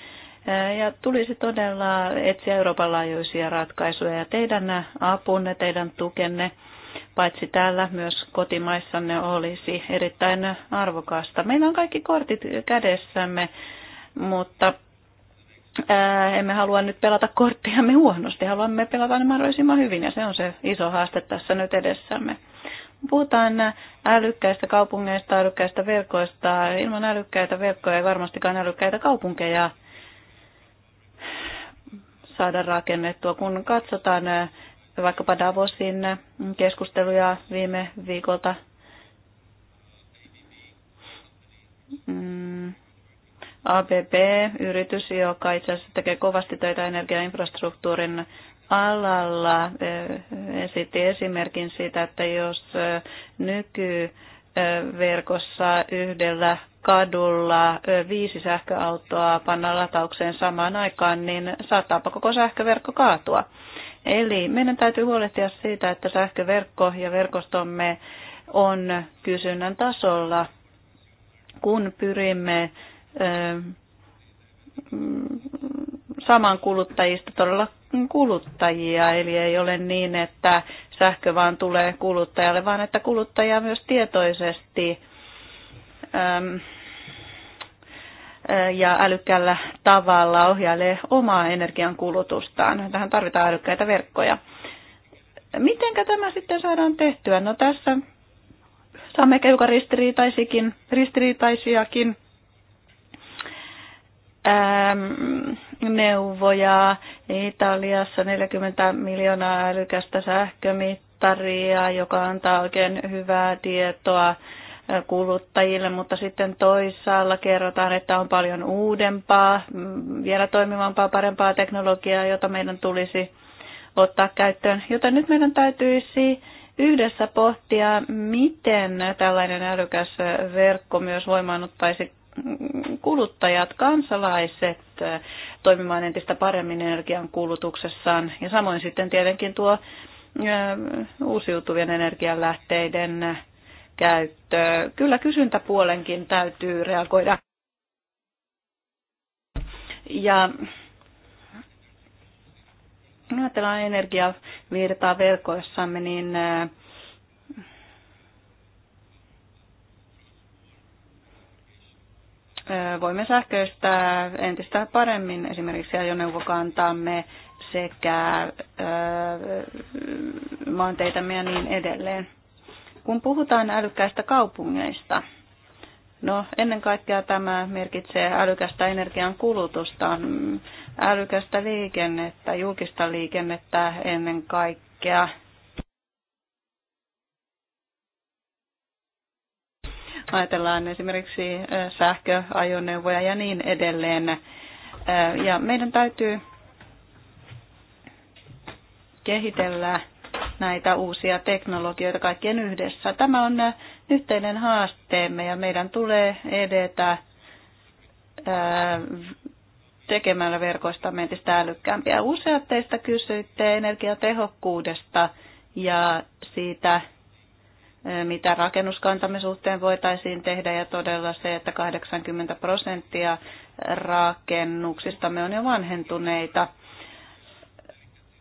Äh, ja tulisi todella etsiä Euroopan laajuisia ratkaisuja ja teidän apunne, teidän tukenne, paitsi täällä myös kotimaissanne olisi erittäin arvokasta. Meillä on kaikki kortit kädessämme, mutta emme halua nyt pelata korttiamme huonosti, haluamme pelata ne mahdollisimman hyvin ja se on se iso haaste tässä nyt edessämme. Puhutaan älykkäistä kaupungeista, älykkäistä verkoista. Ilman älykkäitä verkkoja ei varmastikaan älykkäitä kaupunkeja saada rakennettua. Kun katsotaan vaikkapa Davosin keskusteluja viime viikolta, mm, ABB-yritys, joka itse asiassa tekee kovasti töitä energiainfrastruktuurin alalla, eh, esitti esimerkin siitä, että jos eh, nykyverkossa yhdellä kadulla eh, viisi sähköautoa panna lataukseen samaan aikaan, niin saattaapa koko sähköverkko kaatua. Eli meidän täytyy huolehtia siitä, että sähköverkko ja verkostomme on kysynnän tasolla, kun pyrimme saman kuluttajista todella kuluttajia, eli ei ole niin, että sähkö vaan tulee kuluttajalle, vaan että kuluttaja myös tietoisesti ja älykkäällä tavalla ohjailee omaa energian kulutustaan. Tähän tarvitaan älykkäitä verkkoja. Miten tämä sitten saadaan tehtyä? No tässä saamme ehkä ristiriitaisikin, ristiriitaisiakin Ähm, neuvoja. Italiassa 40 miljoonaa älykästä sähkömittaria, joka antaa oikein hyvää tietoa äh, kuluttajille, mutta sitten toisaalla kerrotaan, että on paljon uudempaa, mm, vielä toimivampaa, parempaa teknologiaa, jota meidän tulisi ottaa käyttöön. Joten nyt meidän täytyisi yhdessä pohtia, miten tällainen älykäs verkko myös voimaannuttaisi kuluttajat, kansalaiset toimimaan entistä paremmin energian kulutuksessaan ja samoin sitten tietenkin tuo uusiutuvien energianlähteiden käyttö. Kyllä kysyntäpuolenkin täytyy reagoida. Ja ajatellaan energiavirtaa verkoissamme, niin voimme sähköistää entistä paremmin esimerkiksi ajoneuvokantaamme sekä maanteitämme ja niin edelleen. Kun puhutaan älykkäistä kaupungeista, no ennen kaikkea tämä merkitsee älykästä energian kulutusta, älykästä liikennettä, julkista liikennettä ennen kaikkea – ajatellaan esimerkiksi sähköajoneuvoja ja niin edelleen. Ja meidän täytyy kehitellä näitä uusia teknologioita kaikkien yhdessä. Tämä on yhteinen haasteemme ja meidän tulee edetä tekemällä verkoista entistä älykkäämpiä. Useat teistä kysyitte energiatehokkuudesta ja siitä, mitä rakennuskantamme suhteen voitaisiin tehdä ja todella se, että 80 prosenttia rakennuksistamme on jo vanhentuneita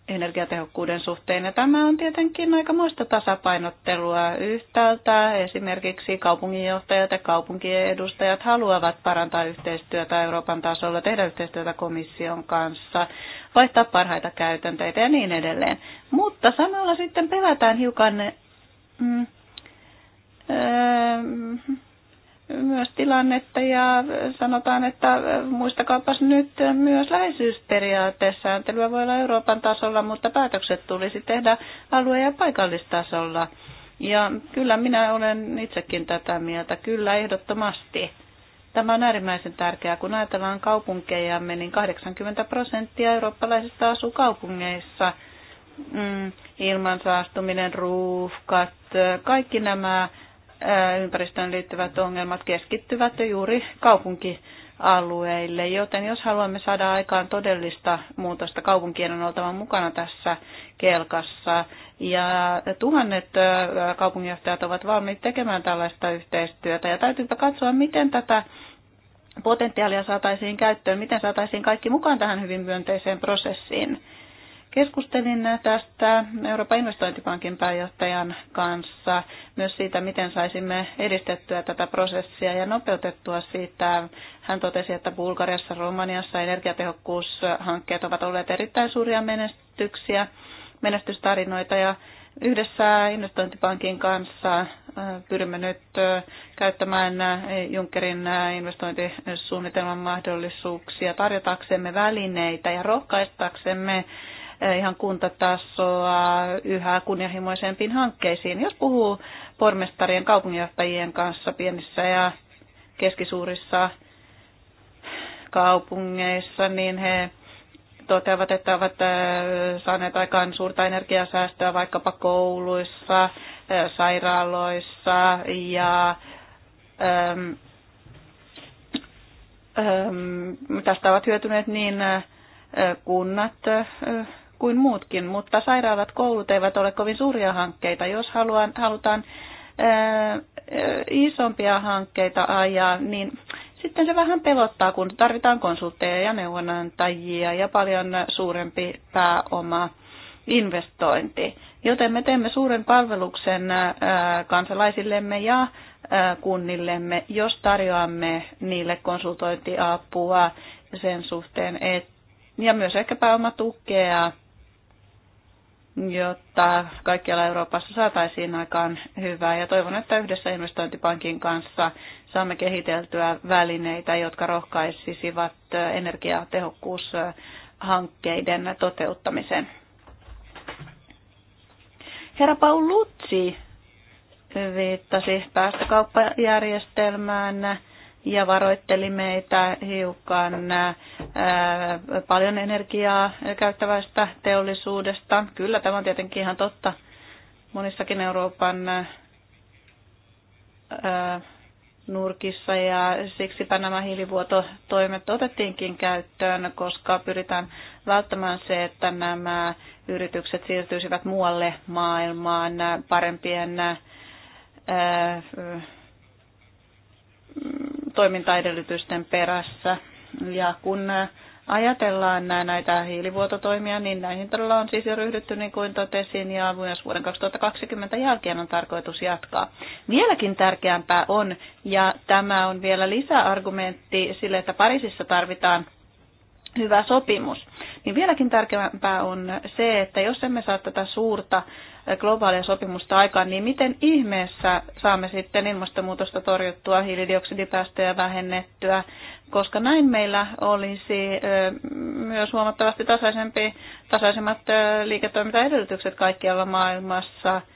energiatehokkuuden suhteen. Ja tämä on tietenkin aika muista tasapainottelua yhtäältä. Esimerkiksi kaupunginjohtajat ja kaupunkien edustajat haluavat parantaa yhteistyötä Euroopan tasolla, tehdä yhteistyötä komission kanssa, vaihtaa parhaita käytänteitä ja niin edelleen. Mutta samalla sitten pelätään hiukan mm, Öö, myös tilannetta ja sanotaan, että muistakaapas nyt myös Sääntelyä voi olla Euroopan tasolla, mutta päätökset tulisi tehdä alue- ja paikallistasolla. Ja kyllä minä olen itsekin tätä mieltä, kyllä ehdottomasti. Tämä on äärimmäisen tärkeää, kun ajatellaan kaupunkejamme, niin 80 prosenttia eurooppalaisista asuu kaupungeissa. Mm, ilmansaastuminen, ruuhkat, kaikki nämä ympäristöön liittyvät ongelmat keskittyvät jo juuri kaupunkialueille, joten jos haluamme saada aikaan todellista muutosta, kaupunkien on oltava mukana tässä kelkassa. Ja tuhannet kaupunginjohtajat ovat valmiit tekemään tällaista yhteistyötä ja täytyypä katsoa, miten tätä potentiaalia saataisiin käyttöön, miten saataisiin kaikki mukaan tähän hyvin myönteiseen prosessiin. Keskustelin tästä Euroopan investointipankin pääjohtajan kanssa myös siitä, miten saisimme edistettyä tätä prosessia ja nopeutettua siitä. Hän totesi, että Bulgariassa, Romaniassa energiatehokkuushankkeet ovat olleet erittäin suuria menestyksiä, menestystarinoita ja Yhdessä investointipankin kanssa äh, pyrimme nyt äh, käyttämään äh, Junckerin investointisuunnitelman mahdollisuuksia tarjotaksemme välineitä ja rohkaistaksemme Eh, ihan kuntatasoa yhä kunnianhimoisempiin hankkeisiin. Jos puhuu pormestarien kaupunginjohtajien kanssa pienissä ja keskisuurissa kaupungeissa, niin he toteavat, että ovat eh, saaneet aikaan suurta energiasäästöä vaikkapa kouluissa, eh, sairaaloissa ja äm, ehm, äm, ehm, tästä ovat hyötyneet niin kunnat kuin muutkin, mutta sairaalat, koulut eivät ole kovin suuria hankkeita. Jos haluan, halutaan ää, isompia hankkeita ajaa, niin sitten se vähän pelottaa, kun tarvitaan konsultteja ja neuvonantajia ja paljon suurempi pääoma investointi. Joten me teemme suuren palveluksen kansalaisillemme ja kunnillemme, jos tarjoamme niille konsultointiapua sen suhteen, että ja myös ehkä pääomatukea jotta kaikkialla Euroopassa saataisiin aikaan hyvää. Ja toivon, että yhdessä investointipankin kanssa saamme kehiteltyä välineitä, jotka rohkaisisivat energiatehokkuushankkeiden toteuttamisen. Herra Paul Lutsi viittasi päästökauppajärjestelmään ja varoitteli meitä hiukan paljon energiaa käyttävästä teollisuudesta. Kyllä tämä on tietenkin ihan totta monissakin Euroopan nurkissa ja siksipä nämä hiilivuototoimet otettiinkin käyttöön, koska pyritään välttämään se, että nämä yritykset siirtyisivät muualle maailmaan parempien toimintaedellytysten perässä. Ja kun ajatellaan näitä hiilivuototoimia, niin näihin todella on siis jo ryhdytty, niin kuin totesin, ja myös vuoden 2020 jälkeen on tarkoitus jatkaa. Vieläkin tärkeämpää on, ja tämä on vielä lisäargumentti sille, että Pariisissa tarvitaan hyvä sopimus, niin vieläkin tärkeämpää on se, että jos emme saa tätä suurta globaalia sopimusta aikaan, niin miten ihmeessä saamme sitten ilmastonmuutosta torjuttua, hiilidioksidipäästöjä vähennettyä, koska näin meillä olisi myös huomattavasti tasaisempi, tasaisemmat liiketoimintaedellytykset kaikkialla maailmassa –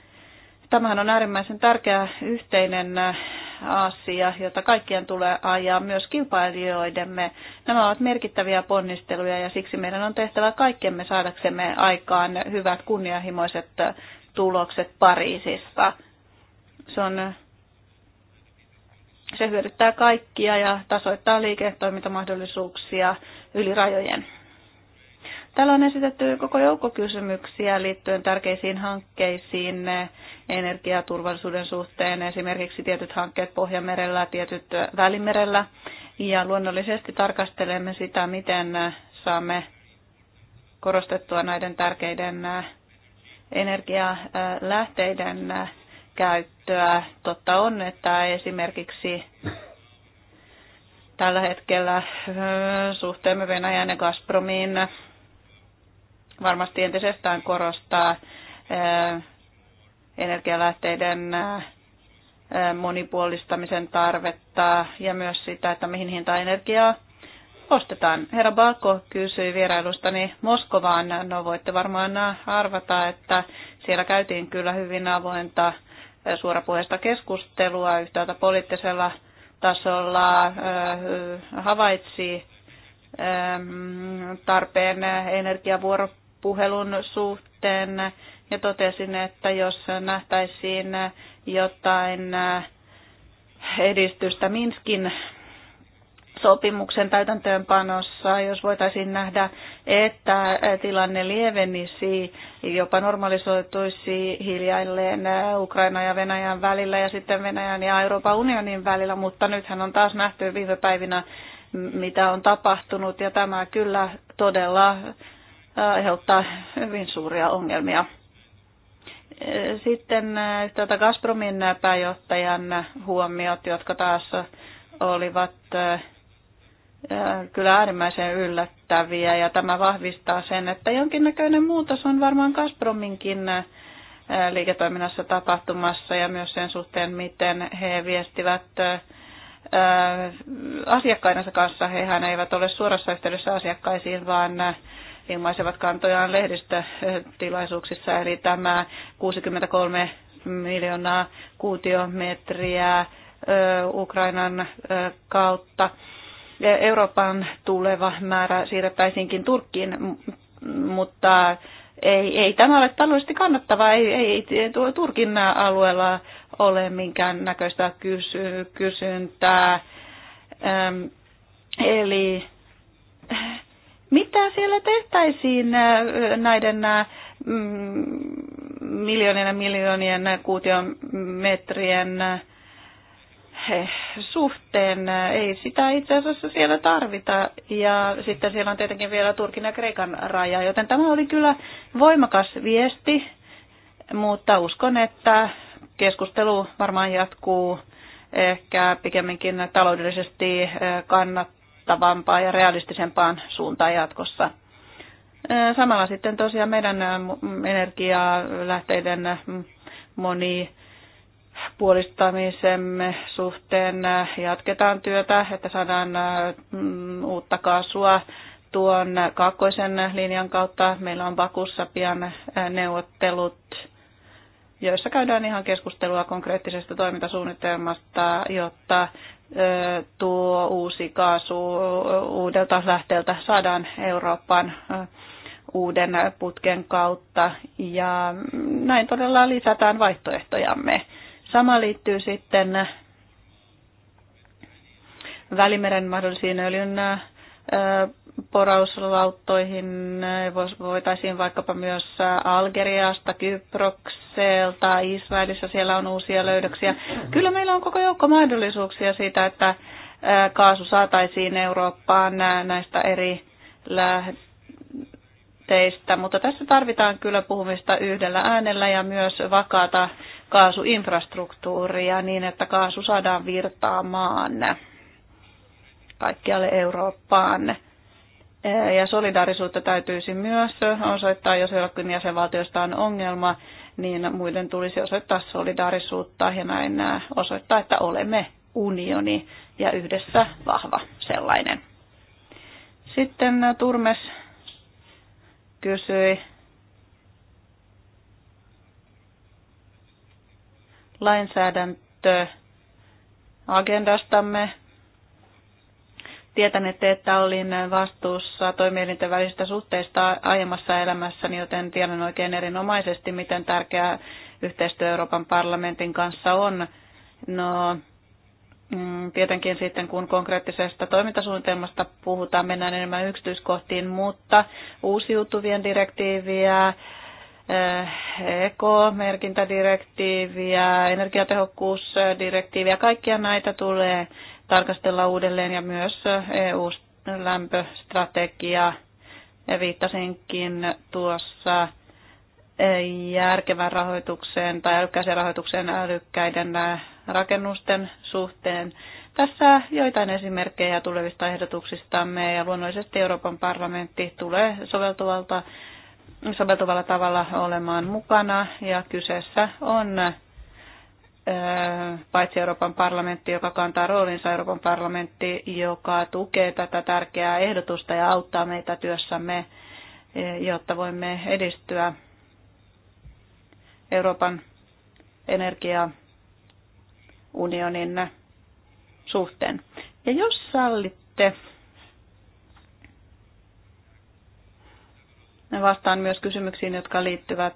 Tämähän on äärimmäisen tärkeä yhteinen äh, asia, jota kaikkien tulee ajaa, myös kilpailijoidemme. Nämä ovat merkittäviä ponnisteluja ja siksi meidän on tehtävä kaikkemme saadaksemme aikaan hyvät kunnianhimoiset äh, tulokset Pariisista. Se, on, äh, se hyödyttää kaikkia ja tasoittaa liiketoimintamahdollisuuksia yli rajojen. Täällä on esitetty koko joukko kysymyksiä liittyen tärkeisiin hankkeisiin energiaturvallisuuden suhteen, esimerkiksi tietyt hankkeet Pohjanmerellä, tietyt Välimerellä. Ja luonnollisesti tarkastelemme sitä, miten saamme korostettua näiden tärkeiden energialähteiden käyttöä. Totta on, että esimerkiksi tällä hetkellä suhteemme Venäjän ja Gazpromiin varmasti entisestään korostaa eh, energialähteiden eh, monipuolistamisen tarvetta ja myös sitä, että mihin hinta energiaa ostetaan. Herra Balko kysyi vierailustani niin Moskovaan. No voitte varmaan arvata, että siellä käytiin kyllä hyvin avointa eh, suorapuheista keskustelua yhtäältä poliittisella tasolla havaitsi tarpeen energiavuoro puhelun suhteen ja totesin, että jos nähtäisiin jotain äh, edistystä Minskin sopimuksen täytäntöönpanossa, jos voitaisiin nähdä, että äh, tilanne lievenisi, jopa normalisoituisi hiljailleen äh, Ukraina ja Venäjän välillä ja sitten Venäjän ja Euroopan unionin välillä, mutta nythän on taas nähty viime päivinä, mitä on tapahtunut ja tämä kyllä todella aiheuttaa hyvin suuria ongelmia. Sitten tuota Gazpromin pääjohtajan huomiot, jotka taas olivat kyllä äärimmäisen yllättäviä ja tämä vahvistaa sen, että jonkinnäköinen muutos on varmaan Gazprominkin liiketoiminnassa tapahtumassa ja myös sen suhteen, miten he viestivät asiakkaidensa kanssa. Hehän eivät ole suorassa yhteydessä asiakkaisiin, vaan ilmaisevat kantojaan lehdistötilaisuuksissa, eli tämä 63 miljoonaa kuutiometriä Ukrainan kautta. Euroopan tuleva määrä siirrettäisiinkin Turkkiin, mutta ei, ei tämä ole taloudellisesti kannattavaa. Ei, ei Turkin alueella ole minkään näköistä kysy, kysyntää. Ähm, eli mitä siellä tehtäisiin äh, näiden äh, mm, miljoonien ja miljoonien kuutiometrien metrien eh, suhteen. Ei sitä itse asiassa siellä tarvita. Ja sitten siellä on tietenkin vielä Turkin ja Kreikan raja, joten tämä oli kyllä voimakas viesti, mutta uskon, että keskustelu varmaan jatkuu ehkä pikemminkin taloudellisesti eh, kannattaa luotettavampaan ja realistisempaan suuntaan jatkossa. Samalla sitten tosiaan meidän energialähteiden moni puolistamisemme suhteen jatketaan työtä, että saadaan mm, uutta kaasua tuon kaakkoisen linjan kautta. Meillä on Bakussa pian neuvottelut, joissa käydään ihan keskustelua konkreettisesta toimintasuunnitelmasta, jotta tuo uusi kaasu uudelta lähteeltä saadaan Euroopan uuden putken kautta ja näin todella lisätään vaihtoehtojamme. Sama liittyy sitten Välimeren mahdollisiin öljyn porauslauttoihin voitaisiin vaikkapa myös Algeriasta, Kyprokselta, Israelissa siellä on uusia löydöksiä. Kyllä meillä on koko joukko mahdollisuuksia siitä, että kaasu saataisiin Eurooppaan näistä eri lähteistä, mutta tässä tarvitaan kyllä puhumista yhdellä äänellä ja myös vakaata kaasuinfrastruktuuria niin, että kaasu saadaan virtaamaan kaikkialle Eurooppaan ja solidaarisuutta täytyisi myös osoittaa, jos jollakin jäsenvaltiosta on ongelma, niin muiden tulisi osoittaa solidaarisuutta ja näin äh, osoittaa, että olemme unioni ja yhdessä vahva sellainen. Sitten äh, Turmes kysyi lainsäädäntöagendastamme tietänette, että olin vastuussa toimielinten välisistä suhteista aiemmassa elämässäni, joten tiedän oikein erinomaisesti, miten tärkeää yhteistyö Euroopan parlamentin kanssa on. No, mm, tietenkin sitten kun konkreettisesta toimintasuunnitelmasta puhutaan, mennään enemmän yksityiskohtiin, mutta uusiutuvien direktiiviä, eh, EK-merkintädirektiiviä, energiatehokkuusdirektiiviä, kaikkia näitä tulee tarkastella uudelleen ja myös EU-lämpöstrategiaa. Viittasinkin tuossa e, järkevän rahoitukseen tai älykkäisen rahoitukseen älykkäiden rakennusten suhteen. Tässä joitain esimerkkejä tulevista ehdotuksistamme ja luonnollisesti Euroopan parlamentti tulee soveltuvalta, soveltuvalla tavalla olemaan mukana ja kyseessä on paitsi Euroopan parlamentti, joka kantaa roolinsa Euroopan parlamentti, joka tukee tätä tärkeää ehdotusta ja auttaa meitä työssämme, jotta voimme edistyä Euroopan energiaunionin suhteen. Ja jos sallitte, vastaan myös kysymyksiin, jotka liittyvät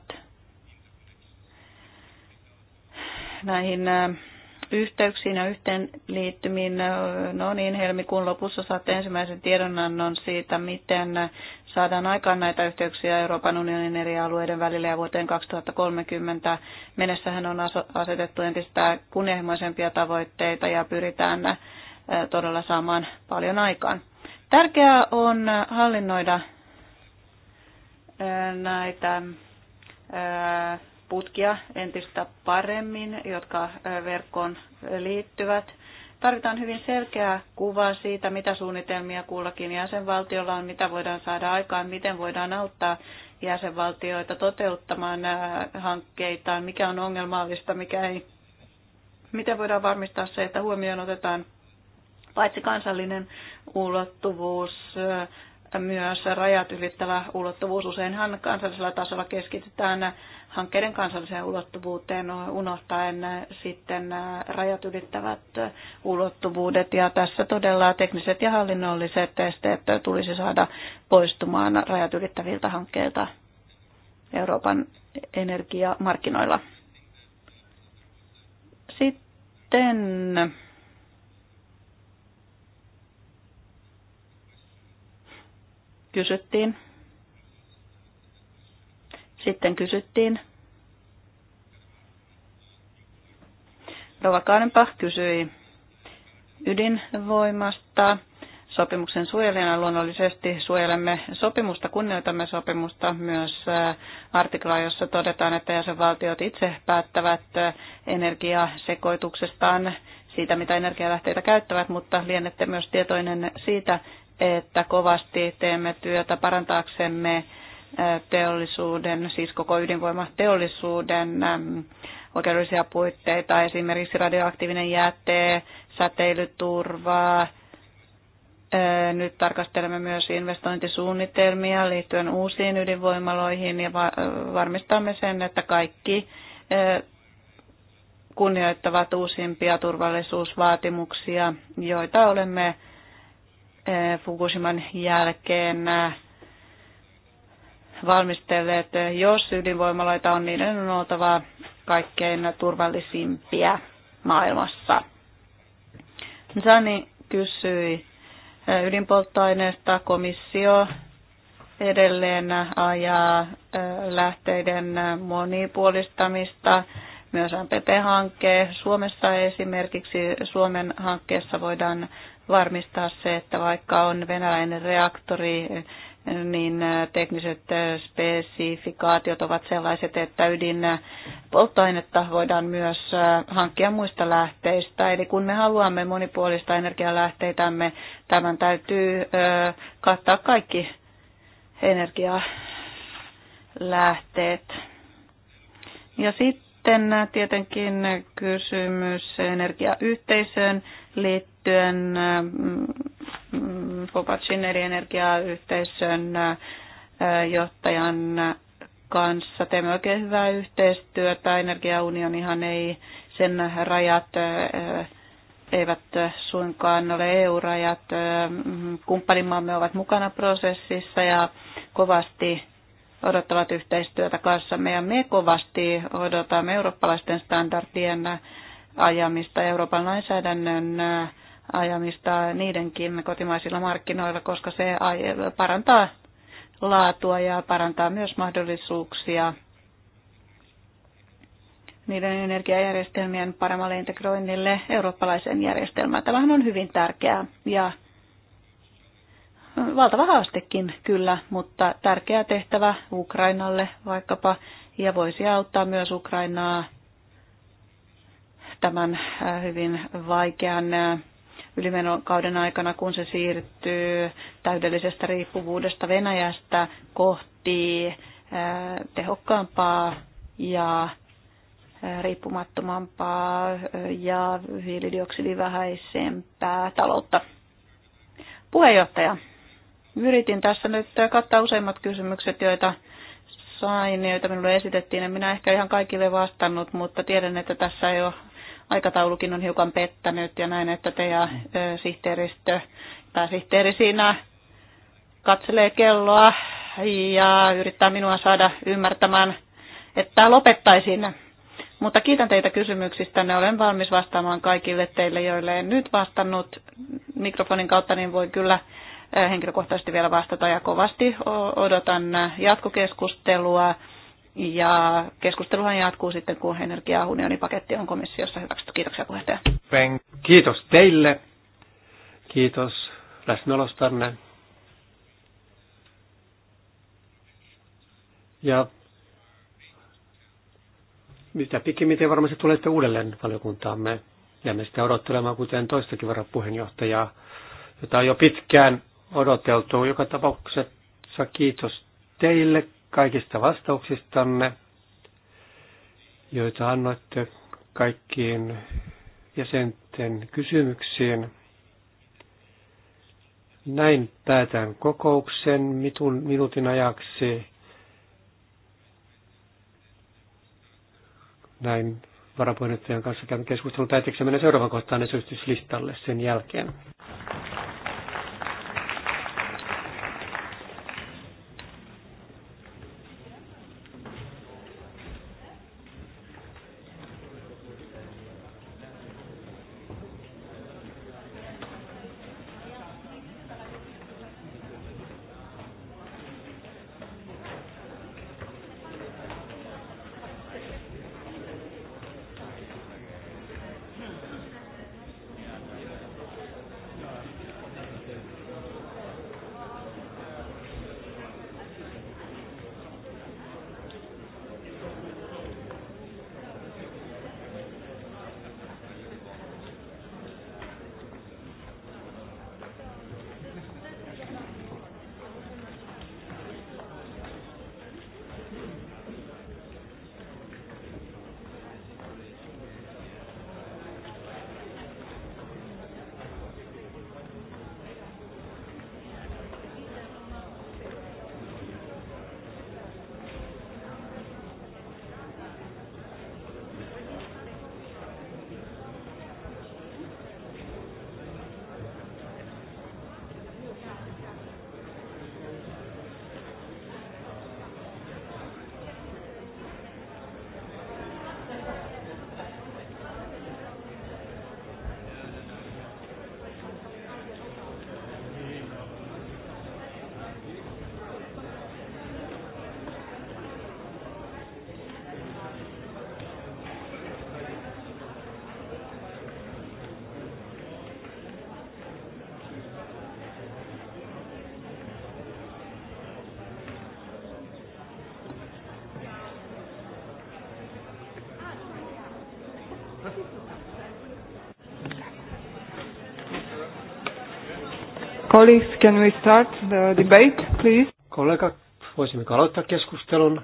näihin yhteyksiin ja yhteenliittymiin. No niin, helmikuun lopussa saatte ensimmäisen tiedonannon siitä, miten saadaan aikaan näitä yhteyksiä Euroopan unionin eri alueiden välillä ja vuoteen 2030 mennessähän on asetettu entistä kunnianhimoisempia tavoitteita ja pyritään todella saamaan paljon aikaan. Tärkeää on hallinnoida näitä putkia entistä paremmin, jotka verkkoon liittyvät. Tarvitaan hyvin selkeää kuvaa siitä, mitä suunnitelmia kullakin jäsenvaltiolla on, mitä voidaan saada aikaan, miten voidaan auttaa jäsenvaltioita toteuttamaan hankkeitaan, mikä on ongelmallista, mikä ei. Miten voidaan varmistaa se, että huomioon otetaan paitsi kansallinen ulottuvuus, myös rajat ylittävä ulottuvuus. Useinhan kansallisella tasolla keskitytään hankkeiden kansalliseen ulottuvuuteen unohtaen sitten rajat ylittävät ulottuvuudet. Ja tässä todella tekniset ja hallinnolliset esteet tulisi saada poistumaan rajat ylittäviltä hankkeilta Euroopan energiamarkkinoilla. Sitten kysyttiin. Sitten kysyttiin. Rova kysyi ydinvoimasta. Sopimuksen suojelijana luonnollisesti suojelemme sopimusta, kunnioitamme sopimusta myös äh, artiklaa, jossa todetaan, että jäsenvaltiot itse päättävät äh, energiasekoituksestaan siitä, mitä energialähteitä käyttävät, mutta lienette myös tietoinen siitä, että kovasti teemme työtä parantaaksemme teollisuuden, siis koko ydinvoimateollisuuden oikeudellisia puitteita, esimerkiksi radioaktiivinen jäte, säteilyturva. Nyt tarkastelemme myös investointisuunnitelmia liittyen uusiin ydinvoimaloihin ja varmistamme sen, että kaikki kunnioittavat uusimpia turvallisuusvaatimuksia, joita olemme Eh, Fukushiman jälkeen eh, valmistelleet, eh, jos ydinvoimaloita on, niiden on oltava kaikkein turvallisimpia maailmassa. Sani kysyi ydinpolttoaineesta. Komissio edelleen ajaa lähteiden monipuolistamista. Myös MPP-hankkeen Suomessa esimerkiksi Suomen hankkeessa voidaan varmistaa se, että vaikka on venäläinen reaktori, niin tekniset spesifikaatiot ovat sellaiset, että ydin polttoainetta voidaan myös hankkia muista lähteistä. Eli kun me haluamme monipuolista energialähteitämme, tämän täytyy kattaa kaikki energialähteet. Ja sitten tietenkin kysymys energiayhteisöön liittyen Popacin mm, eri energiayhteisön äh, johtajan kanssa. Teemme oikein hyvää yhteistyötä. Energiaunionihan ei, sen rajat äh, eivät suinkaan ole EU-rajat. Äh, Kumppanimaamme ovat mukana prosessissa ja kovasti odottavat yhteistyötä kanssamme ja me kovasti odotamme eurooppalaisten standardien ajamista, Euroopan lainsäädännön äh, ajamista niidenkin kotimaisilla markkinoilla, koska se parantaa laatua ja parantaa myös mahdollisuuksia niiden energiajärjestelmien paremmalle integroinnille eurooppalaiseen järjestelmään. Tämähän on hyvin tärkeää ja valtava haastekin kyllä, mutta tärkeä tehtävä Ukrainalle vaikkapa ja voisi auttaa myös Ukrainaa tämän äh, hyvin vaikean äh, ylimenokauden aikana, kun se siirtyy täydellisestä riippuvuudesta Venäjästä kohti äh, tehokkaampaa ja riippumattomampaa ja hiilidioksidivähäisempää taloutta. Puheenjohtaja, yritin tässä nyt kattaa useimmat kysymykset, joita sain, joita minulle esitettiin. En minä ehkä ihan kaikille vastannut, mutta tiedän, että tässä jo aikataulukin on hiukan pettänyt ja näin, että te ja sihteeristö, pääsihteeri siinä katselee kelloa ja yrittää minua saada ymmärtämään, että lopettaisin. Mutta kiitän teitä kysymyksistä. Ne olen valmis vastaamaan kaikille teille, joille en nyt vastannut mikrofonin kautta, niin voi kyllä henkilökohtaisesti vielä vastata ja kovasti odotan jatkokeskustelua ja keskusteluhan jatkuu sitten, kun energiaunionipaketti on komissiossa hyväksytty. Kiitoksia puheenjohtaja. Kiitos teille. Kiitos läsnäolostanne. Ja mitä pikimmiten varmasti tulette uudelleen valiokuntaamme. Jäämme sitä odottelemaan, kuten toistakin puheenjohtajaa, jota on jo pitkään odoteltu. Joka tapauksessa kiitos teille kaikista vastauksistanne, joita annoitte kaikkiin jäsenten kysymyksiin. Näin päätän kokouksen mitun, minuutin ajaksi. Näin varapuheenjohtajan kanssa käymme keskustelun päätöksen mennä seuraavan kohtaan esityslistalle sen jälkeen. Colleagues, can we start the debate, please? Kollegat, voisimme aloittaa keskustelun?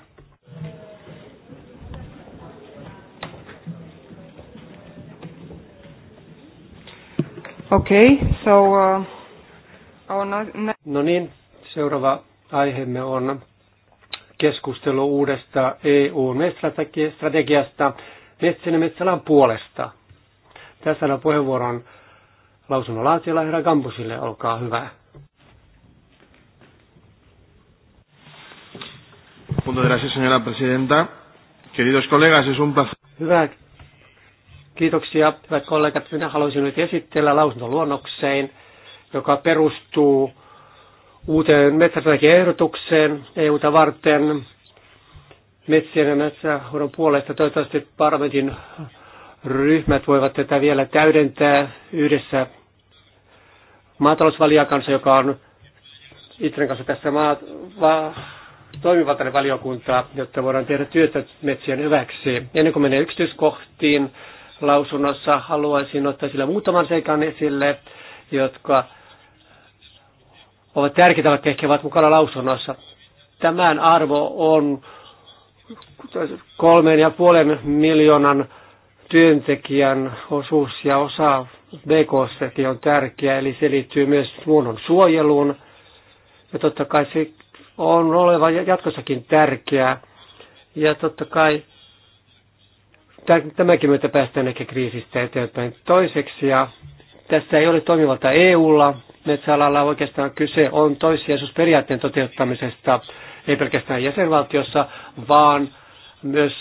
okay, so uh, our next... No-, no-, no niin, seuraava aiheemme on keskustelu uudesta EU-strategiasta Metsänä Metsälän puolesta. Tässä on puheenvuoron lausunnon laatijalla herra Kampusille, olkaa hyvä. presidenta. Queridos colegas, es un Hyvä. Kiitoksia, hyvät kollegat. Minä haluaisin nyt esitellä luonnokseen, joka perustuu uuteen metsästrategian ehdotukseen EU-ta varten metsien ja metsähoidon puolesta. Toivottavasti parlamentin ryhmät voivat tätä vielä täydentää yhdessä maatalousvalian kanssa, joka on Itren kanssa tässä maat, va, toimivaltainen valiokunta, jotta voidaan tehdä työtä metsien hyväksi. Ennen kuin menee yksityiskohtiin lausunnossa, haluaisin ottaa sillä muutaman seikan esille, jotka ovat tärkeitä, että ehkä ovat mukana lausunnossa. Tämän arvo on kolmeen ja puolen miljoonan työntekijän osuus ja osa BKssäkin on tärkeä, eli se liittyy myös luonnon suojeluun. Ja totta kai se on oleva jatkossakin tärkeää. Ja totta kai tämäkin myötä päästään ehkä kriisistä eteenpäin. Toiseksi, ja tässä ei ole toimivalta EUlla, metsäalalla oikeastaan kyse on toissijaisuusperiaatteen toteuttamisesta ei pelkästään jäsenvaltiossa, vaan myös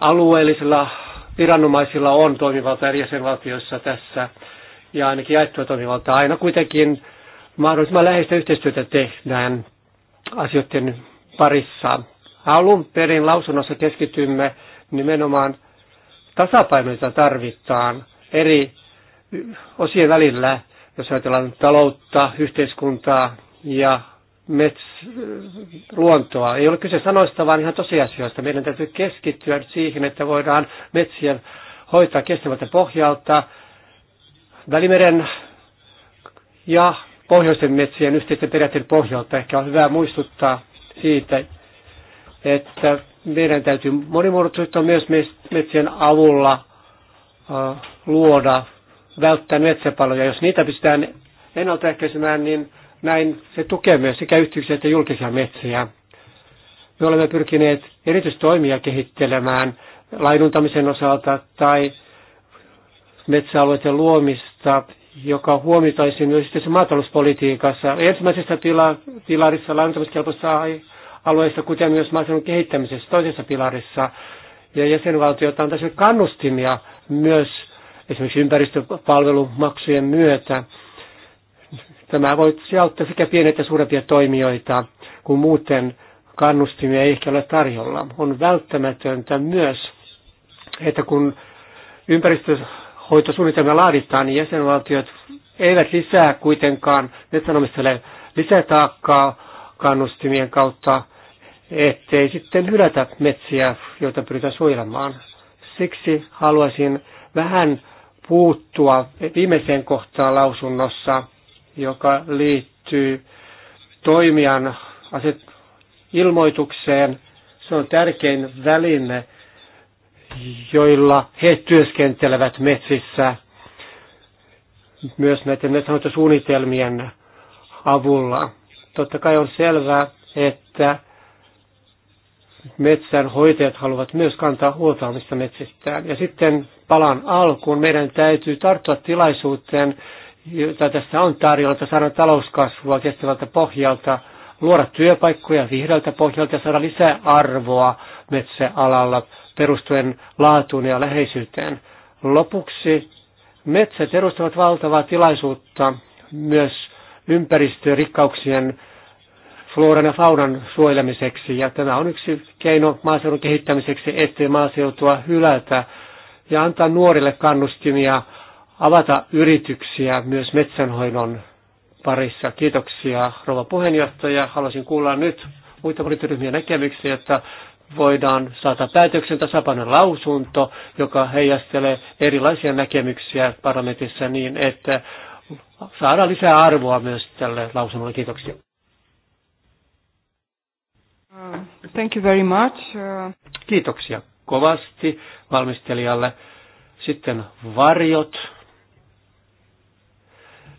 alueellisilla viranomaisilla on toimivalta eri jäsenvaltioissa tässä ja ainakin jaettua toimivalta. Aina kuitenkin mahdollisimman läheistä yhteistyötä tehdään asioiden parissa. Alun perin lausunnossa keskitymme nimenomaan tasapainoita tarvitaan eri osien välillä, jos ajatellaan taloutta, yhteiskuntaa ja mets, luontoa. Ei ole kyse sanoista, vaan ihan tosiasioista. Meidän täytyy keskittyä siihen, että voidaan metsiä hoitaa kestävältä pohjalta. Välimeren ja pohjoisten metsien yhteisten periaatteiden pohjalta ehkä on hyvä muistuttaa siitä, että meidän täytyy monimuotoisuutta myös metsien avulla luoda, välttää metsäpaloja. Jos niitä pystytään ennaltaehkäisemään, niin näin se tukee myös sekä yksityisiä että julkisia metsiä. Me olemme pyrkineet erityistoimia kehittelemään laiduntamisen osalta tai metsäalueiden luomista, joka huomioitaisi myös tässä maatalouspolitiikassa. Ensimmäisessä tila, pilarissa laajentamiskelpoisissa alueissa, kuten myös maaseudun kehittämisessä toisessa pilarissa. Ja jäsenvaltiot antaisivat kannustimia myös esimerkiksi ympäristöpalvelumaksujen myötä Tämä voi auttaa sekä pieniä että suurempia toimijoita, kun muuten kannustimia ei ehkä ole tarjolla. On välttämätöntä myös, että kun ympäristöhoitosuunnitelmia laaditaan, niin jäsenvaltiot eivät lisää kuitenkaan metsänomistajille lisätaakkaa kannustimien kautta, ettei sitten hylätä metsiä, joita pyritään suojelemaan. Siksi haluaisin vähän puuttua viimeiseen kohtaan lausunnossa, joka liittyy toimijan aset ilmoitukseen. Se on tärkein väline, joilla he työskentelevät metsissä myös näiden suunnitelmien avulla. Totta kai on selvää, että hoitajat haluavat myös kantaa huolta omista metsistään. Ja sitten palan alkuun meidän täytyy tarttua tilaisuuteen jota tässä on tarjolla, että saadaan talouskasvua kestävältä pohjalta, luoda työpaikkoja vihreältä pohjalta ja saada lisää arvoa metsäalalla perustuen laatuun ja läheisyyteen. Lopuksi metsät edustavat valtavaa tilaisuutta myös ympäristörikkauksien floran ja faunan suojelemiseksi ja tämä on yksi keino maaseudun kehittämiseksi, ettei maaseutua hylätä ja antaa nuorille kannustimia – avata yrityksiä myös metsänhoidon parissa. Kiitoksia rouva puheenjohtaja. Haluaisin kuulla nyt muita poliittiryhmien näkemyksiä, että voidaan saada päätöksen tasapainon lausunto, joka heijastelee erilaisia näkemyksiä parlamentissa niin, että saadaan lisää arvoa myös tälle lausunnolle. Kiitoksia. Uh, thank you very much. Uh, Kiitoksia kovasti valmistelijalle. Sitten varjot.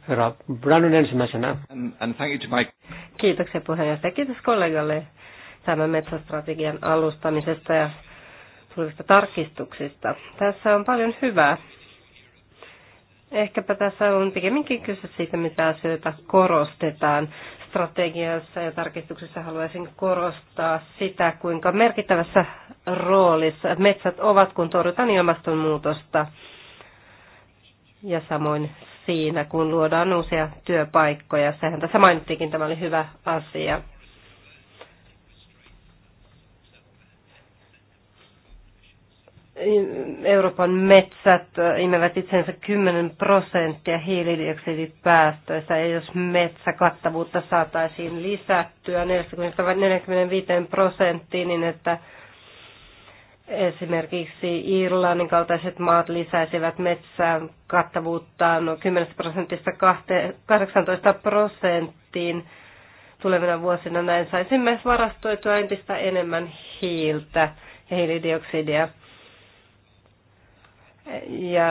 Herra Brannun ensimmäisenä. And thank you to Mike. Kiitoksia puheenjohtaja. Kiitos kollegalle tämän metsästrategian alustamisesta ja tulevista tarkistuksista. Tässä on paljon hyvää. Ehkäpä tässä on pikemminkin kyse siitä, mitä asioita korostetaan strategiassa ja tarkistuksessa haluaisin korostaa sitä, kuinka merkittävässä roolissa metsät ovat, kun torjutaan ilmastonmuutosta ja samoin siinä, kun luodaan uusia työpaikkoja. Sehän tässä mainittiinkin, tämä oli hyvä asia. Euroopan metsät imevät itsensä 10 prosenttia hiilidioksidipäästöistä, ja jos metsäkattavuutta saataisiin lisättyä 40-45 prosenttiin, niin että Esimerkiksi Irlannin kaltaiset maat lisäisivät metsään kattavuuttaan no, 10 prosentista 18 prosenttiin tulevina vuosina. Näin saisimme varastoitua entistä enemmän hiiltä ja hiilidioksidia ja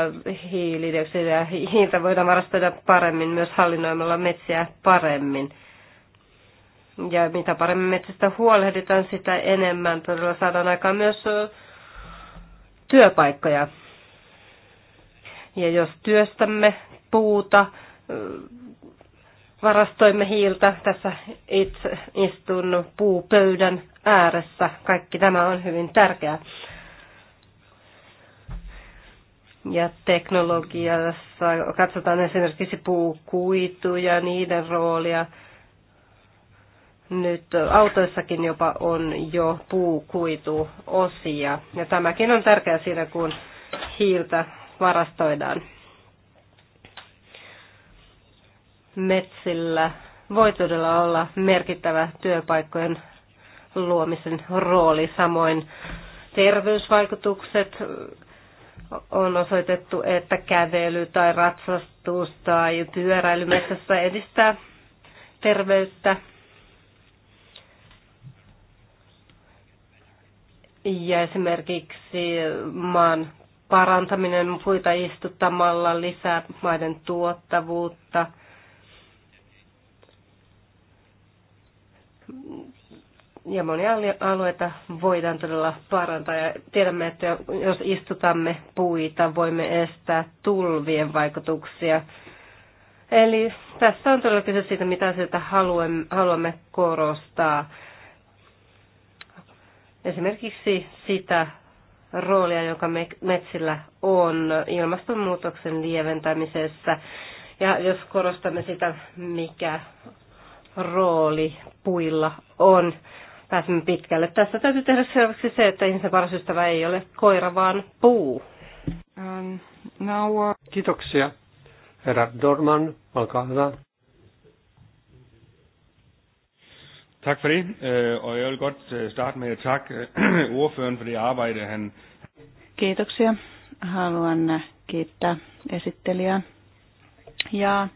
hiilidioksidia ja hiiltä voidaan varastoida paremmin myös hallinnoimalla metsiä paremmin. Ja mitä paremmin metsästä huolehditaan, sitä enemmän todella saadaan aikaan myös työpaikkoja. Ja jos työstämme puuta, varastoimme hiiltä, tässä itse istun puupöydän ääressä. Kaikki tämä on hyvin tärkeää. Ja teknologiassa katsotaan esimerkiksi puukuituja, niiden roolia – nyt autoissakin jopa on jo puukuituosia. Ja tämäkin on tärkeää siinä, kun hiiltä varastoidaan. Metsillä voi todella olla merkittävä työpaikkojen luomisen rooli. Samoin terveysvaikutukset on osoitettu, että kävely tai ratsastus tai pyöräily metsässä edistää terveyttä ja esimerkiksi maan parantaminen puita istuttamalla lisää maiden tuottavuutta. Ja monia alueita voidaan todella parantaa ja tiedämme, että jos istutamme puita, voimme estää tulvien vaikutuksia. Eli tässä on todella kyse siitä, mitä sieltä haluamme, haluamme korostaa esimerkiksi sitä roolia, joka metsillä on ilmastonmuutoksen lieventämisessä. Ja jos korostamme sitä, mikä rooli puilla on, pääsemme pitkälle. Tässä täytyy tehdä selväksi se, että ihmisen paras ystävä ei ole koira, vaan puu. Um, now, uh... Kiitoksia. Herra Dorman, olkaa hyvä. Tak for det, øh, og jeg vil godt øh, starte med at takke øh, ordføreren for det arbejde, han... Kiitoksia. Haluan äh, kiittää esittelijää. Ja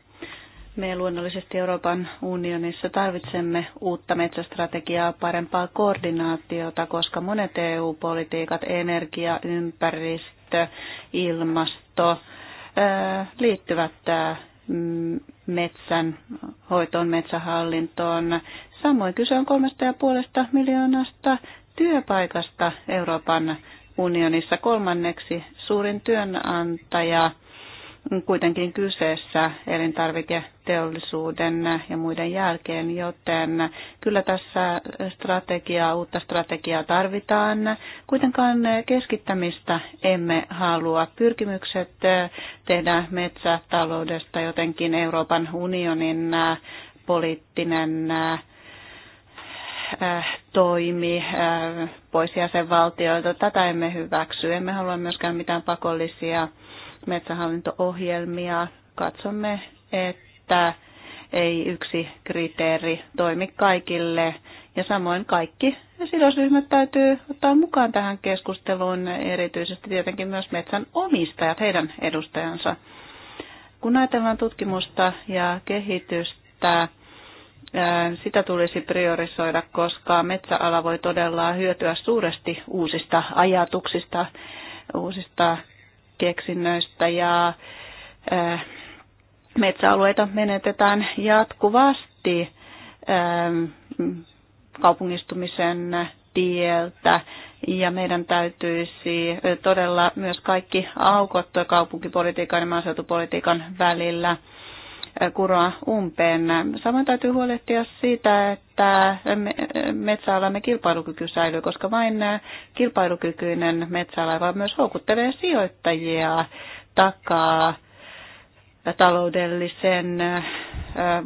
me luonnollisesti Euroopan unionissa tarvitsemme uutta metsästrategiaa, parempaa koordinaatiota, koska monet EU-politiikat, energia, ympäristö, ilmasto äh, liittyvät äh, metsän hoitoon, metsähallintoon. Samoin kyse on 3,5 miljoonasta työpaikasta Euroopan unionissa kolmanneksi suurin työnantaja kuitenkin kyseessä elintarviketeollisuuden ja muiden jälkeen, joten kyllä tässä strategiaa, uutta strategiaa tarvitaan. Kuitenkaan keskittämistä emme halua. Pyrkimykset tehdä metsätaloudesta jotenkin Euroopan unionin poliittinen äh, toimi äh, pois jäsenvaltioilta. Tätä emme hyväksy. Emme halua myöskään mitään pakollisia metsähallinto-ohjelmia, katsomme, että ei yksi kriteeri toimi kaikille. Ja samoin kaikki sidosryhmät täytyy ottaa mukaan tähän keskusteluun, erityisesti tietenkin myös metsän omistajat, heidän edustajansa. Kun ajatellaan tutkimusta ja kehitystä, sitä tulisi priorisoida, koska metsäala voi todella hyötyä suuresti uusista ajatuksista, uusista keksinnöistä ja äh, metsäalueita menetetään jatkuvasti ähm, kaupungistumisen tieltä ja meidän täytyisi äh, todella myös kaikki aukot kaupunkipolitiikan ja maaseutupolitiikan välillä kuroa umpeen. Samoin täytyy huolehtia siitä, että metsäalamme kilpailukyky säilyy, koska vain kilpailukykyinen metsäala myös houkuttelee sijoittajia takaa taloudellisen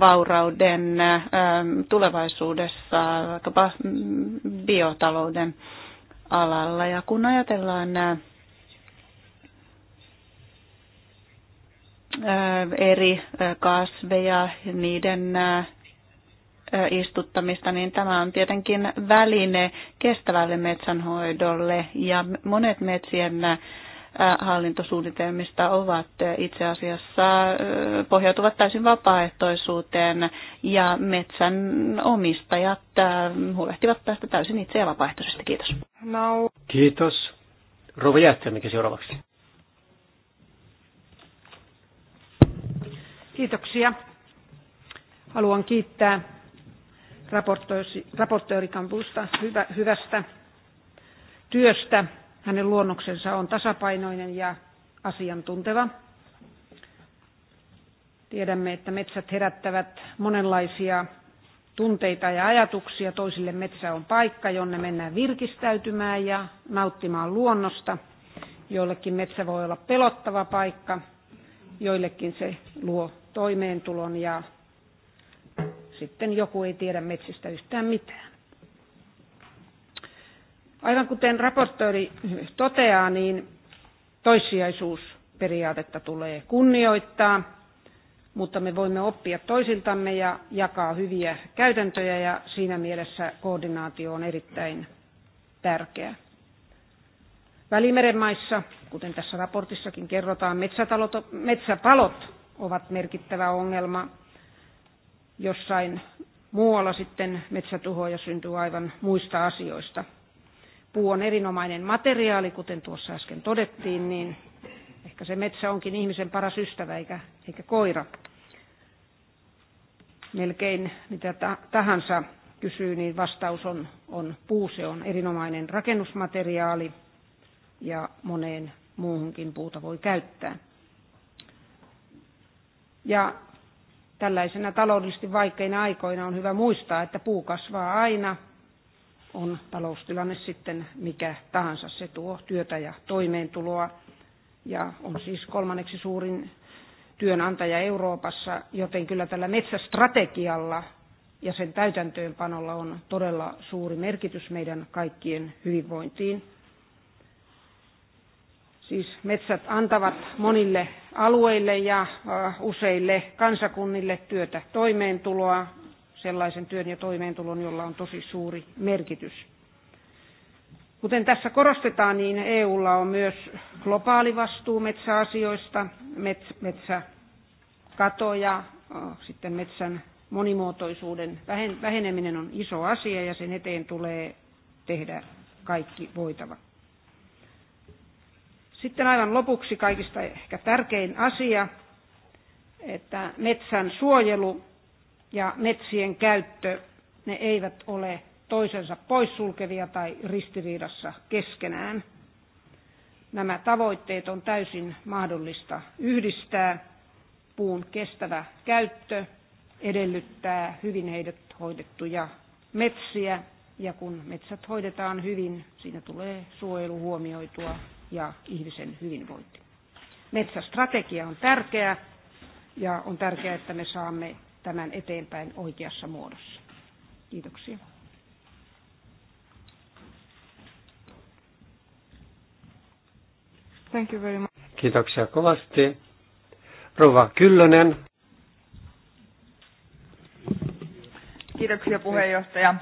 vaurauden tulevaisuudessa vaikkapa biotalouden alalla. Ja kun ajatellaan eri kasveja, niiden istuttamista, niin tämä on tietenkin väline kestävälle metsänhoidolle ja monet metsien hallintosuunnitelmista ovat itse asiassa pohjautuvat täysin vapaaehtoisuuteen ja metsän omistajat huolehtivat tästä täysin itse ja vapaaehtoisesti. Kiitos. No. Kiitos. Rouva mikä seuraavaksi. Kiitoksia. Haluan kiittää raportööri Kambusta hyvä, hyvästä työstä. Hänen luonnoksensa on tasapainoinen ja asiantunteva. Tiedämme, että metsät herättävät monenlaisia tunteita ja ajatuksia. Toisille metsä on paikka, jonne mennään virkistäytymään ja nauttimaan luonnosta. Joillekin metsä voi olla pelottava paikka, joillekin se luo toimeentulon ja sitten joku ei tiedä metsistä yhtään mitään. Aivan kuten raportööri toteaa, niin toissijaisuusperiaatetta tulee kunnioittaa, mutta me voimme oppia toisiltamme ja jakaa hyviä käytäntöjä ja siinä mielessä koordinaatio on erittäin tärkeä. Välimeren maissa, kuten tässä raportissakin kerrotaan, metsäpalot ovat merkittävä ongelma. Jossain muualla sitten metsätuhoja syntyy aivan muista asioista. Puu on erinomainen materiaali, kuten tuossa äsken todettiin, niin ehkä se metsä onkin ihmisen paras ystävä eikä, eikä koira. Melkein mitä tahansa kysyy, niin vastaus on, on puu. Se on erinomainen rakennusmateriaali ja moneen muuhunkin puuta voi käyttää. Ja tällaisena taloudellisesti vaikeina aikoina on hyvä muistaa, että puu kasvaa aina, on taloustilanne sitten mikä tahansa. Se tuo työtä ja toimeentuloa ja on siis kolmanneksi suurin työnantaja Euroopassa, joten kyllä tällä metsästrategialla ja sen täytäntöönpanolla on todella suuri merkitys meidän kaikkien hyvinvointiin. Siis metsät antavat monille alueille ja useille kansakunnille työtä toimeentuloa, sellaisen työn ja toimeentulon, jolla on tosi suuri merkitys. Kuten tässä korostetaan, niin EUlla on myös globaali vastuu metsäasioista, metsäkato ja sitten metsän monimuotoisuuden väheneminen on iso asia ja sen eteen tulee tehdä kaikki voitava. Sitten aivan lopuksi kaikista ehkä tärkein asia, että metsän suojelu ja metsien käyttö, ne eivät ole toisensa poissulkevia tai ristiriidassa keskenään. Nämä tavoitteet on täysin mahdollista yhdistää. Puun kestävä käyttö edellyttää hyvin heidät hoidettuja metsiä, ja kun metsät hoidetaan hyvin, siinä tulee suojelu huomioitua ja ihmisen hyvinvointi. Metsästrategia on tärkeä ja on tärkeää, että me saamme tämän eteenpäin oikeassa muodossa. Kiitoksia. Thank you very much. Kiitoksia kovasti. Rova Kyllönen. Kiitoksia puheenjohtaja.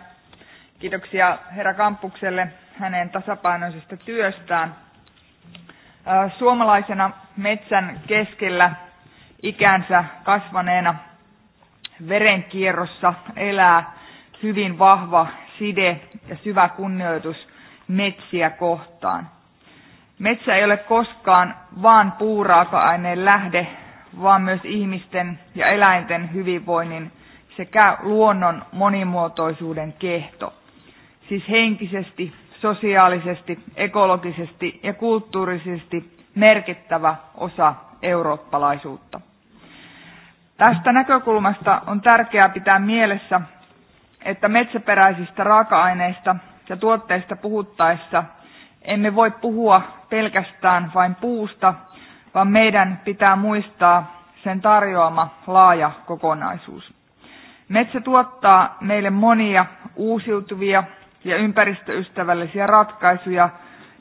Kiitoksia herra Kampukselle hänen tasapainoisesta työstään Suomalaisena metsän keskellä ikänsä kasvaneena verenkierrossa elää hyvin vahva side ja syvä kunnioitus metsiä kohtaan. Metsä ei ole koskaan vaan puuraaka-aineen lähde, vaan myös ihmisten ja eläinten hyvinvoinnin sekä luonnon monimuotoisuuden kehto, siis henkisesti sosiaalisesti, ekologisesti ja kulttuurisesti merkittävä osa eurooppalaisuutta. Tästä näkökulmasta on tärkeää pitää mielessä, että metsäperäisistä raaka-aineista ja tuotteista puhuttaessa emme voi puhua pelkästään vain puusta, vaan meidän pitää muistaa sen tarjoama laaja kokonaisuus. Metsä tuottaa meille monia uusiutuvia ja ympäristöystävällisiä ratkaisuja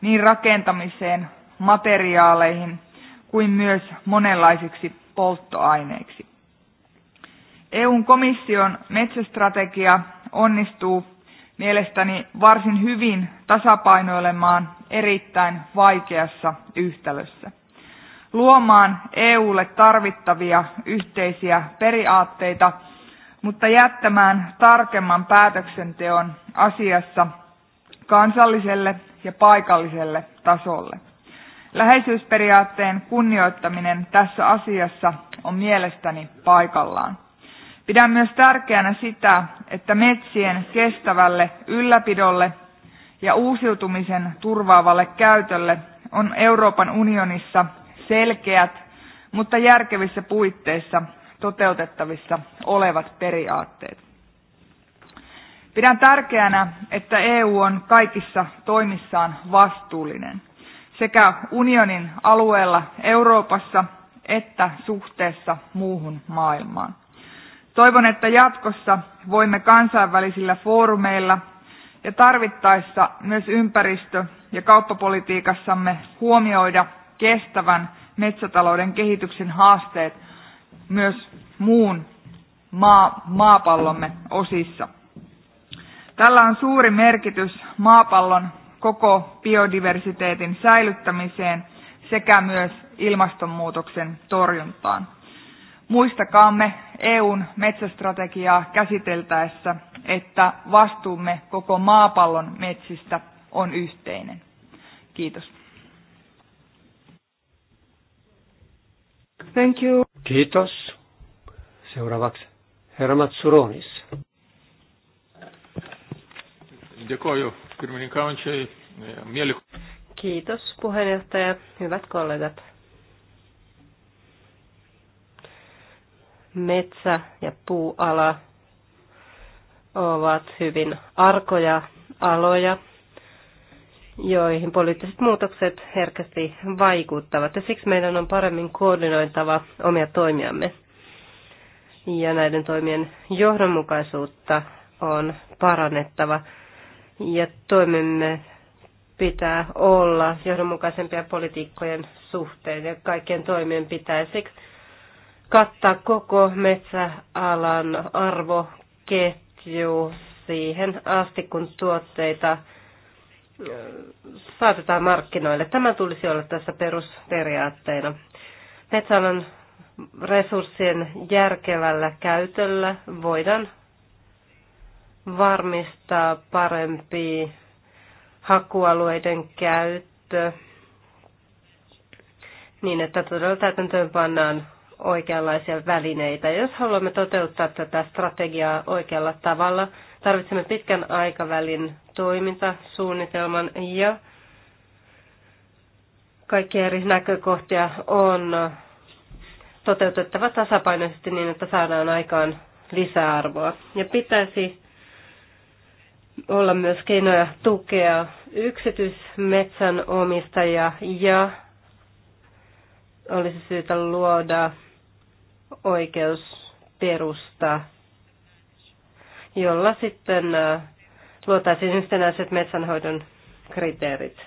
niin rakentamiseen, materiaaleihin kuin myös monenlaisiksi polttoaineiksi. EUn komission metsästrategia onnistuu mielestäni varsin hyvin tasapainoilemaan erittäin vaikeassa yhtälössä. Luomaan EUlle tarvittavia yhteisiä periaatteita – mutta jättämään tarkemman päätöksenteon asiassa kansalliselle ja paikalliselle tasolle. Läheisyysperiaatteen kunnioittaminen tässä asiassa on mielestäni paikallaan. Pidän myös tärkeänä sitä, että metsien kestävälle ylläpidolle ja uusiutumisen turvaavalle käytölle on Euroopan unionissa selkeät, mutta järkevissä puitteissa toteutettavissa olevat periaatteet. Pidän tärkeänä, että EU on kaikissa toimissaan vastuullinen sekä unionin alueella Euroopassa että suhteessa muuhun maailmaan. Toivon, että jatkossa voimme kansainvälisillä foorumeilla ja tarvittaessa myös ympäristö- ja kauppapolitiikassamme huomioida kestävän metsätalouden kehityksen haasteet myös muun maa, maapallomme osissa. Tällä on suuri merkitys maapallon koko biodiversiteetin säilyttämiseen sekä myös ilmastonmuutoksen torjuntaan. Muistakaamme EUn metsästrategiaa käsiteltäessä, että vastuumme koko maapallon metsistä on yhteinen. Kiitos. Thank you. Kiitos. Seuraavaksi herra Matsuronis. Kiitos puheenjohtaja. Hyvät kollegat. Metsä- ja puuala ovat hyvin arkoja aloja joihin poliittiset muutokset herkästi vaikuttavat. Ja siksi meidän on paremmin koordinoitava omia toimiamme. Ja näiden toimien johdonmukaisuutta on parannettava. Ja toimimme pitää olla johdonmukaisempia politiikkojen suhteen. Ja kaikkien toimien pitäisi kattaa koko metsäalan arvoketju siihen asti, kun tuotteita saatetaan markkinoille. Tämä tulisi olla tässä perusperiaatteena. Metsäalan resurssien järkevällä käytöllä voidaan varmistaa parempi hakualueiden käyttö niin, että todella täytäntöön pannaan oikeanlaisia välineitä. Jos haluamme toteuttaa tätä strategiaa oikealla tavalla, Tarvitsemme pitkän aikavälin toimintasuunnitelman ja kaikkia eri näkökohtia on toteutettava tasapainoisesti niin, että saadaan aikaan lisäarvoa. Ja pitäisi olla myös keinoja tukea omistajia ja olisi syytä luoda oikeusperusta jolla sitten luotaisiin yhtenäiset metsänhoidon kriteerit.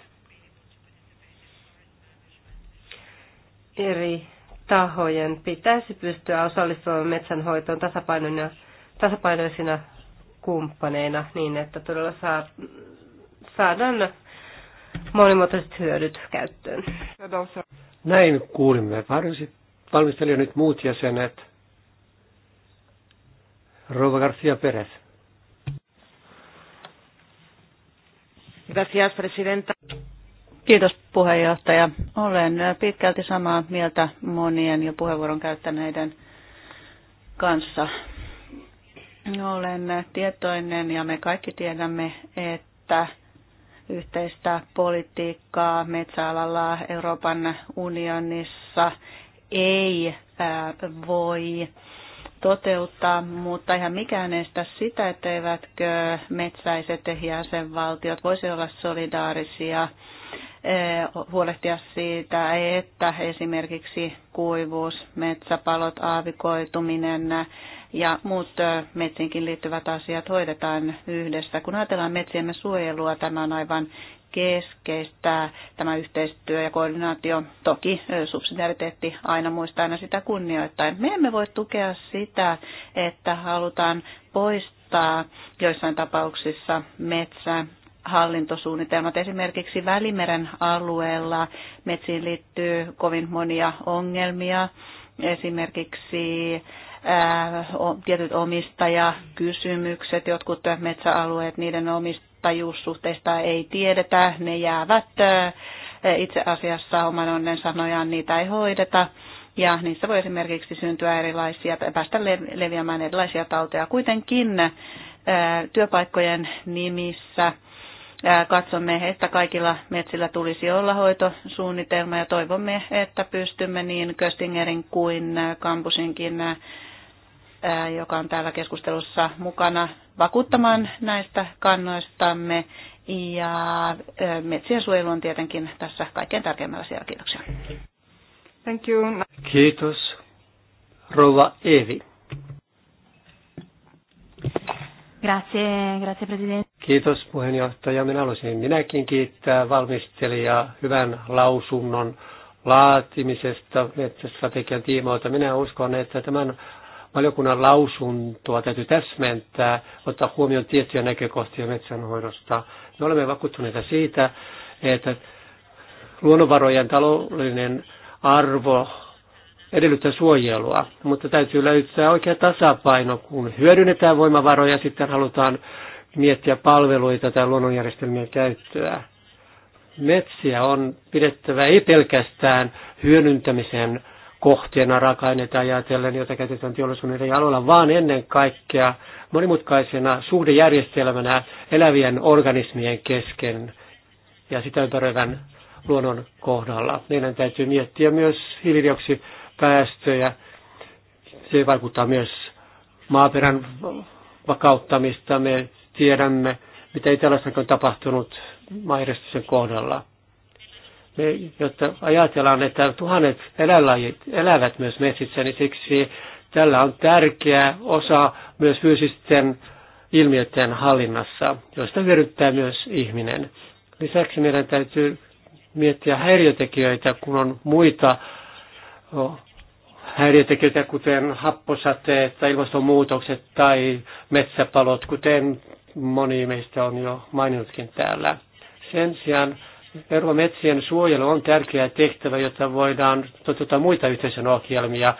Eri tahojen pitäisi pystyä osallistumaan metsänhoitoon tasapainoisina kumppaneina niin, että todella saa, saadaan monimuotoiset hyödyt käyttöön. Näin kuulimme varsin nyt muut jäsenet. Rova García Pérez. Gracias, presidenta. Kiitos puheenjohtaja. Olen pitkälti samaa mieltä monien jo puheenvuoron käyttäneiden kanssa. Olen tietoinen ja me kaikki tiedämme, että yhteistä politiikkaa metsäalalla Euroopan unionissa ei voi toteuttaa, mutta ihan mikään estä sitä, etteivätkö metsäiset jäsenvaltiot voisi olla solidaarisia e, huolehtia siitä, että esimerkiksi kuivuus, metsäpalot, aavikoituminen ja muut e, metsinkin liittyvät asiat hoidetaan yhdessä. Kun ajatellaan metsiemme suojelua, tämä on aivan keskeistä tämä yhteistyö ja koordinaatio. Toki subsidiariteetti aina muistaa aina sitä kunnioittain. Me emme voi tukea sitä, että halutaan poistaa joissain tapauksissa metsä hallintosuunnitelmat. Esimerkiksi Välimeren alueella metsiin liittyy kovin monia ongelmia. Esimerkiksi tietyt omistajakysymykset, jotkut metsäalueet, niiden omistajat tajuussuhteista ei tiedetä, ne jäävät itse asiassa oman onnen sanojaan, niitä ei hoideta. Ja niissä voi esimerkiksi syntyä erilaisia, päästä leviämään erilaisia tauteja. Kuitenkin työpaikkojen nimissä katsomme, että kaikilla metsillä tulisi olla hoitosuunnitelma ja toivomme, että pystymme niin Köstingerin kuin Kampusinkin, joka on täällä keskustelussa mukana, vakuuttamaan näistä kannoistamme. Ja metsien suojelu on tietenkin tässä kaikkein tärkeimmällä siellä. Kiitoksia. Thank you. Kiitos. Rova Evi. Grazie, grazie presidente. Kiitos puheenjohtaja. Minä haluaisin minäkin kiittää valmistelijaa hyvän lausunnon laatimisesta metsästrategian tiimoilta. Minä uskon, että tämän valiokunnan lausuntoa täytyy täsmentää, ottaa huomioon tiettyjä näkökohtia metsänhoidosta. Me olemme vakuuttuneita siitä, että luonnonvarojen taloudellinen arvo edellyttää suojelua, mutta täytyy löytää oikea tasapaino, kun hyödynnetään voimavaroja, sitten halutaan miettiä palveluita tai luonnonjärjestelmien käyttöä. Metsiä on pidettävä ei pelkästään hyödyntämisen kohteena raaka-aineita ajatellen, joita käytetään teollisuuden eri aloilla, vaan ennen kaikkea monimutkaisena suhdejärjestelmänä elävien organismien kesken ja sitä ympäröivän luonnon kohdalla. Meidän täytyy miettiä myös hiilidioksipäästöjä. Se vaikuttaa myös maaperän vakauttamista. Me tiedämme, mitä Itälassakin on tapahtunut maaeristyksen kohdalla me, jotta ajatellaan, että tuhannet eläinlajit elävät myös metsissä, niin siksi tällä on tärkeä osa myös fyysisten ilmiöiden hallinnassa, joista hyödyttää myös ihminen. Lisäksi meidän täytyy miettiä häiriötekijöitä, kun on muita häiriötekijöitä, kuten happosateet tai ilmastonmuutokset tai metsäpalot, kuten moni meistä on jo maininnutkin täällä. Sen sijaan Ervometsien suojelu on tärkeä tehtävä, jotta voidaan toteuttaa muita yhteisön ohjelmia,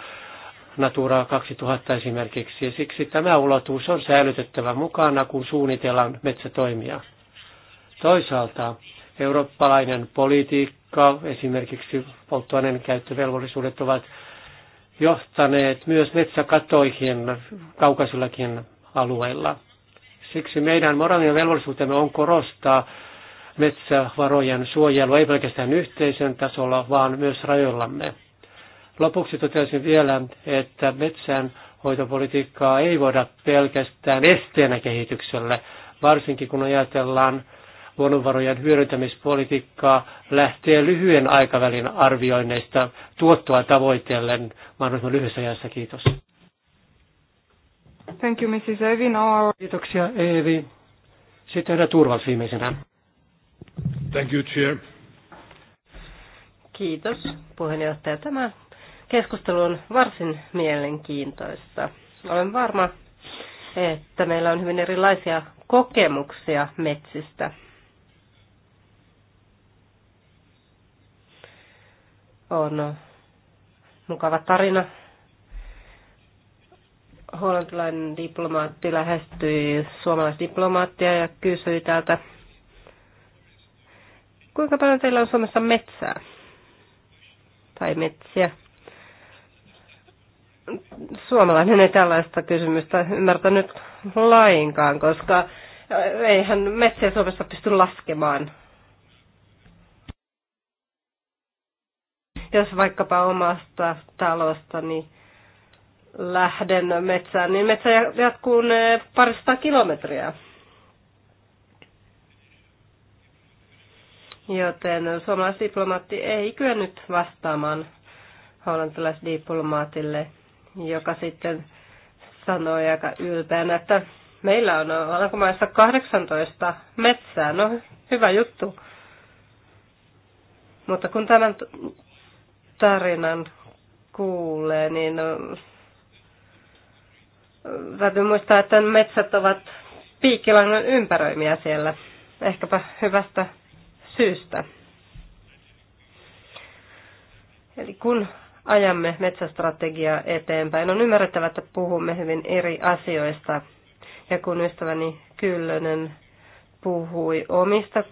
Natura 2000 esimerkiksi. Ja siksi tämä ulotus on säilytettävä mukana, kun suunnitellaan metsätoimia. Toisaalta eurooppalainen politiikka, esimerkiksi polttoaineen käyttövelvollisuudet ovat johtaneet myös metsäkatoihin kaukaisillakin alueilla. Siksi meidän moraalinen velvollisuutemme on korostaa metsävarojen suojelu ei pelkästään yhteisön tasolla, vaan myös rajoillamme. Lopuksi toteaisin vielä, että metsän hoitopolitiikkaa ei voida pelkästään esteenä kehitykselle, varsinkin kun ajatellaan luonnonvarojen hyödyntämispolitiikkaa lähtee lyhyen aikavälin arvioinneista tuottoa tavoitellen mahdollisimman lyhyessä ajassa. Kiitos. Thank you, Mrs. Evi. Kiitoksia, Evi. Sitten Turvals viimeisenä. Thank you, Chair. Kiitos puheenjohtaja. Tämä keskustelu on varsin mielenkiintoista. Olen varma, että meillä on hyvin erilaisia kokemuksia metsistä. On mukava tarina. Hollantilainen diplomaatti lähestyi suomalaisdiplomaattia ja kysyi täältä Kuinka paljon teillä on Suomessa metsää? Tai metsiä? Suomalainen ei tällaista kysymystä ymmärtänyt lainkaan, koska eihän metsiä Suomessa pysty laskemaan. Jos vaikkapa omasta niin lähden metsään, niin metsä jatkuu parista kilometriä. joten suomalaisdiplomaatti ei kyennyt vastaamaan hollantilaisdiplomaatille, joka sitten sanoi aika ylpeänä, että meillä on Alankomaissa 18 metsää. No, hyvä juttu. Mutta kun tämän tarinan kuulee, niin no, täytyy muistaa, että metsät ovat piikkilangan ympäröimiä siellä. Ehkäpä hyvästä syystä. Eli kun ajamme metsästrategiaa eteenpäin, on ymmärrettävä, että puhumme hyvin eri asioista. Ja kun ystäväni Kyllönen puhui omista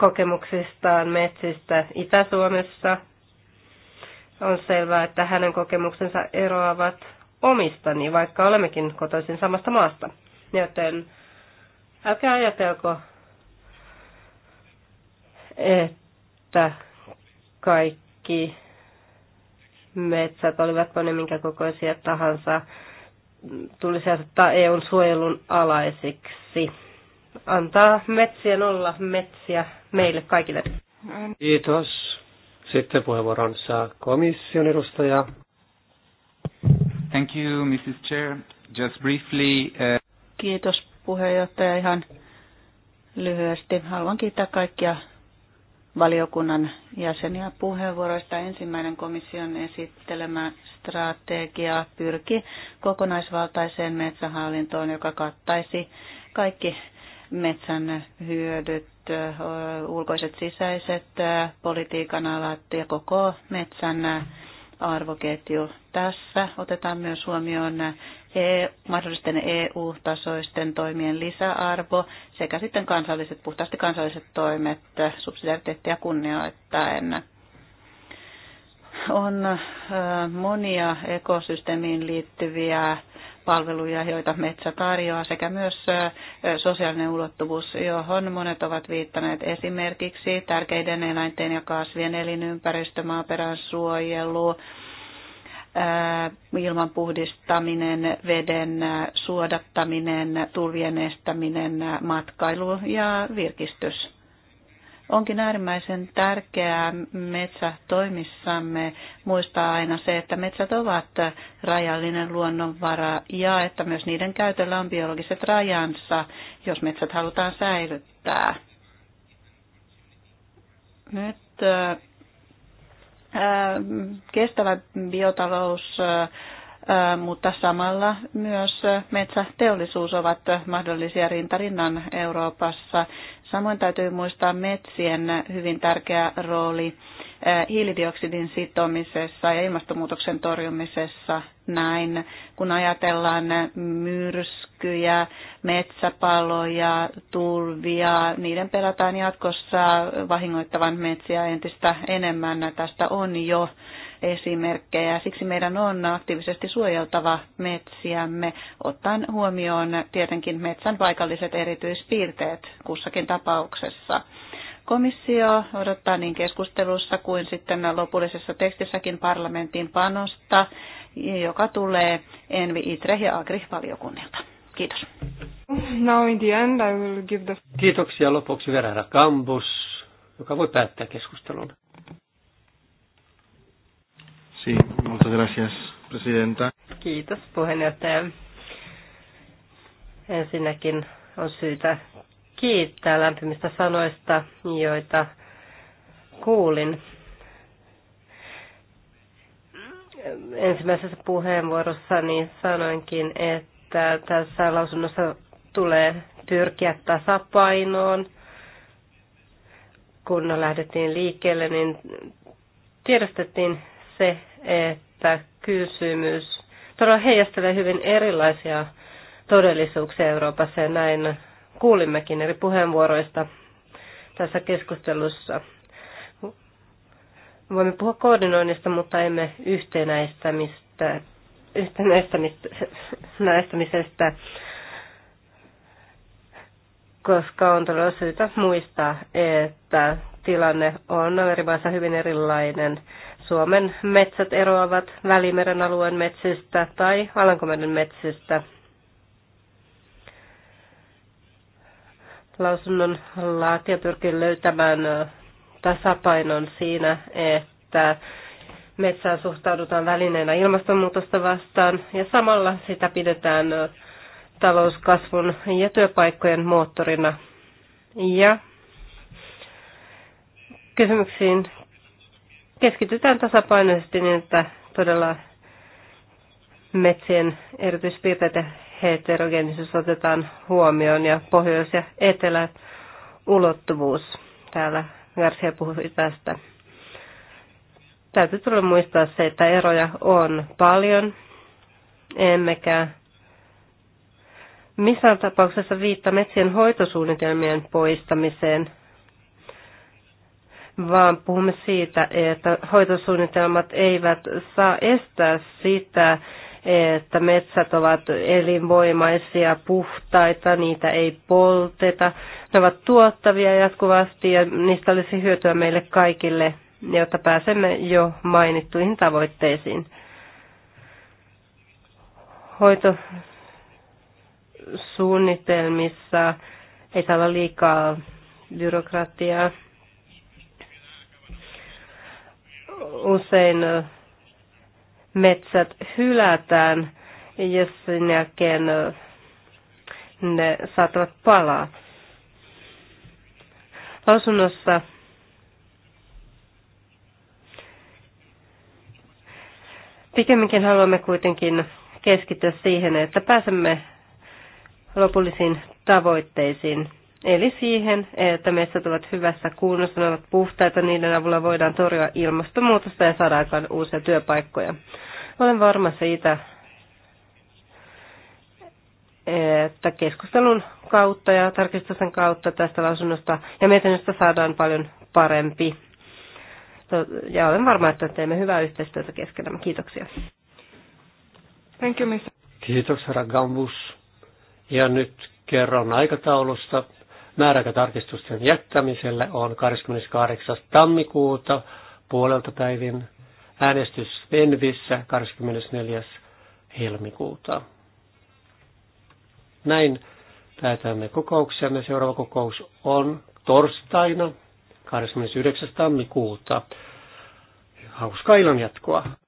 kokemuksistaan metsistä Itä-Suomessa, on selvää, että hänen kokemuksensa eroavat omistani, vaikka olemmekin kotoisin samasta maasta. Joten älkää ajatelko, että kaikki metsät, olivatko ne minkä kokoisia tahansa, tulisi asettaa EUn suojelun alaisiksi. Antaa metsien olla metsiä meille kaikille. Kiitos. Sitten puheenvuoron saa komission edustaja. Thank you, Mrs. Chair. Just briefly. Uh... Kiitos puheenjohtaja ihan lyhyesti. Haluan kiittää kaikkia valiokunnan jäseniä puheenvuoroista. Ensimmäinen komission esittelemä strategia pyrki kokonaisvaltaiseen metsähallintoon, joka kattaisi kaikki metsän hyödyt, ulkoiset sisäiset politiikan alat ja koko metsän arvoketju. Tässä otetaan myös huomioon E mahdollisten EU-tasoisten toimien lisäarvo sekä sitten kansalliset, puhtaasti kansalliset toimet subsidiariteettia kunnioittaen. On monia ekosysteemiin liittyviä palveluja, joita metsä tarjoaa, sekä myös sosiaalinen ulottuvuus, johon monet ovat viittaneet esimerkiksi tärkeiden eläinten ja kasvien elinympäristö, maaperän suojelu, ilman puhdistaminen, veden suodattaminen, tulvien estäminen, matkailu ja virkistys. Onkin äärimmäisen tärkeää metsätoimissamme muistaa aina se, että metsät ovat rajallinen luonnonvara ja että myös niiden käytöllä on biologiset rajansa, jos metsät halutaan säilyttää. Nyt Äh, kestävä biotalous, äh, äh, mutta samalla myös metsäteollisuus ovat mahdollisia rintarinnan Euroopassa. Samoin täytyy muistaa metsien hyvin tärkeä rooli eh, hiilidioksidin sitomisessa ja ilmastonmuutoksen torjumisessa näin, kun ajatellaan myrskyjä, metsäpaloja, tulvia, niiden pelataan jatkossa vahingoittavan metsiä entistä enemmän. Tästä on jo esimerkkejä. Siksi meidän on aktiivisesti suojeltava metsiämme, ottaen huomioon tietenkin metsän paikalliset erityispiirteet kussakin tapauksessa. Komissio odottaa niin keskustelussa kuin sitten lopullisessa tekstissäkin parlamentin panosta, joka tulee Envi Itre ja Agri-valiokunnilta. Kiitos. Now in the end I will give the... Kiitoksia lopuksi Verara Kambus, joka voi päättää keskustelun. Sí, muchas gracias, presidenta. Kiitos puheenjohtaja. Ensinnäkin on syytä kiittää lämpimistä sanoista, joita kuulin. Ensimmäisessä puheenvuorossani sanoinkin, että tässä lausunnossa tulee pyrkiä tasapainoon. Kun lähdettiin liikkeelle, niin tiedostettiin se, että kysymys todella heijastelee hyvin erilaisia todellisuuksia Euroopassa ja näin kuulimmekin eri puheenvuoroista tässä keskustelussa. Voimme puhua koordinoinnista, mutta emme yhtenäistämistä, yhtenäistämisestä, koska on todella syytä muistaa, että tilanne on Amerikassa hyvin erilainen. Suomen metsät eroavat Välimeren alueen metsistä tai Alankomeren metsistä. Lausunnon laatija pyrkii löytämään tasapainon siinä, että metsään suhtaudutaan välineenä ilmastonmuutosta vastaan ja samalla sitä pidetään talouskasvun ja työpaikkojen moottorina. Ja kysymyksiin keskitytään tasapainoisesti niin, että todella metsien erityispiirteet ja heterogeenisuus otetaan huomioon ja pohjois- ja eteläulottuvuus ulottuvuus. Täällä Garcia puhui tästä. Täytyy tulla muistaa se, että eroja on paljon, emmekä missään tapauksessa viittaa metsien hoitosuunnitelmien poistamiseen – vaan puhumme siitä, että hoitosuunnitelmat eivät saa estää sitä, että metsät ovat elinvoimaisia, puhtaita, niitä ei polteta. Ne ovat tuottavia jatkuvasti ja niistä olisi hyötyä meille kaikille, jotta pääsemme jo mainittuihin tavoitteisiin. Hoitosuunnitelmissa ei saa olla liikaa byrokratiaa. usein metsät hylätään ja sen jälkeen ne saattavat palaa. Lausunnossa pikemminkin haluamme kuitenkin keskittyä siihen, että pääsemme lopullisiin tavoitteisiin. Eli siihen, että metsät ovat hyvässä kunnossa, ne ovat puhtaita, niiden avulla voidaan torjua ilmastonmuutosta ja saada aikaan uusia työpaikkoja. Olen varma siitä, että keskustelun kautta ja tarkistusten kautta tästä lausunnosta ja mietinnöstä saadaan paljon parempi. Ja olen varma, että teemme hyvää yhteistyötä keskenämme. Kiitoksia. Thank you, Kiitos, herra Gambus. Ja nyt kerron aikataulusta. Määräaikatarkistusten jättämiselle on 28. tammikuuta puolelta päivin äänestys Venvissä 24. helmikuuta. Näin päätämme kokouksemme. Seuraava kokous on torstaina 29. tammikuuta. Hauskaa ilon jatkoa.